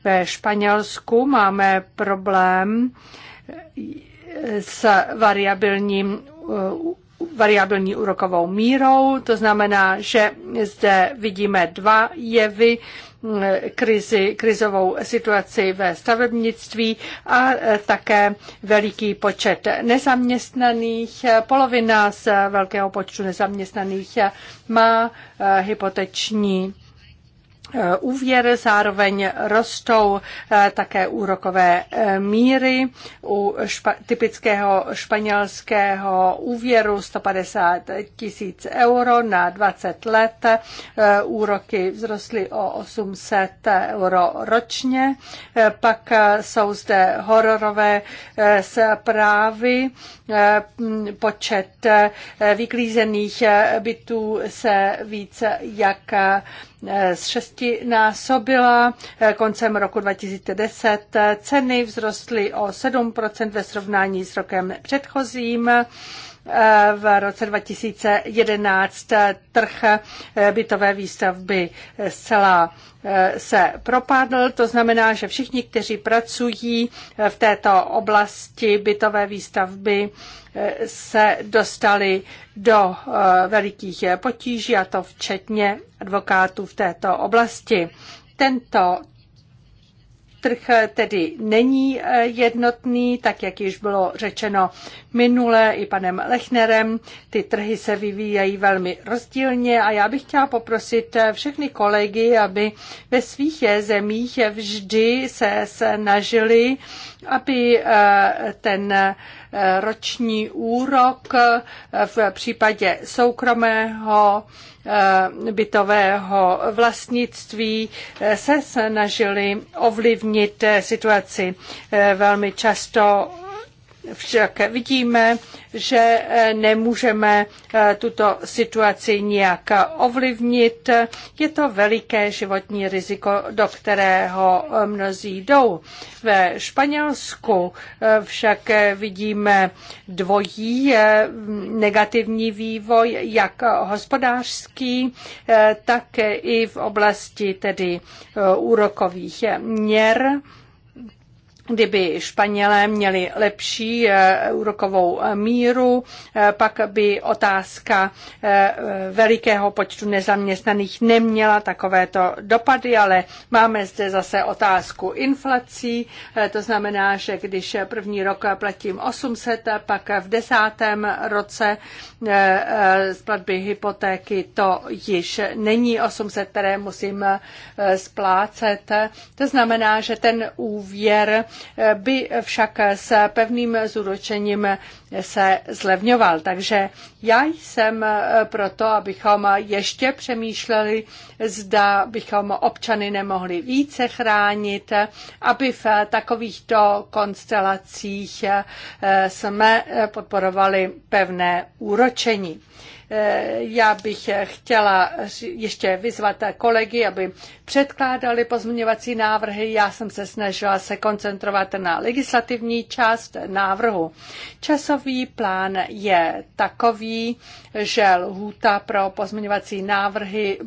Ve Španělsku máme problém eh, s variabilním eh, variabilní úrokovou mírou, to znamená, že zde vidíme dva jevy, krizi, krizovou situaci ve stavebnictví a e, také veliký počet nezaměstnaných. Polovina z velkého počtu nezaměstnaných má e, hypoteční Eh, úvěr, zároveň rostou eh, také úrokové eh, míry u špa, typického španělského úvěru 150 tisíc euro na 20 let. Úroky vzrostly o 800 euro ročně. Pak jsou zde hororové zprávy. Počet vyklízených bytů se více jak Eh, z šesti násobila. Eh, koncem roku 2010 eh, ceny vzrostly o 7% ve srovnání s rokem předchozím v roce 2011 trh bytové výstavby zcela eh, se propadl. To znamená, že všichni, kteří pracují v této oblasti bytové výstavby, eh, se dostali do eh, velikých potíží, a to včetně advokátů v této oblasti. Tento Trh eh, tedy není eh, jednotný, tak jak již bylo řečeno minule i panem Lechnerem. Ty trhy se vyvíjají velmi rozdílně a já bych chtěla poprosit eh, všechny kolegy, aby ve svých zemích vždy se snažili, aby ten roční úrok v případě soukromého eh, bytového vlastnictví eh, se snažili ovlivnit eh, situaci. Velmi často však vidíme, že eh, nemůžeme eh, tuto situaci nijak ovlivnit. Je to veliké životní riziko, do kterého eh, mnozí jdou. Ve Španělsku však vidíme dvojí negativní vývoj, jak hospodářský, tak i v oblasti tedy úrokových měr Kdyby Španělé měli lepší eh, úrokovou eh, míru, eh, pak by otázka velikého počtu nezaměstnaných neměla takovéto dopady, ale máme zde zase otázku inflací. To znamená, že když první rok platím 800, pak v desátém roce splatby hypotéky to již není 800, které musím splácet. To znamená, že ten úvěr by však s pevným zúročením se zlevňoval. Takže já jsem proto, abychom ještě přemýšleli, zda bychom občany nemohli více chránit, aby v takovýchto konstelacích jsme podporovali pevné úročení. Eh, já bych chtěla ještě vyzvat kolegy, aby předkládali pozměňovací návrhy. Já jsem se snažila se koncentrovat na legislativní část návrhu. Časový plán je takový, že lhůta pro pozměňovací návrhy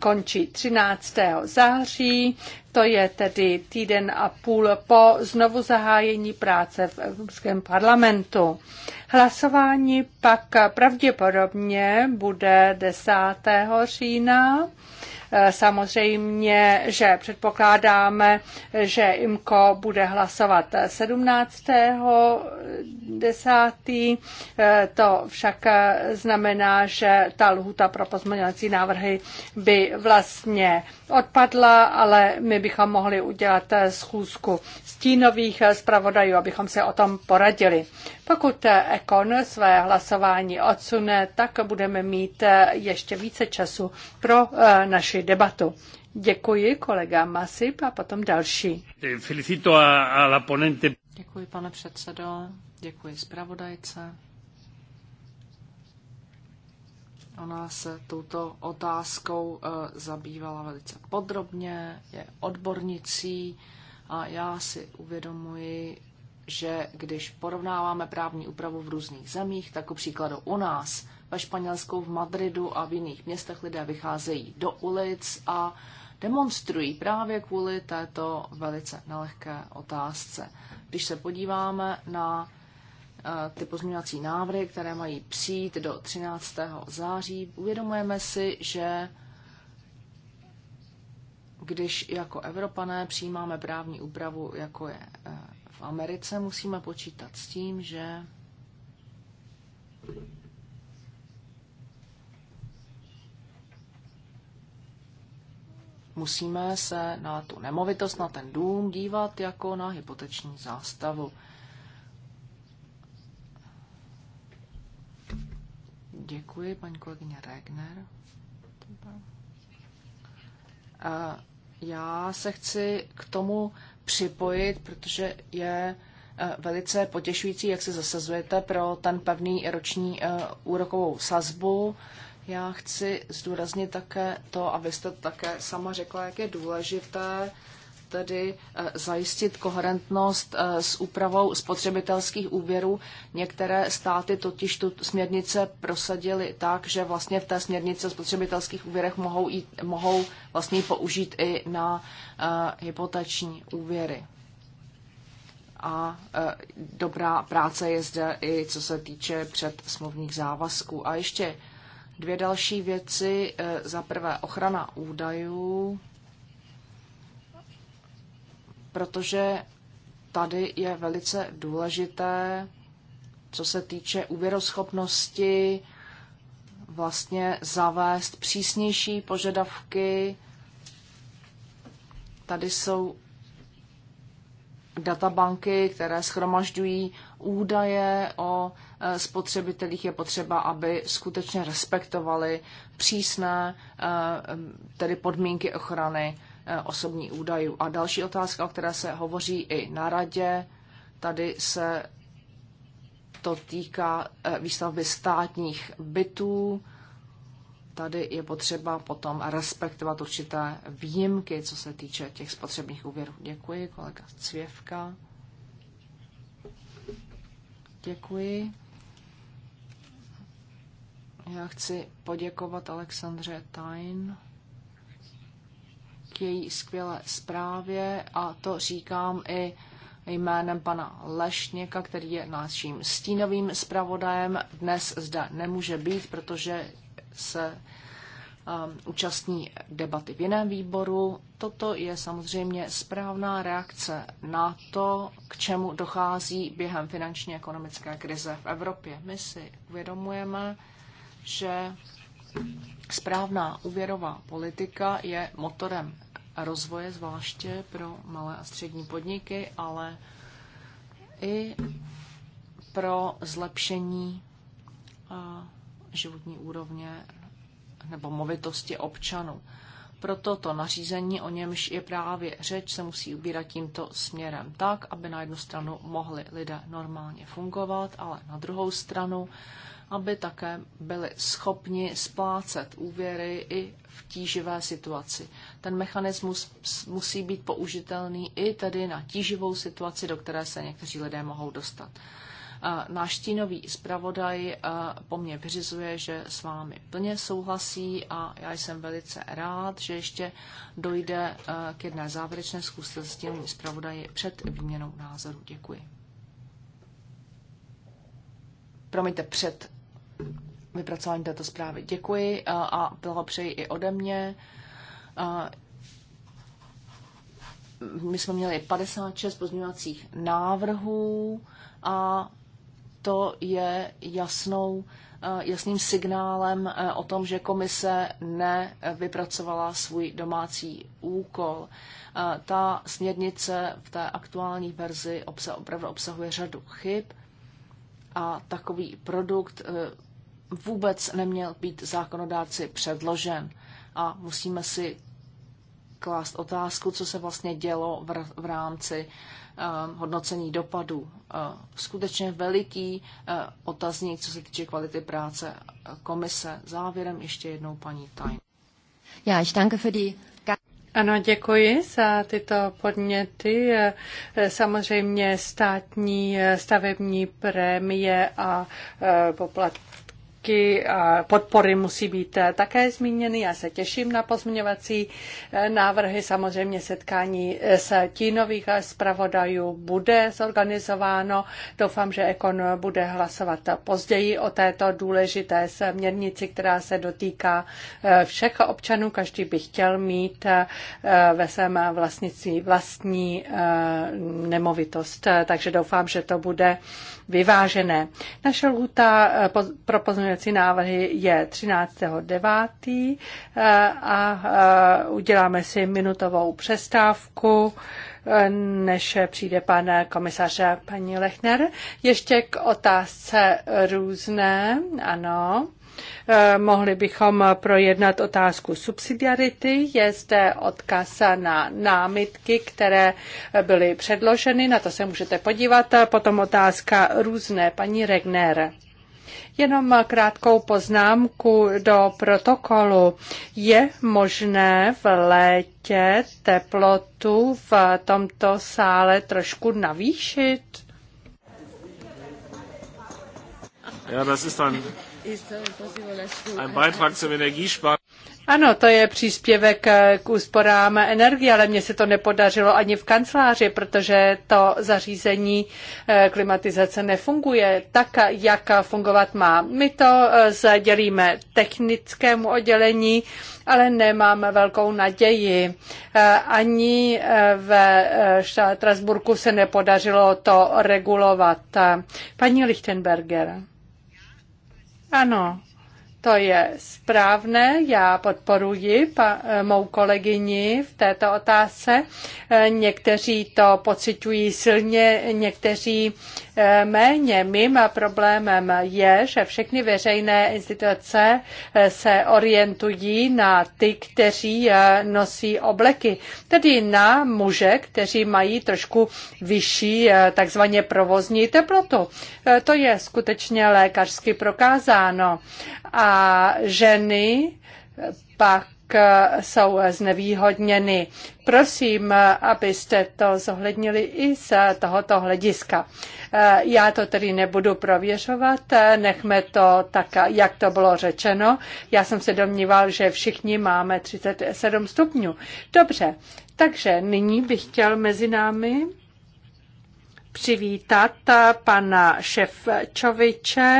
končí 13. září. To je tedy týden a půl po znovu zahájení práce v Evropském parlamentu. Hlasování pak pravděpodobně bude 10. října Eh, samozřejmě, že předpokládáme, že IMKO bude hlasovat 17. 10. Eh, to však eh, znamená, že ta lhuta pro pozměňovací návrhy by vlastně odpadla, ale my bychom mohli udělat schůzku stínových zpravodajů, abychom se o tom poradili. Pokud Econ své hlasování odsune, tak budeme mít eh, ještě více času pro eh, naši debatu. Děkuji kolega Masip a potom další. Felicito a, a la ponente. Děkuji pane předsedo, děkuji zpravodajce. Ona se touto otázkou eh, zabývala velice podrobně, je odbornicí a já si uvědomuji, že když porovnáváme právní úpravu v různých zemích, tak u příkladu u nás ve Španělsku, v Madridu a v jiných městech lidé vycházejí do ulic a demonstrují právě kvůli této velice nelehké otázce. Když se podíváme na eh, ty pozměňovací návrhy, které mají přijít do 13. září, uvědomujeme si, že když jako Evropané přijímáme právní úpravu, jako je eh, v Americe, musíme počítat s tím, že musíme se na tu nemovitost, na ten dům dívat jako na hypoteční zástavu. Děkuji, paní kolegyně Regner. Já se chci k tomu připojit, protože je eh, velice potěšující, jak se zasazujete pro ten pevný roční eh, úrokovou sazbu. Já chci zdůraznit také to, abyste také sama řekla, jak je důležité tedy eh, zajistit koherentnost eh, s úpravou spotřebitelských úvěrů. Některé státy totiž tu směrnice prosadily tak, že vlastně v té směrnici o spotřebitelských úvěrech mohou, jít, mohou vlastně použít i na eh, hypotační úvěry. A dobrá práce je zde i co se týče předsmluvních závazků. A ještě dvě další věci. Za prvé ochrana údajů protože tady je velice důležité, co se týče úvěroschopnosti, vlastně zavést přísnější požadavky. Tady jsou databanky, které schromažďují údaje o e, spotřebitelích. Je potřeba, aby skutečně respektovali přísné e, tedy podmínky ochrany Eh, osobní údajů. A další otázka, o které se hovoří i na radě, tady se to týká eh, výstavby státních bytů. Tady je potřeba potom respektovat určité výjimky, co se týče těch spotřebních úvěrů. Děkuji, kolega Cvěvka. Děkuji. Já chci poděkovat Alexandře Tain její skvělé zprávě a to říkám i jménem pana Lešněka, který je naším stínovým zpravodajem. Dnes zde nemůže být, protože se um, účastní debaty v jiném výboru. Toto je samozřejmě správná reakce na to, k čemu dochází během finanční ekonomické krize v Evropě. My si uvědomujeme, že správná úvěrová politika je motorem rozvoje, zvláště pro malé a střední podniky, ale i pro zlepšení životní úrovně nebo movitosti občanů. Proto to nařízení, o němž je právě řeč, se musí ubírat tímto směrem tak, aby na jednu stranu mohli lidé normálně fungovat, ale na druhou stranu aby také byli schopni splácet úvěry i v tíživé situaci. Ten mechanismus musí být použitelný i tedy na tíživou situaci, do které se někteří lidé mohou dostat. Náš stínový zpravodaj po mně vyřizuje, že s vámi plně souhlasí a já jsem velice rád, že ještě dojde k jedné závěrečné zkuste s tím zpravodaji před výměnou názoru. Děkuji. Promiňte, před vypracování této zprávy. Děkuji eh, a blahopřeji i ode mě. Eh, my jsme měli 56 pozměňovacích návrhů a to je jasnou, eh, jasným signálem o tom, že komise nevypracovala svůj domácí úkol. Ta směrnice v té aktuální verzi opravdu obsahuje řadu chyb a takový produkt vůbec neměl být zákonodáci předložen. A musíme si klást otázku, co se vlastně dělo v rámci eh, hodnocení dopadů. Eh, skutečně veliký eh, otazník, co se týče kvality práce komise. Závěrem ještě jednou paní Tajn. Já, ich danke für die ano, děkuji za tyto podněty. Samozřejmě státní stavební prémie a poplatky prvky a podpory musí být eh, také zmíněny. Já se těším na pozměňovací eh, návrhy. Samozřejmě setkání eh, s tínových zpravodajů bude zorganizováno. Doufám, že Ekon bude hlasovat později o této důležité směrnici, která se dotýká všech občanů. Každý by chtěl mít ve svém vlastnictví vlastní nemovitost. Takže doufám, že to bude vyvážené. Naše lhuta eh, pro pozměňovací návrhy je 13.9. Eh, a eh, uděláme si minutovou přestávku než přijde pan komisař paní Lechner. Ještě k otázce různé, ano. Eh, mohli bychom projednat otázku subsidiarity. Je zde odkaz na námitky, které byly předloženy. Na to se můžete podívat. Potom otázka různé. Paní Regner. Jenom krátkou poznámku do protokolu. Je možné v létě teplotu v tomto sále trošku navýšit? Ja, das ist dann ano, to je příspěvek k úsporám energie, ale mně se to nepodařilo ani v kanceláři, protože to zařízení eh, klimatizace nefunguje tak, jak fungovat má. My to eh, sdělíme technickému oddělení, ale nemám velkou naději. Eh, ani ve Štrasburku se nepodařilo to regulovat. Paní Lichtenberger. Ano, to je správné, já podporuji pa, eh, mou kolegyni v této otázce. Eh, někteří to pocitují silně, někteří eh, méně. Mým problémem je, že všechny veřejné instituce se orientují na ty, kteří nosí obleky, tedy na muže, kteří mají trošku vyšší takzvaně provozní teplotu. To je skutečně lékařsky prokázáno. A a ženy pak jsou znevýhodněny. Prosím, abyste to zohlednili i z tohoto hlediska. Já to tedy nebudu prověřovat, nechme to tak, jak to bylo řečeno. Já jsem se domníval, že všichni máme 37 stupňů. Dobře, takže nyní bych chtěl mezi námi přivítat pana Ševčoviče.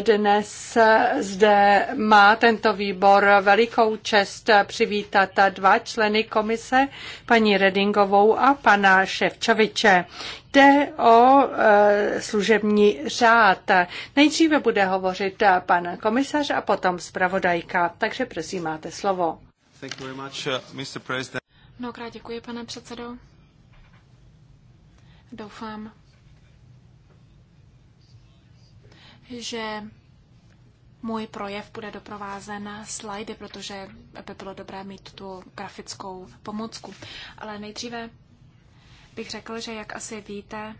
Dnes zde má tento výbor velikou čest přivítat dva členy komise, paní Redingovou a pana Ševčoviče. Jde o e, služební řád. Nejdříve bude hovořit pan komisař a potom zpravodajka. Takže prosím, máte slovo. Thank you very much, uh, Mr. President. Mnohokrát děkuji, pane předsedo. Doufám, že můj projev bude doprovázen slajdy, protože by bylo dobré mít tu grafickou pomůcku. Ale nejdříve bych řekl, že jak asi víte,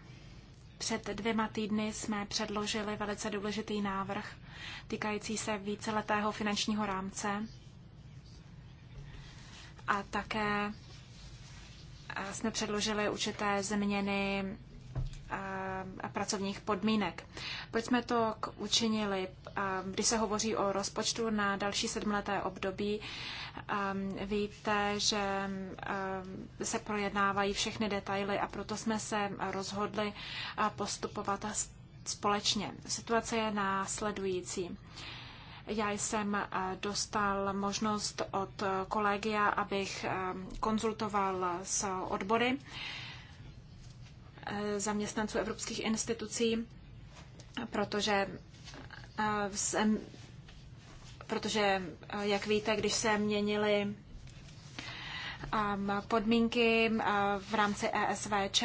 před dvěma týdny jsme předložili velice důležitý návrh týkající se víceletého finančního rámce a také jsme předložili určité změny a pracovních podmínek. Proč jsme to učinili? Když se hovoří o rozpočtu na další sedmleté období, víte, že se projednávají všechny detaily a proto jsme se rozhodli postupovat společně. Situace je následující. Já jsem eh, dostal možnost od kolegia, abych eh, konzultoval s odbory eh, zaměstnanců evropských institucí, protože jsem, protože, jak víte, když se měnily podmínky v rámci ESVČ.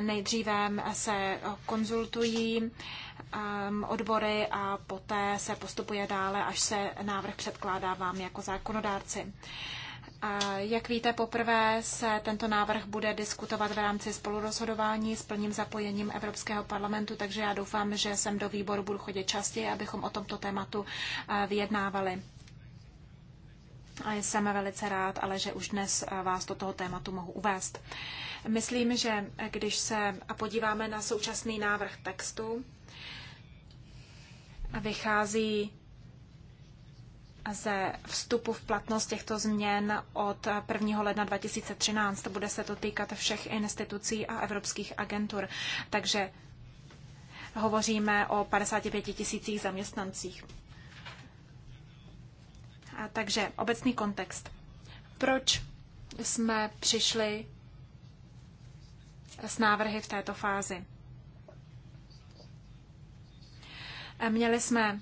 Nejdříve se konzultují odbory a poté se postupuje dále, až se návrh předkládá vám jako zákonodárci. Jak víte, poprvé se tento návrh bude diskutovat v rámci spolurozhodování s plným zapojením Evropského parlamentu, takže já doufám, že sem do výboru budu chodit častěji, abychom o tomto tématu eh, vyjednávali. A jsem velice rád, ale že už dnes eh, vás do toho tématu mohu uvést. Myslím, že eh, když se podíváme na současný návrh textu, vychází ze vstupu v platnost těchto změn od 1. ledna 2013. Bude se to týkat všech institucí a evropských agentur. Takže hovoříme o 55 tisících zaměstnancích. Takže obecný kontext. Proč jsme přišli s návrhy v této fázi? Měli jsme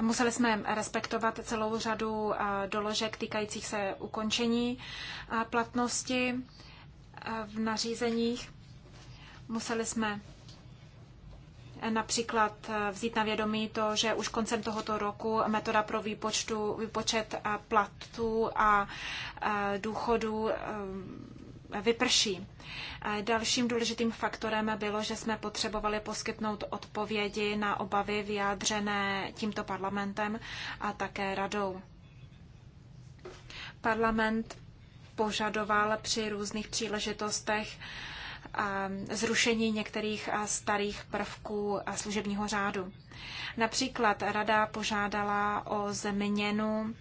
Museli jsme respektovat celou řadu eh, doložek týkajících se ukončení eh, platnosti eh, v nařízeních. Museli jsme například vzít na vědomí to, že už koncem tohoto roku metoda pro výpočtu, výpočet platů a důchodů e, vyprší. E, dalším důležitým faktorem bylo, že jsme potřebovali poskytnout odpovědi na obavy vyjádřené tímto parlamentem a také radou. Parlament požadoval při různých příležitostech zrušení některých starých prvků služebního řádu. Například rada požádala o změnu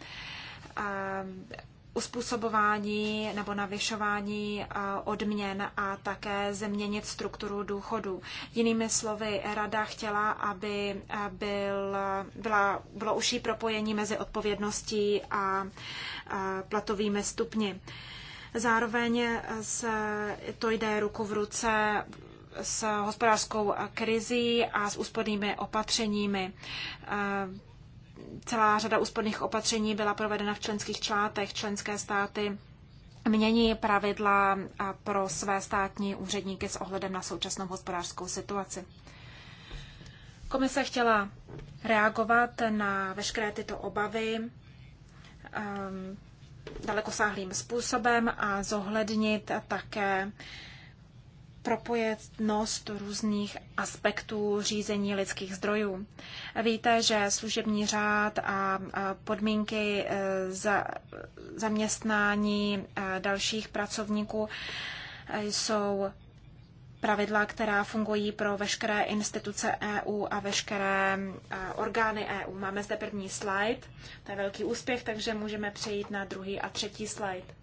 uspůsobování nebo navyšování odměn a také změnit strukturu důchodu. Jinými slovy, rada chtěla, aby byl, byla, bylo užší propojení mezi odpovědností a platovými stupni. Zároveň se to jde ruku v ruce s hospodářskou krizí a s úspornými opatřeními. Celá řada úsporných opatření byla provedena v členských člátech. Členské státy mění pravidla pro své státní úředníky s ohledem na současnou hospodářskou situaci. Komise chtěla reagovat na veškeré tyto obavy ehm, dalekosáhlým způsobem a zohlednit také propojenost různých aspektů řízení lidských zdrojů. Víte, že služební řád a podmínky e, za zaměstnání e, dalších pracovníků e, jsou pravidla, která fungují pro veškeré instituce EU a veškeré eh, orgány EU. Máme zde první slide, to je velký úspěch, takže můžeme přejít na druhý a třetí slide.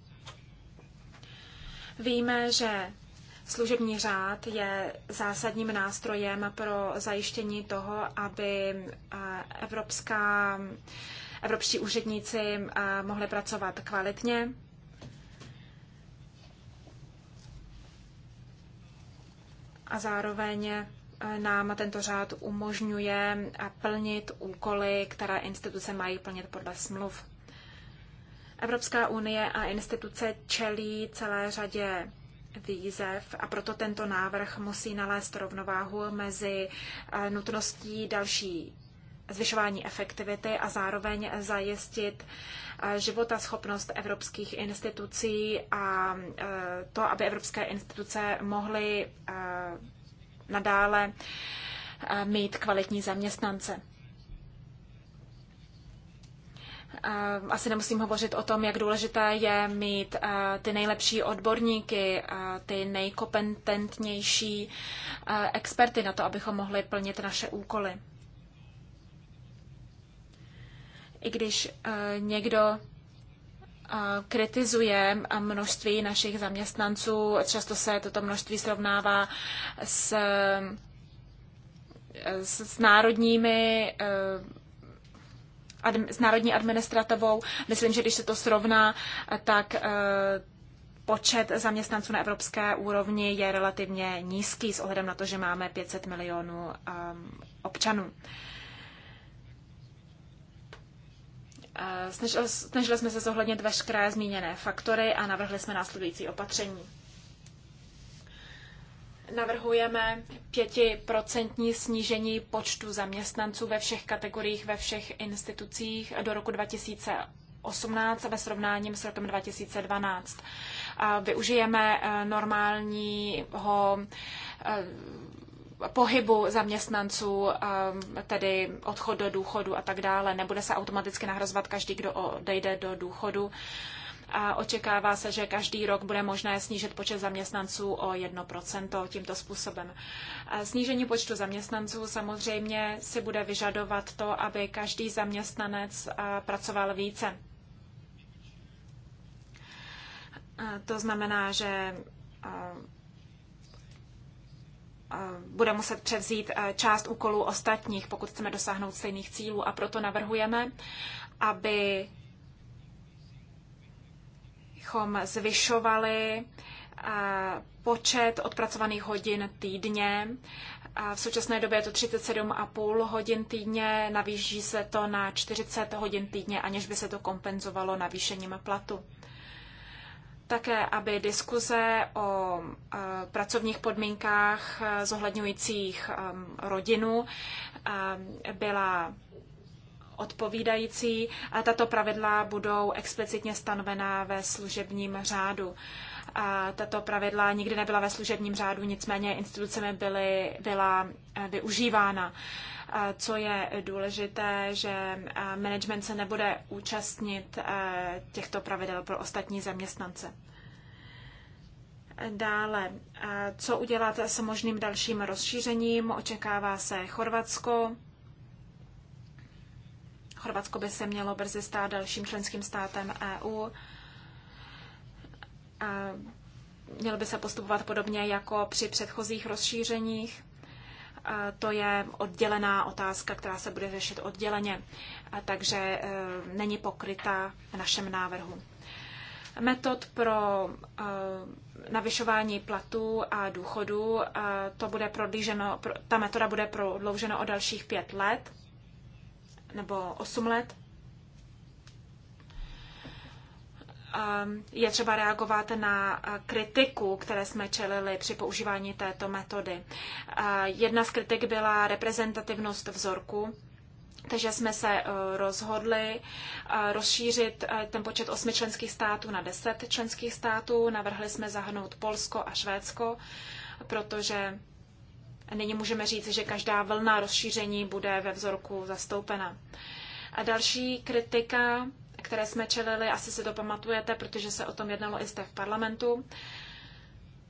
Víme, že služební řád je zásadním nástrojem pro zajištění toho, aby eh, evropská, evropští úředníci eh, mohli pracovat kvalitně a zároveň eh, nám tento řád umožňuje eh, plnit úkoly, které instituce mají plnit podle smluv. Evropská unie a instituce čelí celé řadě výzev a proto tento návrh musí nalézt rovnováhu mezi eh, nutností další zvyšování efektivity a zároveň zajistit eh, života schopnost evropských institucí a eh, to, aby evropské instituce mohly eh, nadále mít kvalitní zaměstnance. Asi nemusím hovořit o tom, jak důležité je mít ty nejlepší odborníky, ty nejkompetentnější experty na to, abychom mohli plnit naše úkoly i když eh, někdo eh, kritizuje eh, množství našich zaměstnanců, často se toto množství srovnává s, s, s národními s národní administrativou. Myslím, že když se to srovná, tak počet zaměstnanců na evropské úrovni je relativně nízký s ohledem na to, že máme 500 milionů občanů. Eh, snažili, jsme se zohlednit veškeré zmíněné faktory a navrhli jsme následující opatření. Navrhujeme pětiprocentní snížení počtu zaměstnanců ve všech kategoriích, ve všech institucích do roku 2018 ve srovnání s rokem 2012. Využijeme eh, normálního eh, pohybu zaměstnanců, eh, tedy odchod do důchodu a tak dále. Nebude se automaticky nahrazovat každý, kdo odejde do důchodu. A očekává se, že každý rok bude možné snížit počet zaměstnanců o 1% tímto způsobem. A snížení počtu zaměstnanců samozřejmě si bude vyžadovat to, aby každý zaměstnanec eh, pracoval více. A to znamená, že eh, bude muset převzít eh, část úkolů ostatních, pokud chceme dosáhnout stejných cílů. A proto navrhujeme, aby zvyšovali eh, počet odpracovaných hodin týdně. V současné době je to 37,5 hodin týdně, navýší se to na 40 hodin týdně, aniž by se to kompenzovalo navýšením platu. Také, aby diskuze o e, pracovních podmínkách e, zohledňujících e, rodinu byla odpovídající a tato pravidla budou explicitně stanovená ve služebním řádu. A tato pravidla nikdy nebyla ve služebním řádu, nicméně institucemi byly, byla využívána co je důležité, že management se nebude účastnit těchto pravidel pro ostatní zaměstnance. Dále, co udělat s možným dalším rozšířením? Očekává se Chorvatsko. Chorvatsko by se mělo brzy stát dalším členským státem EU. mělo by se postupovat podobně jako při předchozích rozšířeních to je oddělená otázka, která se bude řešit odděleně, takže e, není pokryta v našem návrhu. Metod pro e, navyšování platů a důchodů, e, to bude prodlíženo, ta metoda bude prodloužena o dalších pět let nebo osm let. Ehm, je třeba reagovat na eh, kritiku, které jsme čelili při používání této metody. Eh, jedna z kritik byla reprezentativnost vzorku, takže jsme se eh, rozhodli rozšířit ten počet osmi členských států na deset členských států. Navrhli jsme zahrnout Polsko a Švédsko, protože nyní můžeme říct, že každá vlna rozšíření bude ve vzorku zastoupena. A další kritika které jsme čelili, asi si to pamatujete, protože se o tom jednalo i zde v parlamentu.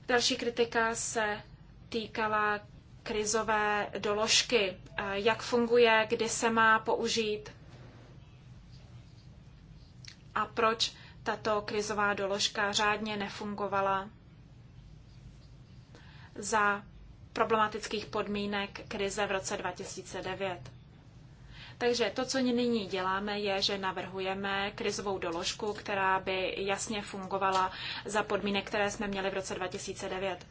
Další kritika se týkala krizové doložky, eh, jak funguje, kdy se má použít a proč tato krizová doložka řádně nefungovala za problematických podmínek krize v roce 2009. Takže to, co nyní děláme, je, že navrhujeme krizovou doložku, která by jasně fungovala za podmínek, které jsme měli v roce 2009.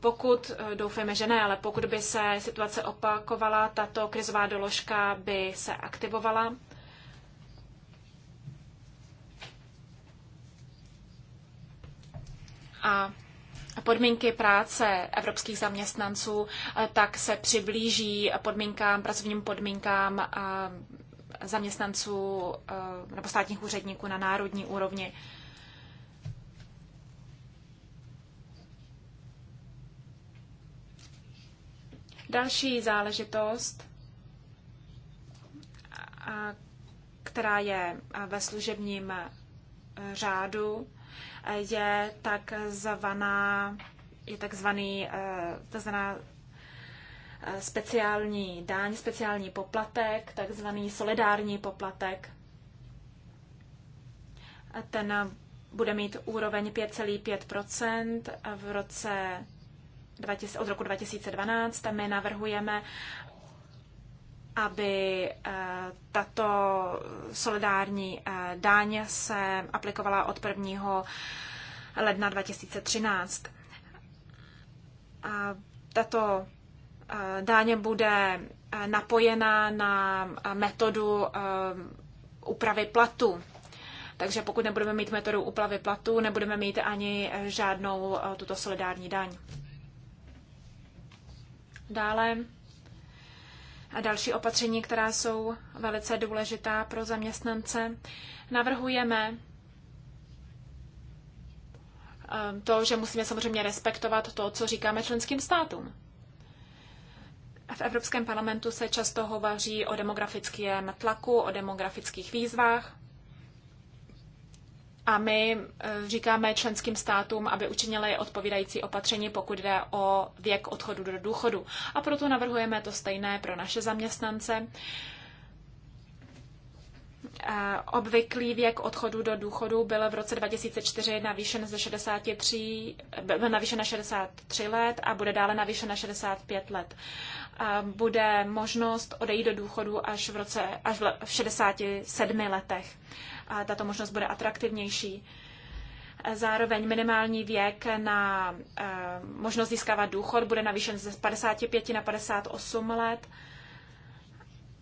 Pokud, doufejme, že ne, ale pokud by se situace opakovala, tato krizová doložka by se aktivovala. A podmínky práce evropských zaměstnanců, eh, tak se přiblíží podmínkám, pracovním podmínkám eh, zaměstnanců eh, nebo státních úředníků na národní úrovni. Další záležitost, která je ve služebním řádu, je takzvaná je takzvaný, eh, takzvaná eh, speciální dáň, speciální poplatek, takzvaný solidární poplatek. Ten bude mít úroveň 5,5 v roce 20, od roku 2012. My navrhujeme aby eh, tato solidární eh, dáň se aplikovala od 1. ledna 2013. A tato eh, dáň bude napojena na metodu úpravy platu. Takže pokud nebudeme mít metodu úpravy platu, nebudeme mít ani žádnou tuto solidární daň. Dále a další opatření, která jsou velice důležitá pro zaměstnance. Navrhujeme eh, to, že musíme samozřejmě respektovat to, co říkáme členským státům. V Evropském parlamentu se často hovoří o demografickém tlaku, o demografických výzvách. A my e, říkáme členským státům, aby učinili odpovídající opatření, pokud jde o věk odchodu do důchodu. A proto navrhujeme to stejné pro naše zaměstnance. E, obvyklý věk odchodu do důchodu byl v roce 2004 navýšen ze 63, e, byl navýšen na 63 let a bude dále navýšen na 65 let. Bude možnost odejít do důchodu až v, roce, až v 67 letech a tato možnost bude atraktivnější. Zároveň minimální věk na eh, možnost získávat důchod bude navýšen ze 55 na 58 let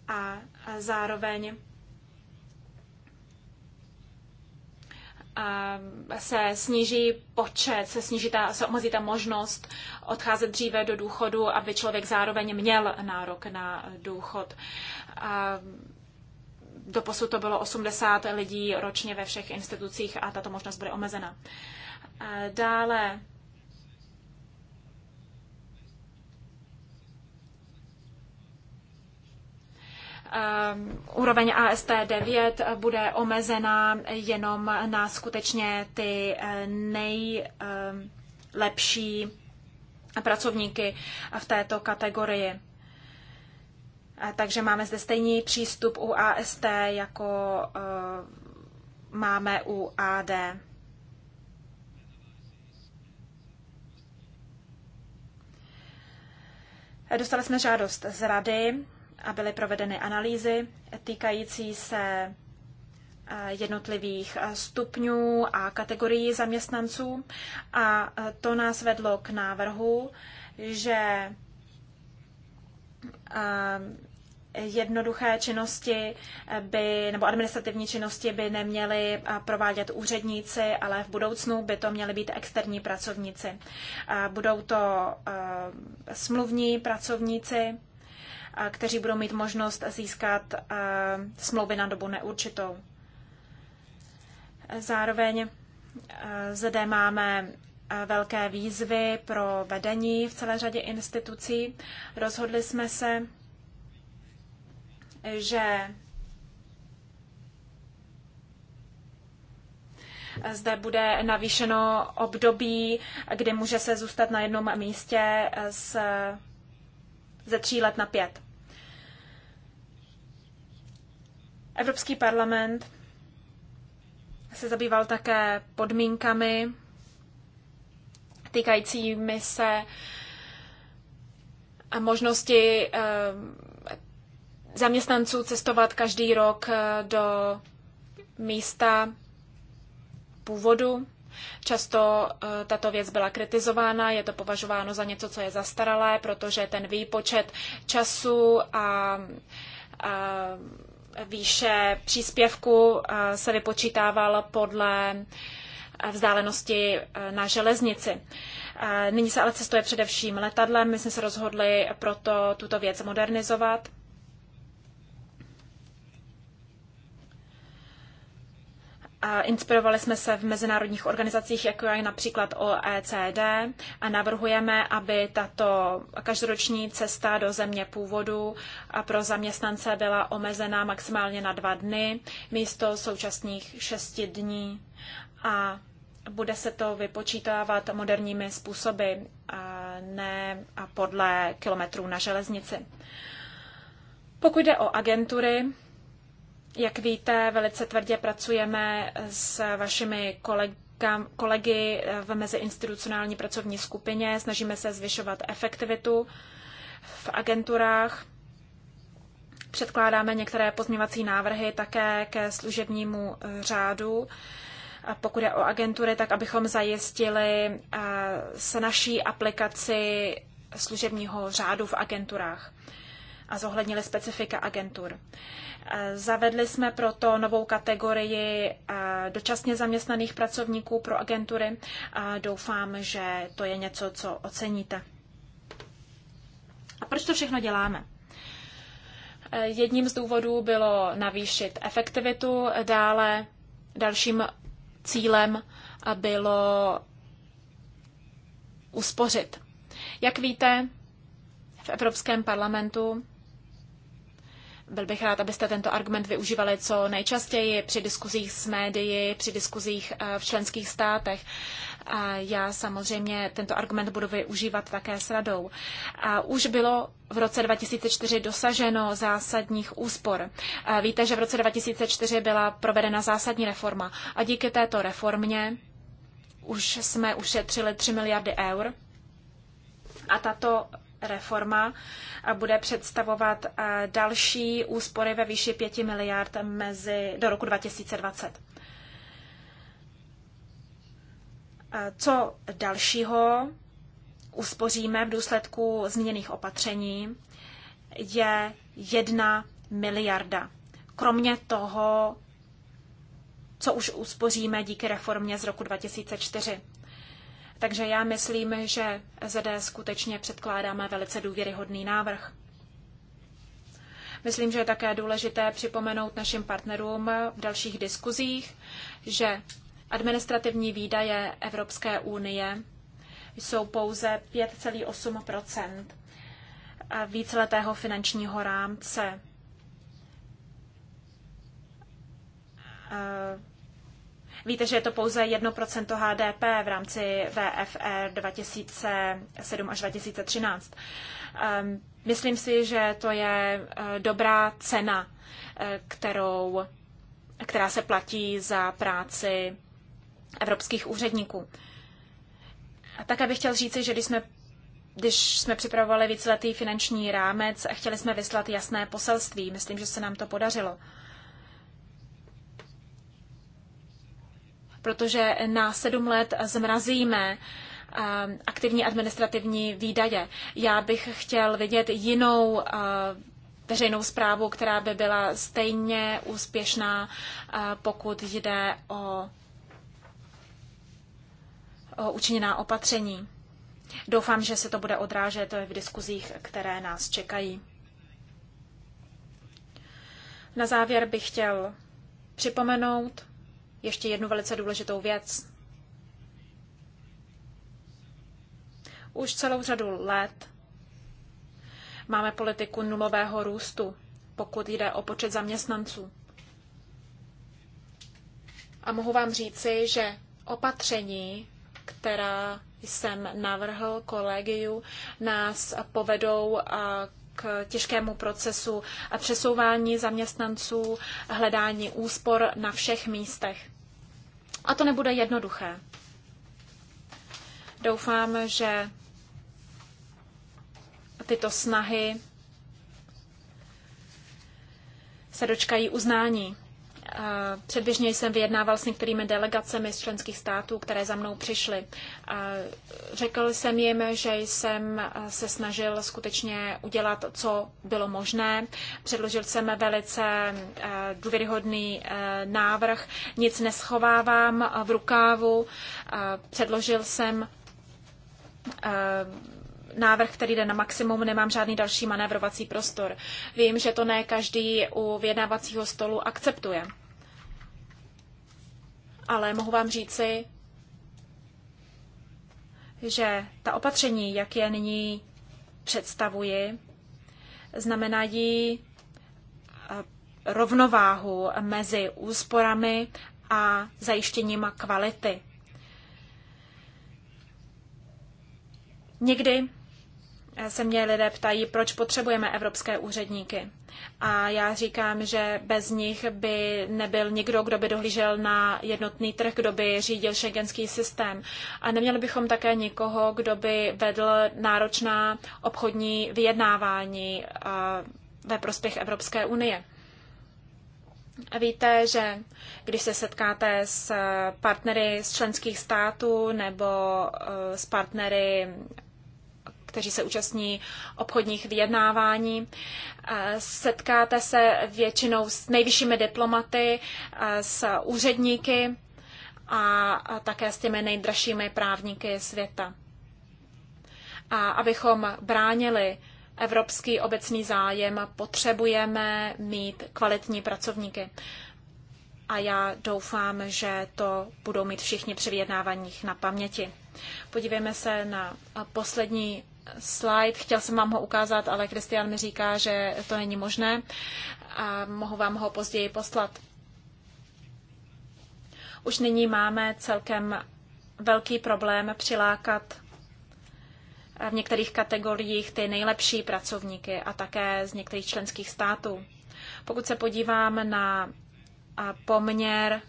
a zároveň eh, se sníží počet, se, sníží ta, se omezí ta možnost odcházet dříve do důchodu, aby člověk zároveň měl nárok na důchod. A Doposud to bylo 80 lidí ročně ve všech institucích a tato možnost bude omezena. Dále Um, úroveň AST 9 bude omezená jenom na skutečně ty eh, nejlepší eh, pracovníky v této kategorii. Takže máme zde stejný přístup u AST, jako eh, máme u AD. Dostali jsme žádost z rady a byly provedeny analýzy týkající se eh, jednotlivých eh, stupňů a kategorií zaměstnanců. A to nás vedlo k návrhu, že jednoduché činnosti by, nebo administrativní činnosti by neměli eh, provádět úředníci, ale v budoucnu by to měly být externí pracovníci. Eh, budou to eh, smluvní pracovníci, kteří budou mít možnost získat smlouvy na dobu neurčitou. Zároveň zde máme velké výzvy pro vedení v celé řadě institucí. Rozhodli jsme se, že zde bude navýšeno období, kdy může se zůstat na jednom místě z, ze tří let na pět. Evropský parlament se zabýval také podmínkami týkajícími se možnosti eh, zaměstnanců cestovat každý rok eh, do místa původu. Často eh, tato věc byla kritizována, je to považováno za něco, co je zastaralé, protože ten výpočet času a, a výše příspěvku eh, se vypočítával podle vzdálenosti na železnici. Nyní se ale cestuje především letadlem. My jsme se rozhodli proto tuto věc modernizovat Inspirovali jsme se v mezinárodních organizacích, jako je například OECD, a navrhujeme, aby tato každoroční cesta do země původu a pro zaměstnance byla omezena maximálně na dva dny místo současných šesti dní. A bude se to vypočítávat moderními způsoby, ne podle kilometrů na železnici. Pokud jde o agentury, jak víte, velice tvrdě pracujeme s vašimi kolegy kolegy v meziinstitucionální pracovní skupině, snažíme se zvyšovat efektivitu v agenturách. Předkládáme některé pozměvací návrhy také ke služebnímu řádu. A pokud je o agentury, tak abychom zajistili eh, se naší aplikaci služebního řádu v agenturách a zohlednili specifika agentur. Eh, zavedli jsme proto novou kategorii eh, dočasně zaměstnaných pracovníků pro agentury a doufám, že to je něco, co oceníte. A proč to všechno děláme? Eh, jedním z důvodů bylo navýšit efektivitu, dále dalším cílem bylo uspořit. Jak víte, v Evropském parlamentu byl bych rád, abyste tento argument využívali co nejčastěji při diskuzích s médii, při diskuzích eh, v členských státech. A já samozřejmě tento argument budu využívat také s radou. A už bylo v roce 2004 dosaženo zásadních úspor. A víte, že v roce 2004 byla provedena zásadní reforma a díky této reformě už jsme ušetřili 3 miliardy eur. A tato reforma bude představovat eh, další úspory ve výši 5 miliard mezi, do roku 2020. Eh, co dalšího uspoříme v důsledku změněných opatření, je jedna miliarda. Kromě toho, co už uspoříme díky reformě z roku 2004. Takže já myslím, že ZD skutečně předkládáme velice důvěryhodný návrh. Myslím, že je také důležité připomenout našim partnerům v dalších diskuzích, že administrativní výdaje Evropské unie jsou pouze 5,8 víceletého finančního rámce Víte, že je to pouze 1% HDP v rámci VFR 2007 až 2013. Ehm, myslím si, že to je eh, dobrá cena, eh, kterou, která se platí za práci evropských úředníků. A také bych chtěl říci, že když jsme když jsme připravovali víceletý finanční rámec, chtěli jsme vyslat jasné poselství. Myslím, že se nám to podařilo. protože na sedm let zmrazíme eh, aktivní administrativní výdaje. Já bych chtěl vidět jinou eh, veřejnou zprávu, která by byla stejně úspěšná, eh, pokud jde o, o učiněná opatření. Doufám, že se to bude odrážet v diskuzích, které nás čekají. Na závěr bych chtěl připomenout, ještě jednu velice důležitou věc. Už celou řadu let máme politiku nulového růstu, pokud jde o počet zaměstnanců. A mohu vám říci, že opatření, která jsem navrhl kolegiu, nás povedou k těžkému procesu přesouvání zaměstnanců, hledání úspor na všech místech. A to nebude jednoduché. Doufám, že tyto snahy se dočkají uznání. Předběžně jsem vyjednával s některými delegacemi z členských států, které za mnou přišly. Řekl jsem jim, že jsem se snažil skutečně udělat, co bylo možné. Předložil jsem velice eh, důvěryhodný eh, návrh, nic neschovávám v rukávu. Předložil jsem eh, návrh, který jde na maximum, nemám žádný další manévrovací prostor. Vím, že to ne každý u vyjednávacího stolu akceptuje. Ale mohu vám říci, že ta opatření, jak je nyní představuji, znamenají eh, rovnováhu mezi úsporami a zajištěním kvality. Někdy se mě lidé ptají, proč potřebujeme evropské úředníky. A já říkám, že bez nich by nebyl nikdo, kdo by dohlížel na jednotný trh, kdo by řídil šengenský systém. A neměli bychom také nikoho, kdo by vedl náročná obchodní vyjednávání ve prospěch Evropské unie. Víte, že když se setkáte s partnery z členských států nebo e, s partnery kteří se účastní obchodních vyjednávání. E, setkáte se většinou s nejvyššími diplomaty, e, s úředníky a také s těmi nejdražšími právníky světa. A abychom bránili evropský obecný zájem, potřebujeme mít kvalitní pracovníky. A já doufám, že to budou mít všichni při vyjednávaních na paměti. Podívejme se na poslední slide, chtěl jsem vám ho ukázat, ale Kristian mi říká, že to není možné a mohu vám ho později poslat. Už nyní máme celkem velký problém přilákat v některých kategoriích ty nejlepší pracovníky a také z některých členských států. Pokud se podívám na poměr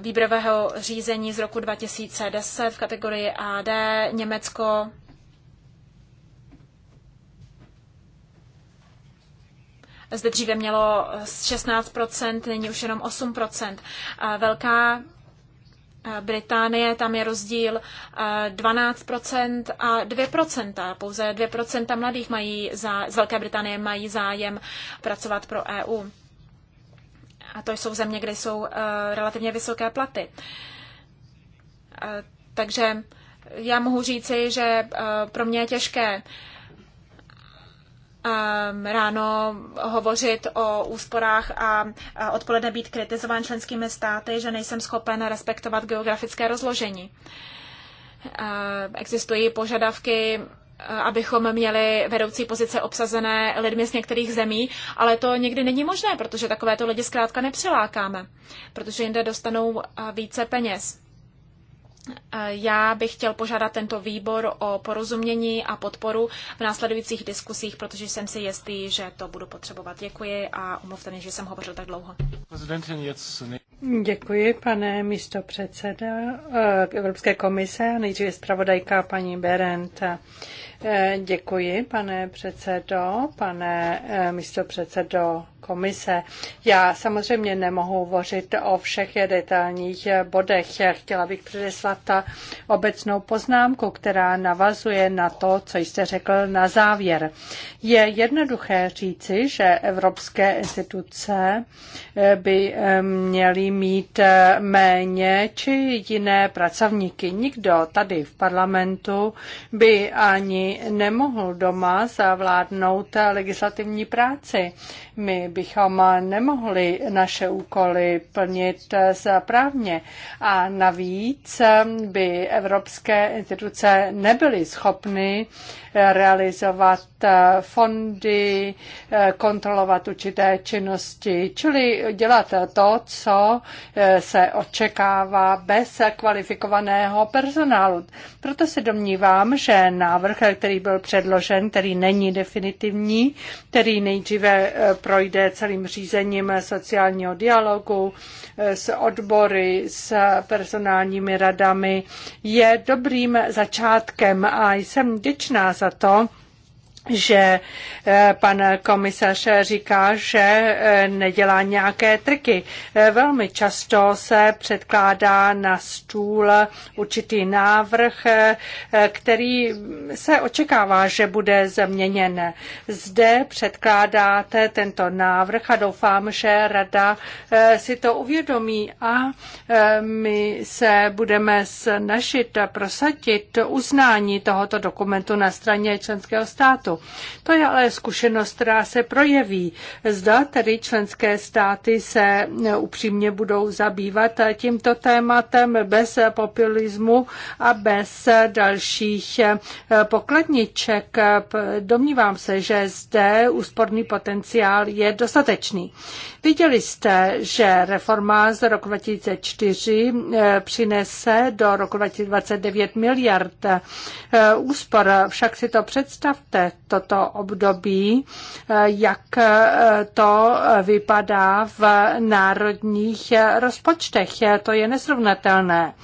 výběrového řízení z roku 2010 v kategorii AD Německo zde dříve mělo 16%, nyní už jenom 8%. Velká Británie, tam je rozdíl 12% a 2%. Pouze 2% mladých mají za, z Velké Británie mají zájem pracovat pro EU. A to jsou země, kde jsou eh, relativně vysoké platy. Eh, takže já mohu říci, že eh, pro mě je těžké ehm, ráno hovořit o úsporách a odpoledne být kritizován členskými státy, že nejsem schopen respektovat geografické rozložení. Existují požadavky Eh, abychom měli vedoucí pozice obsazené lidmi z některých zemí, ale to někdy není možné, protože takovéto lidi zkrátka nepřilákáme, protože jinde dostanou eh, více peněz. Eh, já bych chtěl požádat tento výbor o porozumění a podporu v následujících diskusích, protože jsem si jistý, že to budu potřebovat. Děkuji a omluvte mi, že jsem hovořil tak dlouho. Děkuji, pane místo předseda Evropské komise a nejdříve zpravodajka paní Berenta. Eh, děkuji, pane předsedo, pane eh, místopředsedo komise. Já samozřejmě nemohu hovořit o všech detailních bodech. Chtěla bych předeslat ta obecnou poznámku, která navazuje na to, co jste řekl na závěr. Je jednoduché říci, že evropské instituce by eh, měly mít eh, méně či jiné pracovníky. Nikdo tady v parlamentu by ani nemohl doma zavládnout legislativní práci. My bychom nemohli naše úkoly plnit správně. A navíc by evropské instituce nebyly schopny realizovat eh, fondy, eh, kontrolovat určité činnosti, čili dělat to, co eh, se očekává bez kvalifikovaného personálu. Proto se domnívám, že návrh, který byl předložen, který není definitivní, který nejdříve projde celým řízením sociálního dialogu s odbory, s personálními radami, je dobrým začátkem a jsem vděčná za za to, že eh, pan komisař říká, že eh, nedělá nějaké triky. Eh, velmi často se předkládá na stůl určitý návrh, který se očekává, že bude změněn. Zde předkládáte tento návrh a doufám, že rada si to uvědomí a my se budeme snažit prosadit uznání tohoto dokumentu na straně členského státu. To je ale zkušenost, která se projeví. Zda tedy členské státy se upřímně budou zabývat tímto tématem bez populismu a bez dalších pokladniček. Domnívám se, že zde úsporný potenciál je dostatečný. Viděli jste, že reforma z roku 2004 eh, přinese do roku 2029 miliard eh, úspor. Však si to představte, toto období, eh, jak eh, to vypadá v národních eh, rozpočtech. To je nesrovnatelné.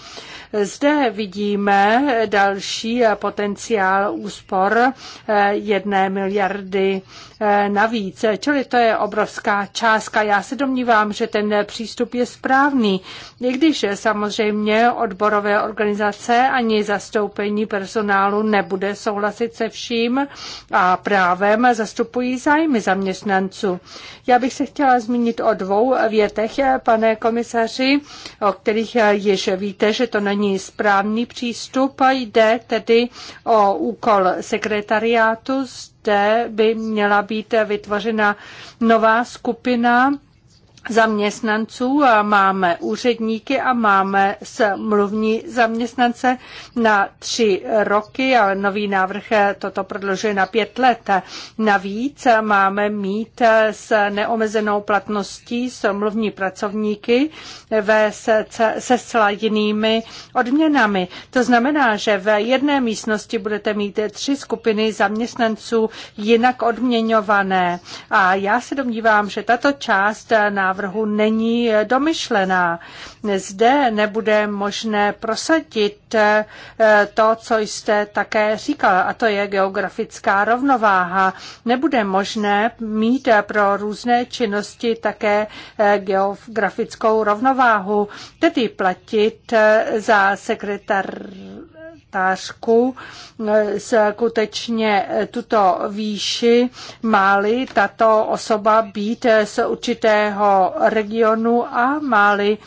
Zde vidíme další potenciál úspor eh, jedné miliardy eh, navíc, čili to je obrovská částka. Já se domnívám, že ten přístup je správný, i když samozřejmě odborové organizace ani zastoupení personálu nebude souhlasit se vším a právem zastupují zájmy zaměstnanců. Já bych se chtěla zmínit o dvou větech, pane komisaři, o kterých eh, již víte, že to není není správný přístup a jde tedy o úkol sekretariátu. Zde by měla být vytvořena nová skupina zaměstnanců, máme úředníky a máme smluvní zaměstnance na tři roky ale nový návrh toto prodlužuje na pět let. Navíc máme mít s neomezenou platností smluvní pracovníky ve, se, se zcela jinými odměnami. To znamená, že v jedné místnosti budete mít tři skupiny zaměstnanců jinak odměňované. A já se domnívám, že tato část návrhu návrhu není domyšlená. Zde nebude možné prosadit eh, to, co jste také říkal, a to je geografická rovnováha. Nebude možné mít pro různé činnosti také eh, geografickou rovnováhu, tedy platit eh, za sekretar se eh, skutečně eh, tuto výši, máli tato osoba být eh, z určitého regionu a máli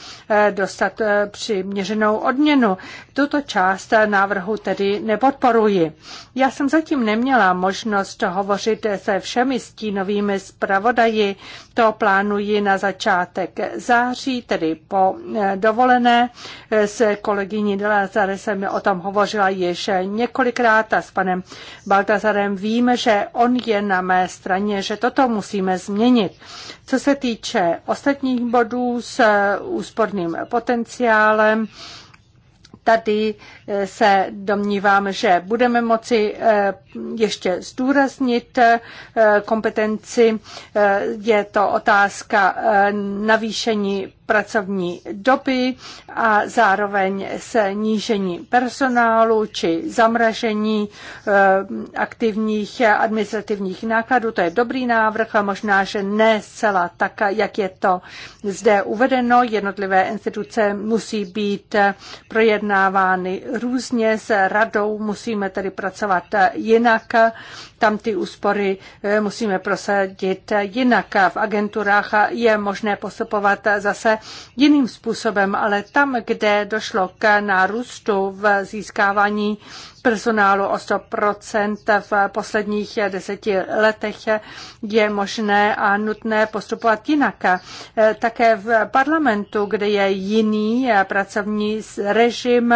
dostat přiměřenou odměnu. Tuto část návrhu tedy nepodporuji. Já jsem zatím neměla možnost hovořit se všemi stínovými zpravodaji, to plánuji na začátek září, tedy po eh, dovolené. Eh, s kolegyní Delazare jsem o tom hovořila již několikrát a s panem Baltazarem vím, že on je na mé straně, že toto musíme změnit. Co se týče ostatních bodů s eh, úsporným potenciálem, Tady eh, se domnívám, že budeme moci eh, ještě zdůraznit eh, kompetenci. Je to otázka navýšení pracovní doby a zároveň se nížení personálu či zamražení eh, aktivních administrativních nákladů. To je dobrý návrh a možná, že ne zcela tak, jak je to zde uvedeno. Jednotlivé instituce musí být projednávány různě s radou, musíme tedy pracovat jinak tam ty úspory eh, musíme prosadit jinak. V agenturách je možné postupovat zase jiným způsobem, ale tam, kde došlo k nárůstu v získávání personálu o 100% v posledních deseti letech je možné a nutné postupovat jinak. Také v parlamentu, kde je jiný pracovní režim,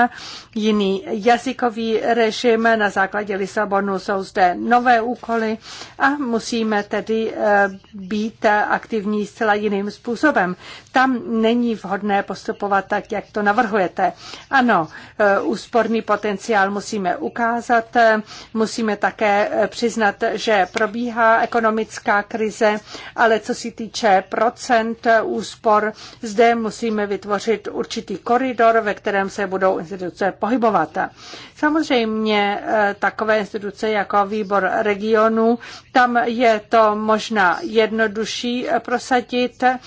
jiný jazykový režim, na základě Lisabonu jsou zde nové úkoly a musíme tedy eh, být aktivní zcela jiným způsobem. Tam není vhodné postupovat tak, jak to navrhujete. Ano, eh, úsporný potenciál musíme ukázat. Musíme také přiznat, že probíhá ekonomická krize, ale co se týče procent úspor, zde musíme vytvořit určitý koridor, ve kterém se budou instituce pohybovat. Samozřejmě eh, takové instituce jako výbor regionu, tam je to možná jednodušší prosadit. Eh,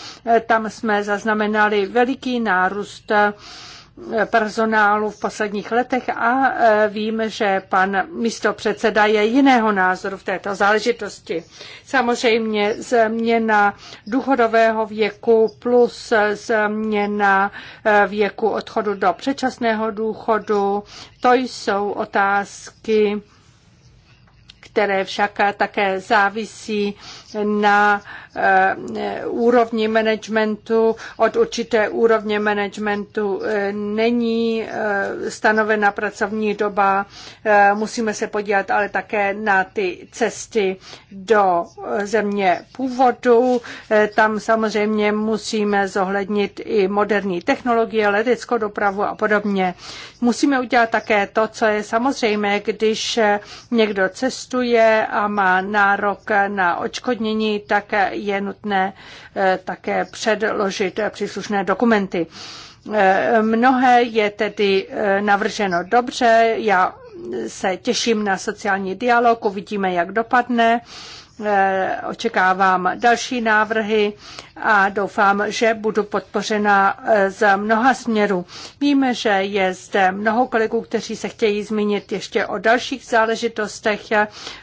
tam jsme zaznamenali veliký nárůst personálu v posledních letech a e, vím, že pan místopředseda je jiného názoru v této záležitosti. Samozřejmě změna důchodového věku plus změna e, věku odchodu do předčasného důchodu, to jsou otázky, které však také závisí na Eh, úrovni managementu, od určité úrovně managementu eh, není eh, stanovena pracovní doba. Musíme se podívat ale také na ty cesty do země původu. Tam samozřejmě musíme zohlednit i moderní technologie, leteckou dopravu a podobně. Musíme udělat také to, co je samozřejmé, když někdo cestuje a má nárok na očkodnění, tak je nutné eh, také předložit eh, příslušné dokumenty. Eh, mnohé je tedy navrženo dobře, já se těším na sociální dialog, uvidíme, jak dopadne Eh, očekávám další návrhy a doufám, že budu podpořena eh, z mnoha směrů. Víme, že je zde mnoho kolegů, kteří se chtějí zmínit ještě o dalších záležitostech.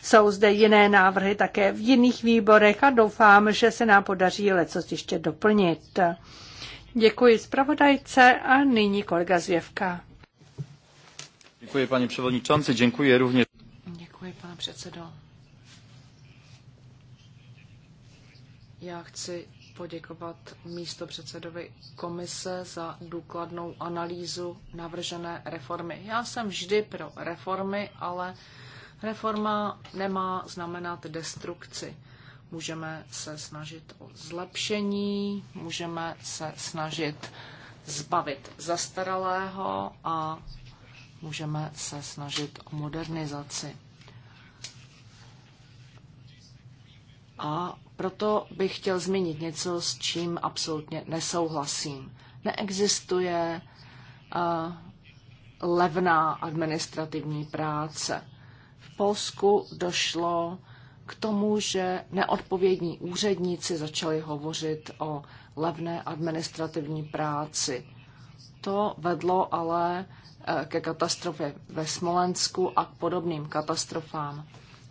Jsou zde jiné návrhy také v jiných výborech a doufám, že se nám podaří leco ještě doplnit. Děkuji zpravodajce a nyní kolega Zvěvka. Děkuji, paní předsedající, děkuji rovněž. Děkuji, pane předsedo. Já chci poděkovat místo předsedovi komise za důkladnou analýzu navržené reformy. Já jsem vždy pro reformy, ale reforma nemá znamenat destrukci. Můžeme se snažit o zlepšení, můžeme se snažit zbavit zastaralého a můžeme se snažit o modernizaci. A proto bych chtěl zmínit něco, s čím absolutně nesouhlasím. Neexistuje uh, levná administrativní práce. V Polsku došlo k tomu, že neodpovědní úředníci začali hovořit o levné administrativní práci. To vedlo ale eh, ke katastrofě ve Smolensku a k podobným katastrofám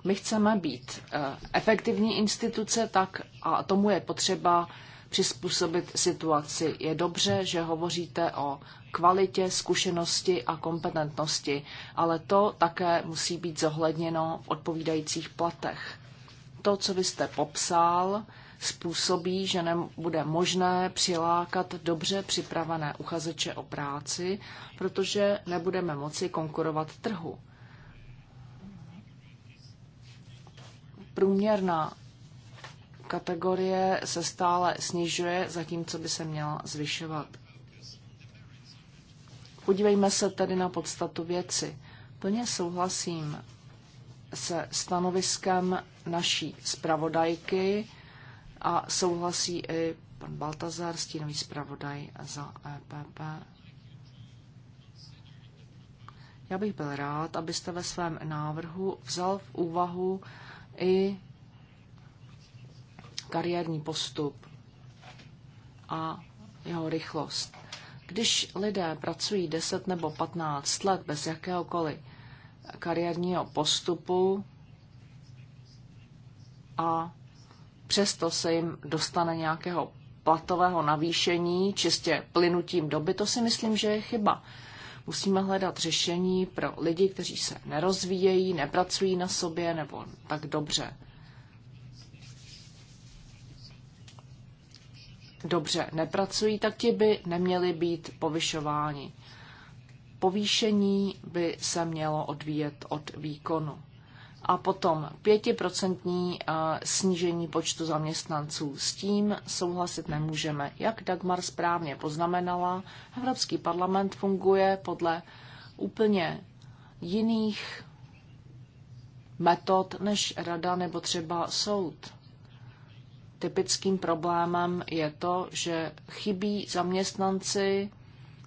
my chceme být eh, efektivní instituce, tak a tomu je potřeba přizpůsobit situaci. Je dobře, že hovoříte o kvalitě, zkušenosti a kompetentnosti, ale to také musí být zohledněno v odpovídajících platech. To, co vy jste popsal, způsobí, že nebude možné přilákat dobře připravené uchazeče o práci, protože nebudeme moci konkurovat trhu. průměrná kategorie se stále snižuje, zatímco by se měla zvyšovat. Podívejme se tedy na podstatu věci. Plně souhlasím se stanoviskem naší zpravodajky a souhlasí i pan Baltazar, stínový zpravodaj za EPP. Já bych byl rád, abyste ve svém návrhu vzal v úvahu i kariérní postup a jeho rychlost. Když lidé pracují 10 nebo 15 let bez jakéhokoliv kariérního postupu a přesto se jim dostane nějakého platového navýšení čistě plynutím doby, to si myslím, že je chyba. Musíme hledat řešení pro lidi, kteří se nerozvíjejí, nepracují na sobě nebo tak dobře. Dobře nepracují, tak ti by neměli být povyšováni. Povýšení by se mělo odvíjet od výkonu a potom pětiprocentní eh, snížení počtu zaměstnanců. S tím souhlasit nemůžeme. Jak Dagmar správně poznamenala, Evropský parlament funguje podle úplně jiných metod než rada nebo třeba soud. Typickým problémem je to, že chybí zaměstnanci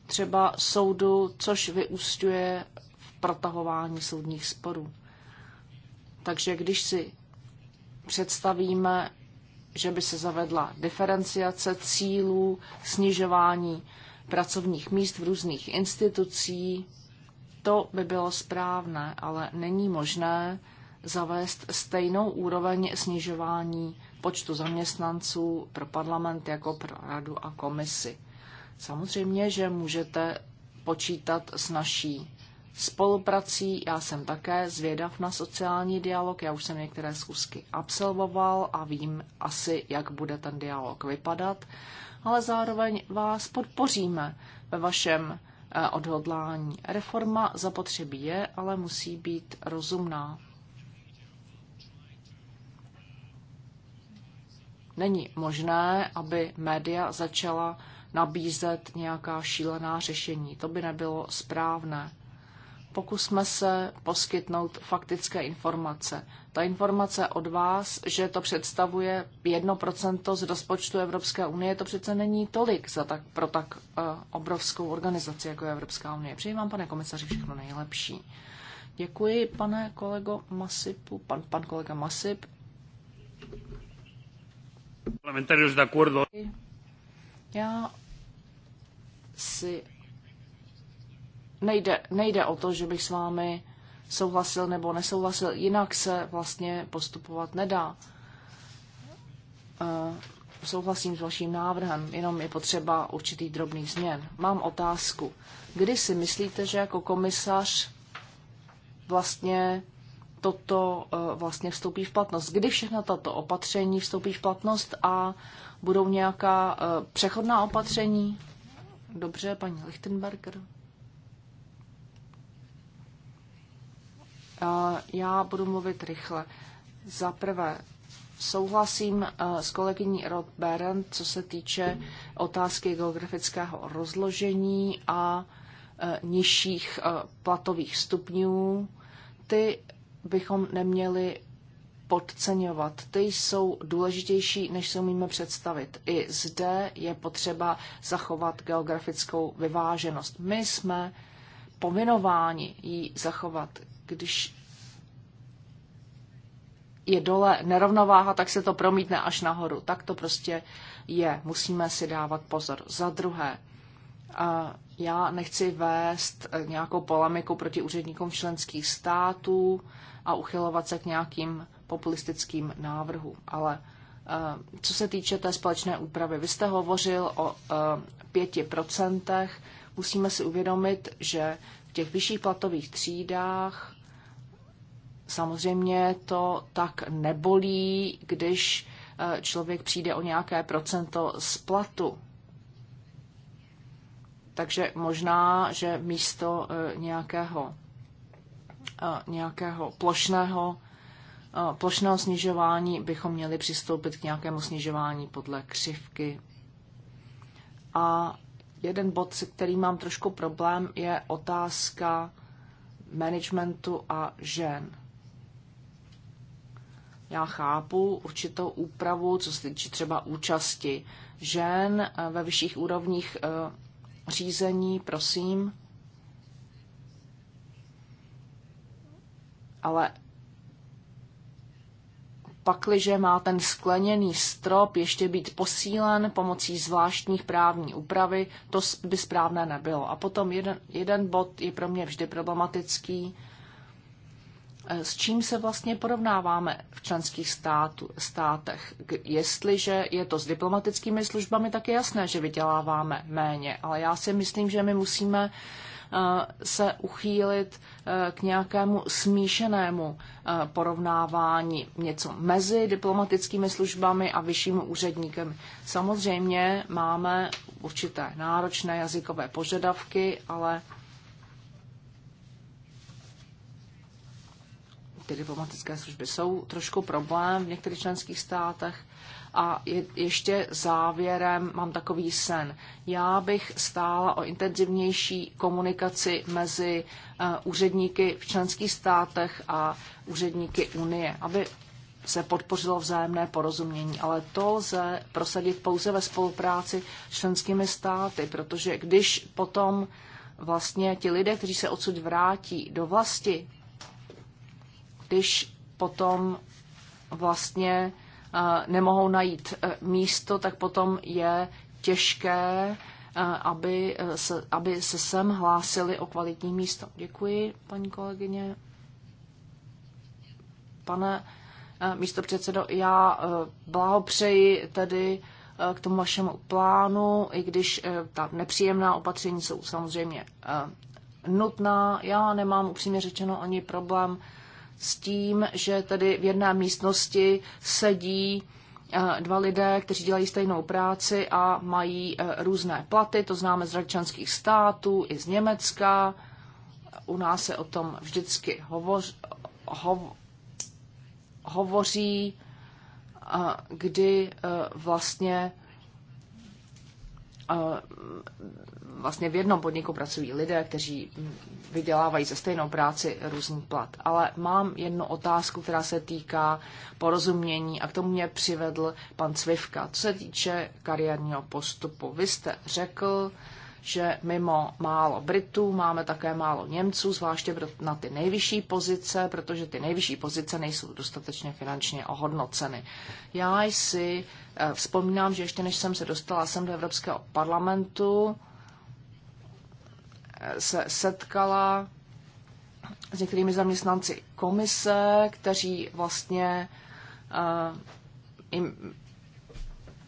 třeba soudu, což vyústňuje v protahování soudních sporů. Takže když si představíme, že by se zavedla diferenciace cílů, snižování pracovních míst v různých institucí, to by bylo správné, ale není možné zavést stejnou úroveň snižování počtu zaměstnanců pro parlament jako pro radu a komisi. Samozřejmě, že můžete počítat s naší spoluprací. Já jsem také zvědav na sociální dialog, já už jsem některé zkusky absolvoval a vím asi, jak bude ten dialog vypadat, ale zároveň vás podpoříme ve vašem eh, odhodlání. Reforma zapotřebí je, ale musí být rozumná. Není možné, aby média začala nabízet nějaká šílená řešení. To by nebylo správné pokusme se poskytnout faktické informace. Ta informace od vás, že to představuje 1% z rozpočtu Evropské unie, to přece není tolik za tak, pro tak uh, obrovskou organizaci, jako je Evropská unie. Přeji vám, pane komisaři, všechno nejlepší. Děkuji, pane kolego Masipu, pan, pan kolega Masip. Já si nejde, nejde o to, že bych s vámi souhlasil nebo nesouhlasil, jinak se vlastně postupovat nedá. Eh, souhlasím s vaším návrhem, jenom je potřeba určitý drobný změn. Mám otázku. Kdy si myslíte, že jako komisař vlastně toto eh, vlastně vstoupí v platnost? Kdy všechna tato opatření vstoupí v platnost a budou nějaká eh, přechodná opatření? Dobře, paní Lichtenberger. Já budu mluvit rychle. Za prvé, souhlasím eh, s kolegyní Rod Beren, co se týče otázky geografického rozložení a eh, nižších eh, platových stupňů. Ty bychom neměli podceňovat. Ty jsou důležitější, než se umíme představit. I zde je potřeba zachovat geografickou vyváženost. My jsme povinováni ji zachovat když je dole nerovnováha, tak se to promítne až nahoru. Tak to prostě je. Musíme si dávat pozor. Za druhé, já nechci vést nějakou polemiku proti úředníkům členských států a uchylovat se k nějakým populistickým návrhům, ale e, co se týče té společné úpravy, vy jste hovořil o e, pěti procentech. Musíme si uvědomit, že v těch vyšších platových třídách Samozřejmě to tak nebolí, když eh, člověk přijde o nějaké procento splatu. Takže možná, že místo eh, nějakého, eh, nějakého plošného, plošného snižování bychom měli přistoupit k nějakému snižování podle křivky. A jeden bod, se kterým mám trošku problém, je otázka managementu a žen. Já chápu určitou úpravu, co se týče třeba účasti žen eh, ve vyšších úrovních eh, řízení, prosím. Ale pakliže má ten skleněný strop ještě být posílen pomocí zvláštních právní úpravy, to by správné nebylo. A potom jeden, jeden bod je pro mě vždy problematický s čím se vlastně porovnáváme v členských státu, státech. Jestliže je to s diplomatickými službami, tak je jasné, že vyděláváme méně, ale já si myslím, že my musíme eh, se uchýlit eh, k nějakému smíšenému eh, porovnávání něco mezi diplomatickými službami a vyšším úředníkem. Samozřejmě máme určité náročné jazykové požadavky, ale ty diplomatické služby jsou trošku problém v některých členských státech. A je, ještě závěrem mám takový sen. Já bych stála o intenzivnější komunikaci mezi uh, úředníky v členských státech a úředníky Unie, aby se podpořilo vzájemné porozumění, ale to lze prosadit pouze ve spolupráci s členskými státy, protože když potom vlastně ti lidé, kteří se odsud vrátí do vlasti, když potom vlastně eh, nemohou najít eh, místo, tak potom je těžké, eh, aby se, aby se sem hlásili o kvalitní místo. Děkuji, paní kolegyně. Pane místo předsedo, já blahopřeji tedy k tomu vašemu plánu, i když ta nepříjemná opatření jsou samozřejmě nutná. Já nemám upřímně řečeno ani problém s tím, že tedy v jedné místnosti sedí eh, dva lidé, kteří dělají stejnou práci a mají eh, různé platy, to známe z radčanských států i z Německa. U nás se o tom vždycky hovoř, hov, hovoří, eh, kdy vlastně vlastně v jednom podniku pracují lidé, kteří vydělávají za stejnou práci různý plat. Ale mám jednu otázku, která se týká porozumění a k tomu mě přivedl pan Cvivka. Co se týče kariérního postupu, vy jste řekl, že mimo málo Britů máme také málo Němců, zvláště na ty nejvyšší pozice, protože ty nejvyšší pozice nejsou dostatečně finančně ohodnoceny. Já si eh, vzpomínám, že ještě než jsem se dostala sem do Evropského parlamentu, se setkala s některými zaměstnanci komise, kteří vlastně eh, jim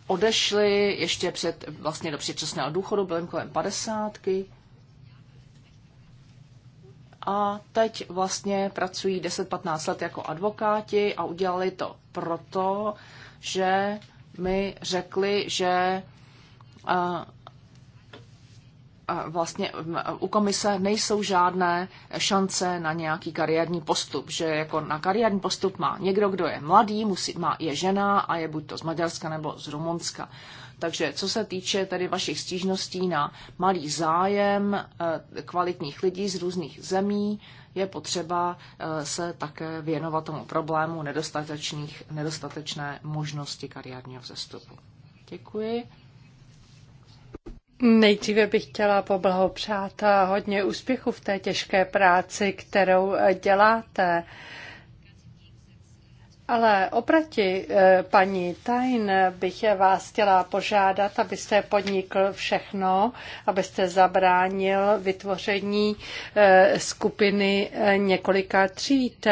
odešli ještě před, vlastně do předčasného důchodu, byl kolem padesátky. A teď vlastně pracují 10-15 let jako advokáti a udělali to proto, že mi řekli, že eh, vlastně u komise nejsou žádné šance na nějaký kariérní postup, že jako na kariérní postup má někdo, kdo je mladý, musí, má, je žena a je buď to z Maďarska nebo z Rumunska. Takže co se týče tedy vašich stížností na malý zájem e, kvalitních lidí z různých zemí, je potřeba e, se také věnovat tomu problému nedostatečných, nedostatečné možnosti kariérního vzestupu. Děkuji. Nejdříve bych chtěla poblahopřát hodně úspěchu v té těžké práci, kterou děláte. Ale oproti eh, paní Tajn bych vás chtěla požádat, abyste podnikl všechno, abyste zabránil vytvoření eh, skupiny eh, několika tříd.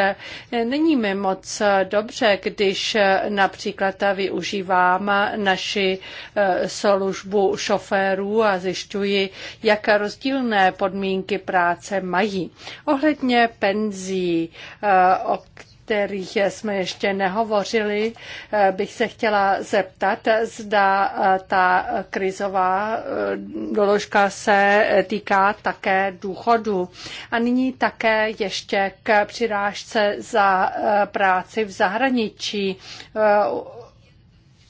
Není mi moc dobře, když například využívám naši službu šoférů a zjišťuji, jak rozdílné podmínky práce mají. Ohledně penzí, o kterých jsme ještě nehovořili, eh, bych se chtěla zeptat, zda eh, ta krizová eh, doložka se týká také důchodu. A nyní také ještě k přirážce za práci v zahraničí.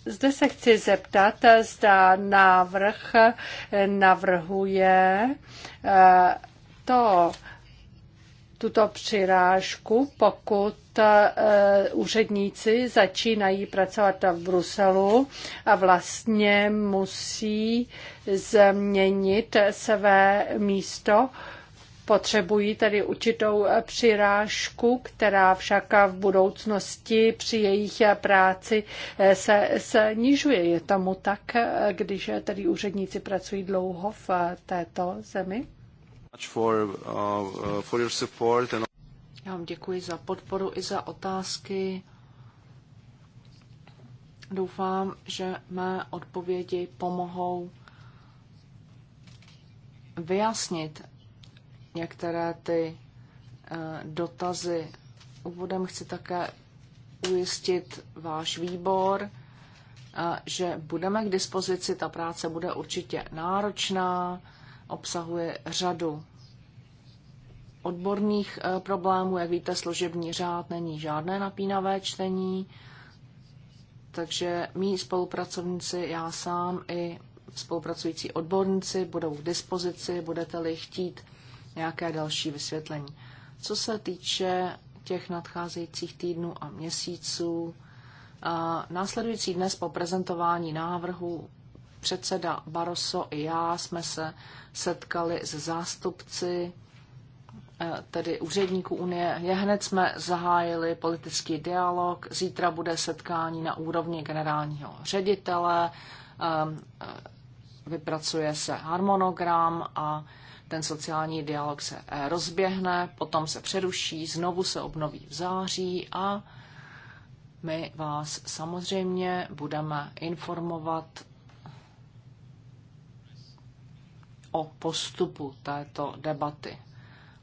Zde se chci zeptat, zda návrh navrhuje to, tuto přirážku, pokud eh, úředníci začínají pracovat v Bruselu a vlastně musí změnit své místo. Potřebují tedy určitou přirážku, která však v budoucnosti při jejich práci eh, se snižuje. Je tomu tak, eh, když tedy úředníci pracují dlouho v této zemi? Uh, uh, Já vám děkuji za podporu i za otázky. Doufám, že mé odpovědi pomohou vyjasnit některé ty eh, dotazy. Úvodem chci také ujistit váš výbor, eh, že budeme k dispozici. Ta práce bude určitě náročná, obsahuje řadu odborných eh, problémů. Jak víte, služební řád není žádné napínavé čtení, takže mý spolupracovníci, já sám i spolupracující odborníci budou k dispozici, budete-li chtít nějaké další vysvětlení. Co se týče těch nadcházejících týdnů a měsíců, eh, následující dnes po prezentování návrhu předseda Baroso i já jsme se setkali s zástupci Eh, tedy úředníků Unie. Je hned jsme zahájili politický dialog. Zítra bude setkání na úrovni generálního ředitele. Ehm, eh, vypracuje se harmonogram a ten sociální dialog se eh, rozběhne, potom se přeruší, znovu se obnoví v září a my vás samozřejmě budeme informovat o postupu této debaty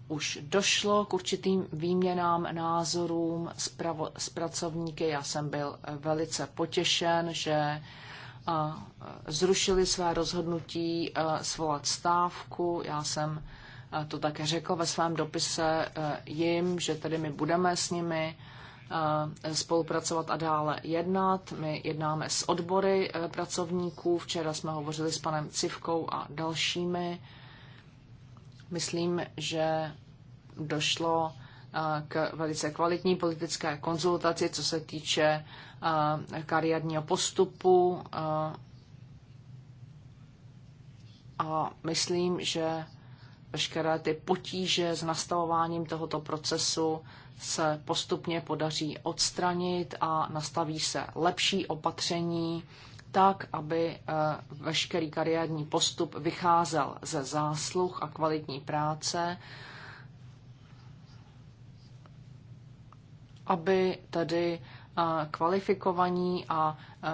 už došlo k určitým výměnám názorům s, pravo, s pracovníky. Já jsem byl velice potěšen, že zrušili své rozhodnutí svolat stávku. Já jsem to také řekl ve svém dopise jim, že tedy my budeme s nimi spolupracovat a dále jednat. My jednáme s odbory e, pracovníků. Včera jsme hovořili s panem Civkou a dalšími Myslím, že došlo eh, k velice kvalitní politické konzultaci, co se týče eh, kariérního postupu. Eh, a myslím, že veškeré ty potíže s nastavováním tohoto procesu se postupně podaří odstranit a nastaví se lepší opatření tak, aby eh, veškerý kariérní postup vycházel ze zásluh a kvalitní práce, aby tedy eh, kvalifikovaní a eh,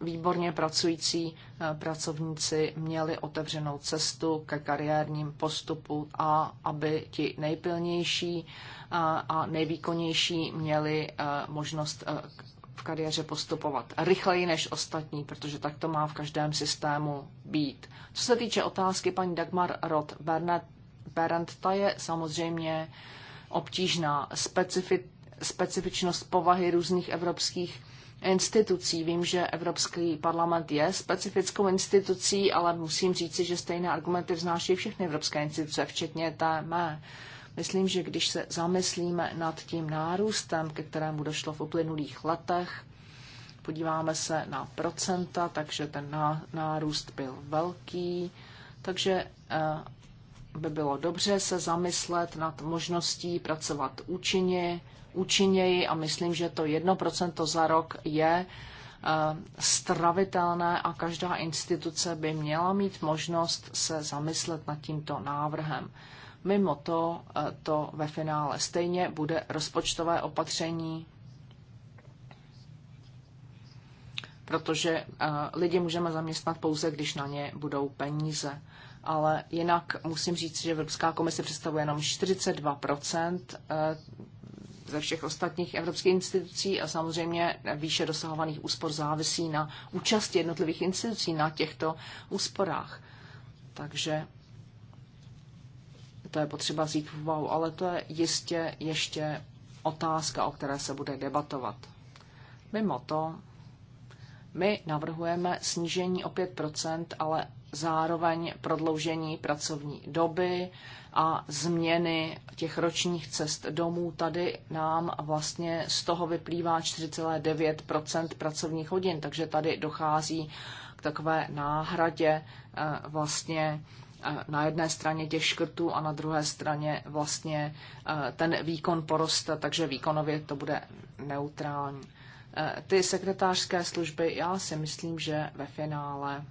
výborně pracující pracovníci měli otevřenou cestu ke kariérním postupu a aby ti nejpilnější a nejvýkonnější měli možnost v kariéře postupovat rychleji než ostatní, protože tak to má v každém systému být. Co se týče otázky paní Dagmar Roth Berend, ta je samozřejmě obtížná. Specifi, specifičnost povahy různých evropských institucí. Vím, že Evropský parlament je specifickou institucí, ale musím říci, že stejné argumenty vznáší všechny evropské instituce, včetně té mé. Myslím, že když se zamyslíme nad tím nárůstem, ke kterému došlo v uplynulých letech, podíváme se na procenta, takže ten nárůst byl velký. Takže eh, by bylo dobře se zamyslet nad možností pracovat účinně, účinněji a myslím, že to 1% za rok je eh, stravitelné a každá instituce by měla mít možnost se zamyslet nad tímto návrhem. Mimo to, eh, to ve finále stejně bude rozpočtové opatření, protože eh, lidi můžeme zaměstnat pouze, když na ně budou peníze. Ale jinak musím říct, že Evropská komise představuje jenom 42 eh, ze všech ostatních evropských institucí a samozřejmě výše dosahovaných úspor závisí na účasti jednotlivých institucí na těchto úsporách. Takže to je potřeba vzít v úvahu, ale to je jistě ještě otázka, o které se bude debatovat. Mimo to, my navrhujeme snížení o 5 ale zároveň prodloužení pracovní doby a změny těch ročních cest domů. Tady nám vlastně z toho vyplývá 4,9 pracovních hodin, takže tady dochází k takové náhradě eh, vlastně na jedné straně těch škrtů a na druhé straně vlastně eh, ten výkon poroste, takže výkonově to bude neutrální. Eh, ty sekretářské služby, já si myslím, že ve finále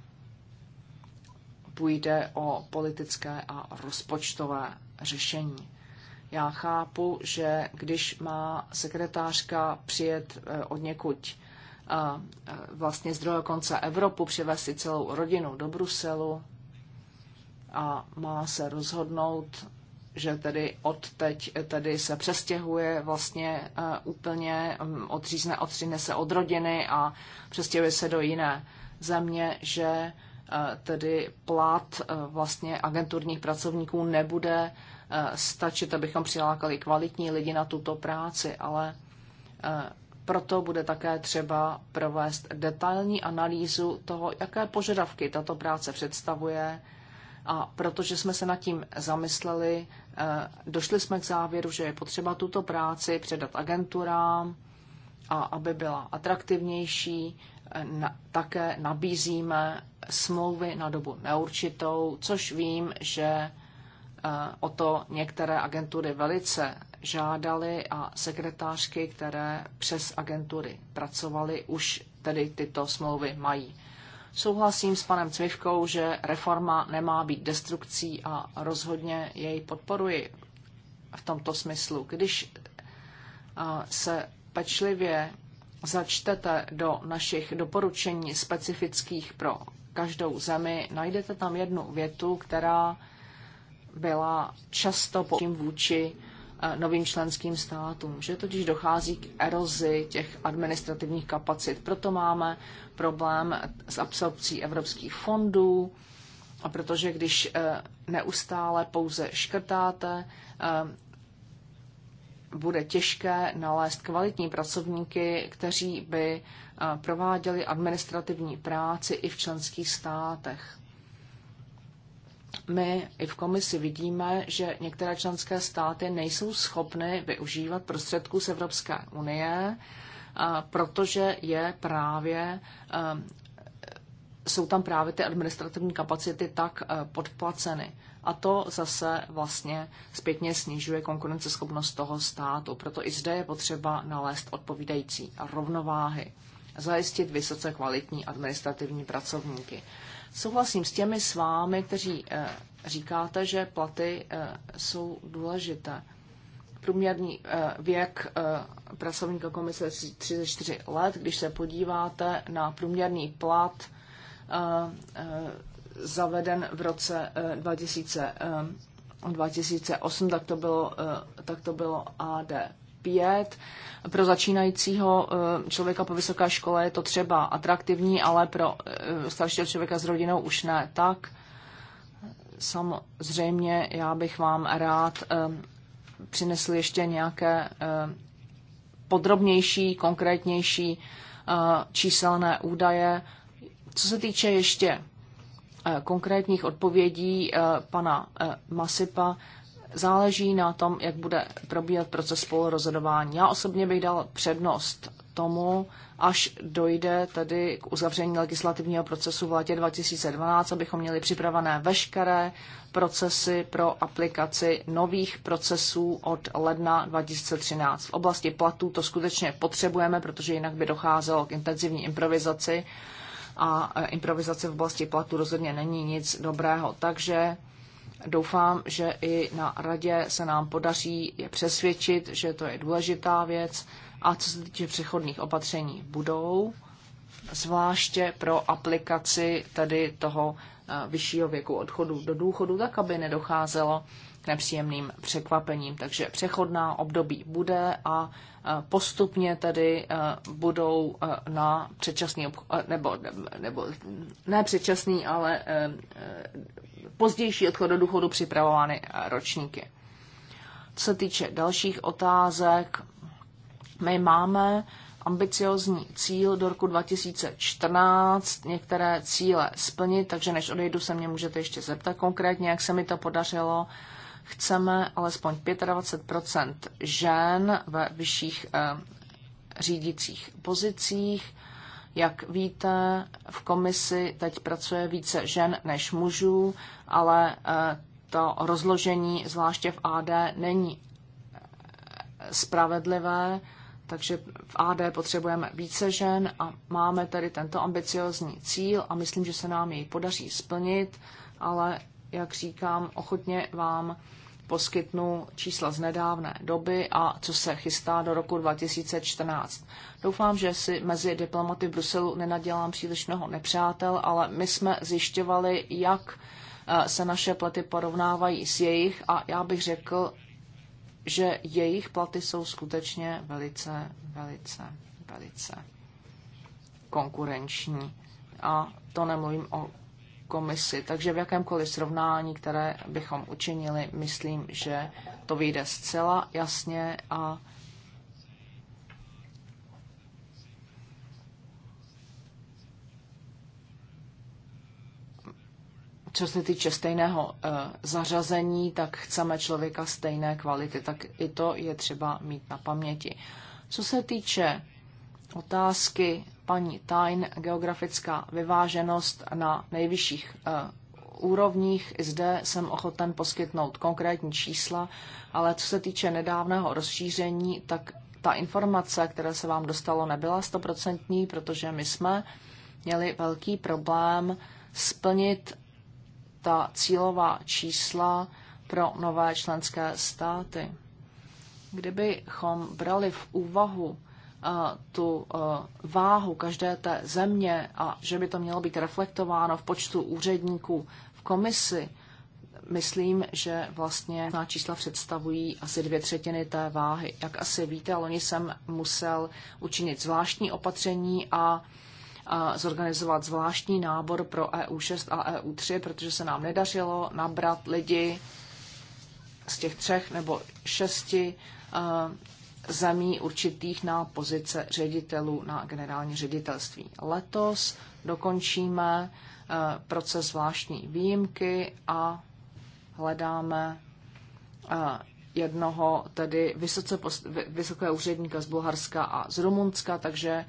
půjde o politické a rozpočtové řešení. Já chápu, že když má sekretářka přijet eh, od někuď vlastně z druhého konce Evropu, přivést si celou rodinu do Bruselu, a má se rozhodnout, že tedy od teď tedy se přestěhuje vlastně eh, úplně, mm, odřízne, odřízne se od rodiny a přestěhuje se do jiné země, že eh, tedy plat eh, vlastně agenturních pracovníků nebude stačit, abychom přilákali kvalitní lidi na tuto práci, ale proto bude také třeba provést detailní analýzu toho, jaké požadavky tato práce představuje, a protože jsme se nad tím zamysleli, eh, došli jsme k závěru, že je potřeba tuto práci předat agenturám a aby byla atraktivnější, eh, také nabízíme smlouvy na dobu neurčitou, což vím, že eh, o to některé agentury velice žádaly a sekretářky, které přes agentury pracovaly, už tedy tyto smlouvy mají. Souhlasím s panem Cvivkou, že reforma nemá být destrukcí a rozhodně jej podporuji v tomto smyslu. Když eh, se pečlivě začtete do našich doporučení specifických pro každou zemi, najdete tam jednu větu, která byla často po vůči novým členským státům, že totiž dochází k erozi těch administrativních kapacit. Proto máme problém s absorpcí evropských fondů, a protože když eh, neustále pouze škrtáte, eh, bude těžké nalézt kvalitní pracovníky, kteří by eh, prováděli administrativní práci i v členských státech my i v komisi vidíme, že některé členské státy nejsou schopny využívat prostředků z Evropské unie, protože je právě jsou tam právě ty administrativní kapacity tak e, podplaceny. A to zase vlastně zpětně snižuje konkurenceschopnost toho státu. Proto i zde je potřeba nalézt odpovídající rovnováhy, zajistit vysoce kvalitní administrativní pracovníky. Souhlasím s těmi s vámi, kteří eh, říkáte, že platy eh, jsou důležité. Průměrný eh, věk pracovníka komise je 34 let. Když se podíváte na průměrný plat zaveden v roce 2000, 2008, tak to bylo, tak to bylo ADP pět. Pro začínajícího eh, člověka po vysoké škole je to třeba atraktivní, ale pro eh, staršího člověka s rodinou už ne. Tak samozřejmě já bych vám rád eh, přinesl ještě nějaké podrobnější, konkrétnější číselné údaje. Co se týče ještě konkrétních odpovědí pana Masipa, záleží na tom, jak bude probíhat proces spolurozhodování. Já osobně bych dal přednost tomu, až dojde tedy k uzavření legislativního procesu v letě 2012, abychom měli připravené veškeré procesy pro aplikaci nových procesů od ledna 2013. V oblasti platů to skutečně potřebujeme, protože jinak by docházelo k intenzivní improvizaci a improvizace v oblasti platů rozhodně není nic dobrého. Takže doufám, že i na radě se nám podaří je přesvědčit, že to je důležitá věc a co se týče přechodných opatření budou, zvláště pro aplikaci tedy toho vyššího věku odchodu do důchodu, tak aby nedocházelo k nepříjemným překvapením. Takže přechodná období bude a postupně tedy budou na předčasný, nebo, nebo ne předčasný, ale pozdější odchod do důchodu připravovány ročníky. Co se týče dalších otázek, my máme ambiciozní cíl do roku 2014, některé cíle splnit, takže než odejdu, se mě můžete ještě zeptat konkrétně, jak se mi to podařilo. Chceme alespoň 25 žen ve vyšších eh, řídících pozicích. Jak víte, v komisi teď pracuje více žen než mužů, ale eh, to rozložení, zvláště v AD, není eh, spravedlivé takže v AD potřebujeme více žen a máme tedy tento ambiciozní cíl a myslím, že se nám jej podaří splnit, ale jak říkám, ochotně vám poskytnu čísla z nedávné doby a co se chystá do roku 2014. Doufám, že si mezi diplomaty v Bruselu nenadělám příliš mnoho nepřátel, ale my jsme zjišťovali, jak eh, se naše platy porovnávají s jejich a já bych řekl, že jejich platy jsou skutečně velice, velice, velice konkurenční. A to nemluvím o komisi. Takže v jakémkoliv srovnání, které bychom učinili, myslím, že to vyjde zcela jasně a co se týče stejného eh, zařazení, tak chceme člověka stejné kvality, tak i to je třeba mít na paměti. Co se týče otázky paní Tajn, geografická vyváženost na nejvyšších eh, úrovních, zde jsem ochoten poskytnout konkrétní čísla, ale co se týče nedávného rozšíření, tak ta informace, která se vám dostalo, nebyla stoprocentní, protože my jsme měli velký problém splnit ta cílová čísla pro nové členské státy. Kdybychom brali v úvahu eh, tu eh, váhu každé té země a že by to mělo být reflektováno v počtu úředníků v komisi, myslím, že vlastně ta čísla představují asi dvě třetiny té váhy. Jak asi víte, loni jsem musel učinit zvláštní opatření a zorganizovat zvláštní nábor pro EU6 a EU3, protože se nám nedařilo nabrat lidi z těch třech nebo šesti eh, zemí určitých na pozice ředitelů na generální ředitelství. Letos dokončíme eh, proces zvláštní výjimky a hledáme eh, jednoho tedy vysoce, vysokého úředníka z Bulharska a z Rumunska, takže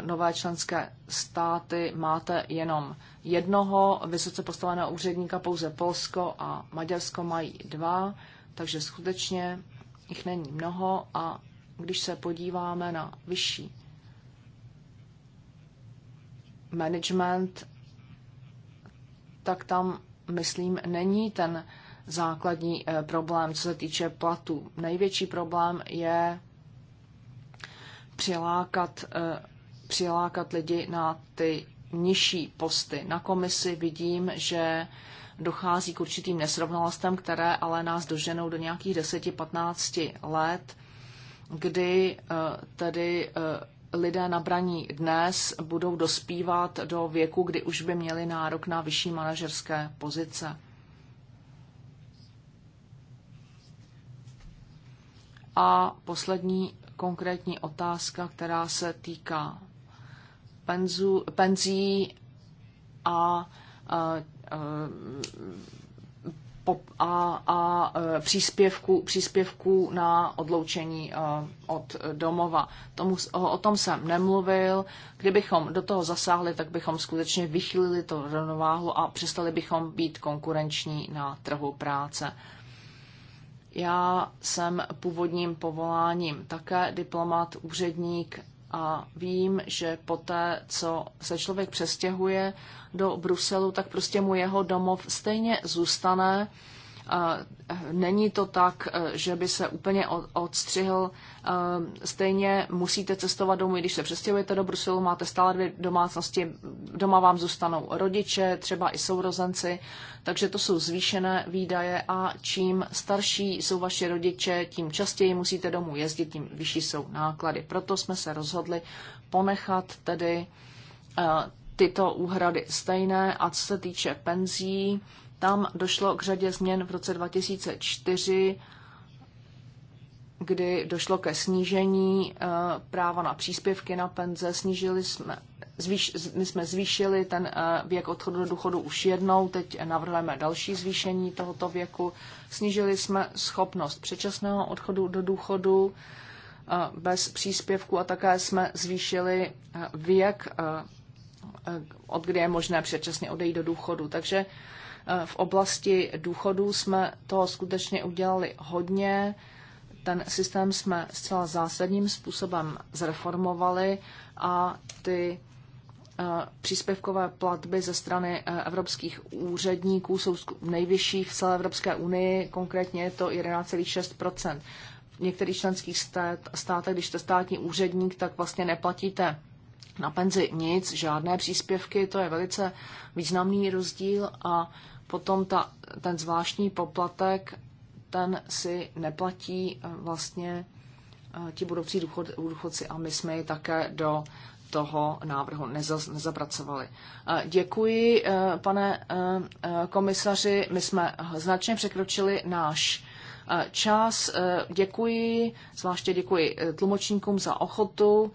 nové členské státy máte jenom jednoho vysoce postaveného úředníka, pouze Polsko a Maďarsko mají dva, takže skutečně jich není mnoho a když se podíváme na vyšší management, tak tam, myslím, není ten základní eh, problém, co se týče platů. Největší problém je přilákat eh, přilákat lidi na ty nižší posty. Na komisi vidím, že dochází k určitým nesrovnalostem, které ale nás doženou do nějakých 10-15 let, kdy eh, tedy eh, lidé nabraní dnes budou dospívat do věku, kdy už by měli nárok na vyšší manažerské pozice. A poslední konkrétní otázka, která se týká penzů, penzí a, a, a a, a e, příspěvku, příspěvku na odloučení e, od domova. Tomu, o, o tom jsem nemluvil. Kdybychom do toho zasáhli, tak bychom skutečně vychylili to rovnováhu a přestali bychom být konkurenční na trhu práce. Já jsem původním povoláním také diplomat, úředník a vím, že poté, co se člověk přestěhuje do Bruselu, tak prostě mu jeho domov stejně zůstane Eh, není to tak, eh, že by se úplně odstřihl. Eh, stejně musíte cestovat domů, když se přestěhujete do Bruselu, máte stále dvě domácnosti, doma vám zůstanou rodiče, třeba i sourozenci, takže to jsou zvýšené výdaje a čím starší jsou vaše rodiče, tím častěji musíte domů jezdit, tím vyšší jsou náklady. Proto jsme se rozhodli ponechat tedy tyto úhrady stejné a co se týče penzí, tam došlo k řadě změn v roce 2004, kdy došlo ke snížení eh, práva na příspěvky na penze. Snížili jsme, zvýš, my jsme zvýšili ten eh, věk odchodu do důchodu už jednou, teď navrhujeme další zvýšení tohoto věku. Snížili jsme schopnost předčasného odchodu do důchodu eh, bez příspěvku a také jsme zvýšili věk, od kdy je možné předčasně odejít do důchodu. Takže Eh, v oblasti důchodů jsme toho skutečně udělali hodně. Ten systém jsme zcela zásadním způsobem zreformovali a ty eh, příspěvkové platby ze strany eh, evropských úředníků jsou nejvyšší v celé Evropské unii, konkrétně je to 11,6 V některých členských státech, když jste státní úředník, tak vlastně neplatíte na penzi nic, žádné příspěvky, to je velice významný rozdíl a Potom ta, ten zvláštní poplatek, ten si neplatí eh, vlastně eh, ti budoucí důchodci a my jsme ji také do toho návrhu nezapracovali. Eh, děkuji, pane komisaři. My jsme značně překročili náš čas. Děkuji, zvláště děkuji tlumočníkům za ochotu,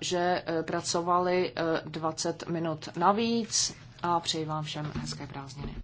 že pracovali 20 minut navíc a přeji vám všem hezké prázdniny.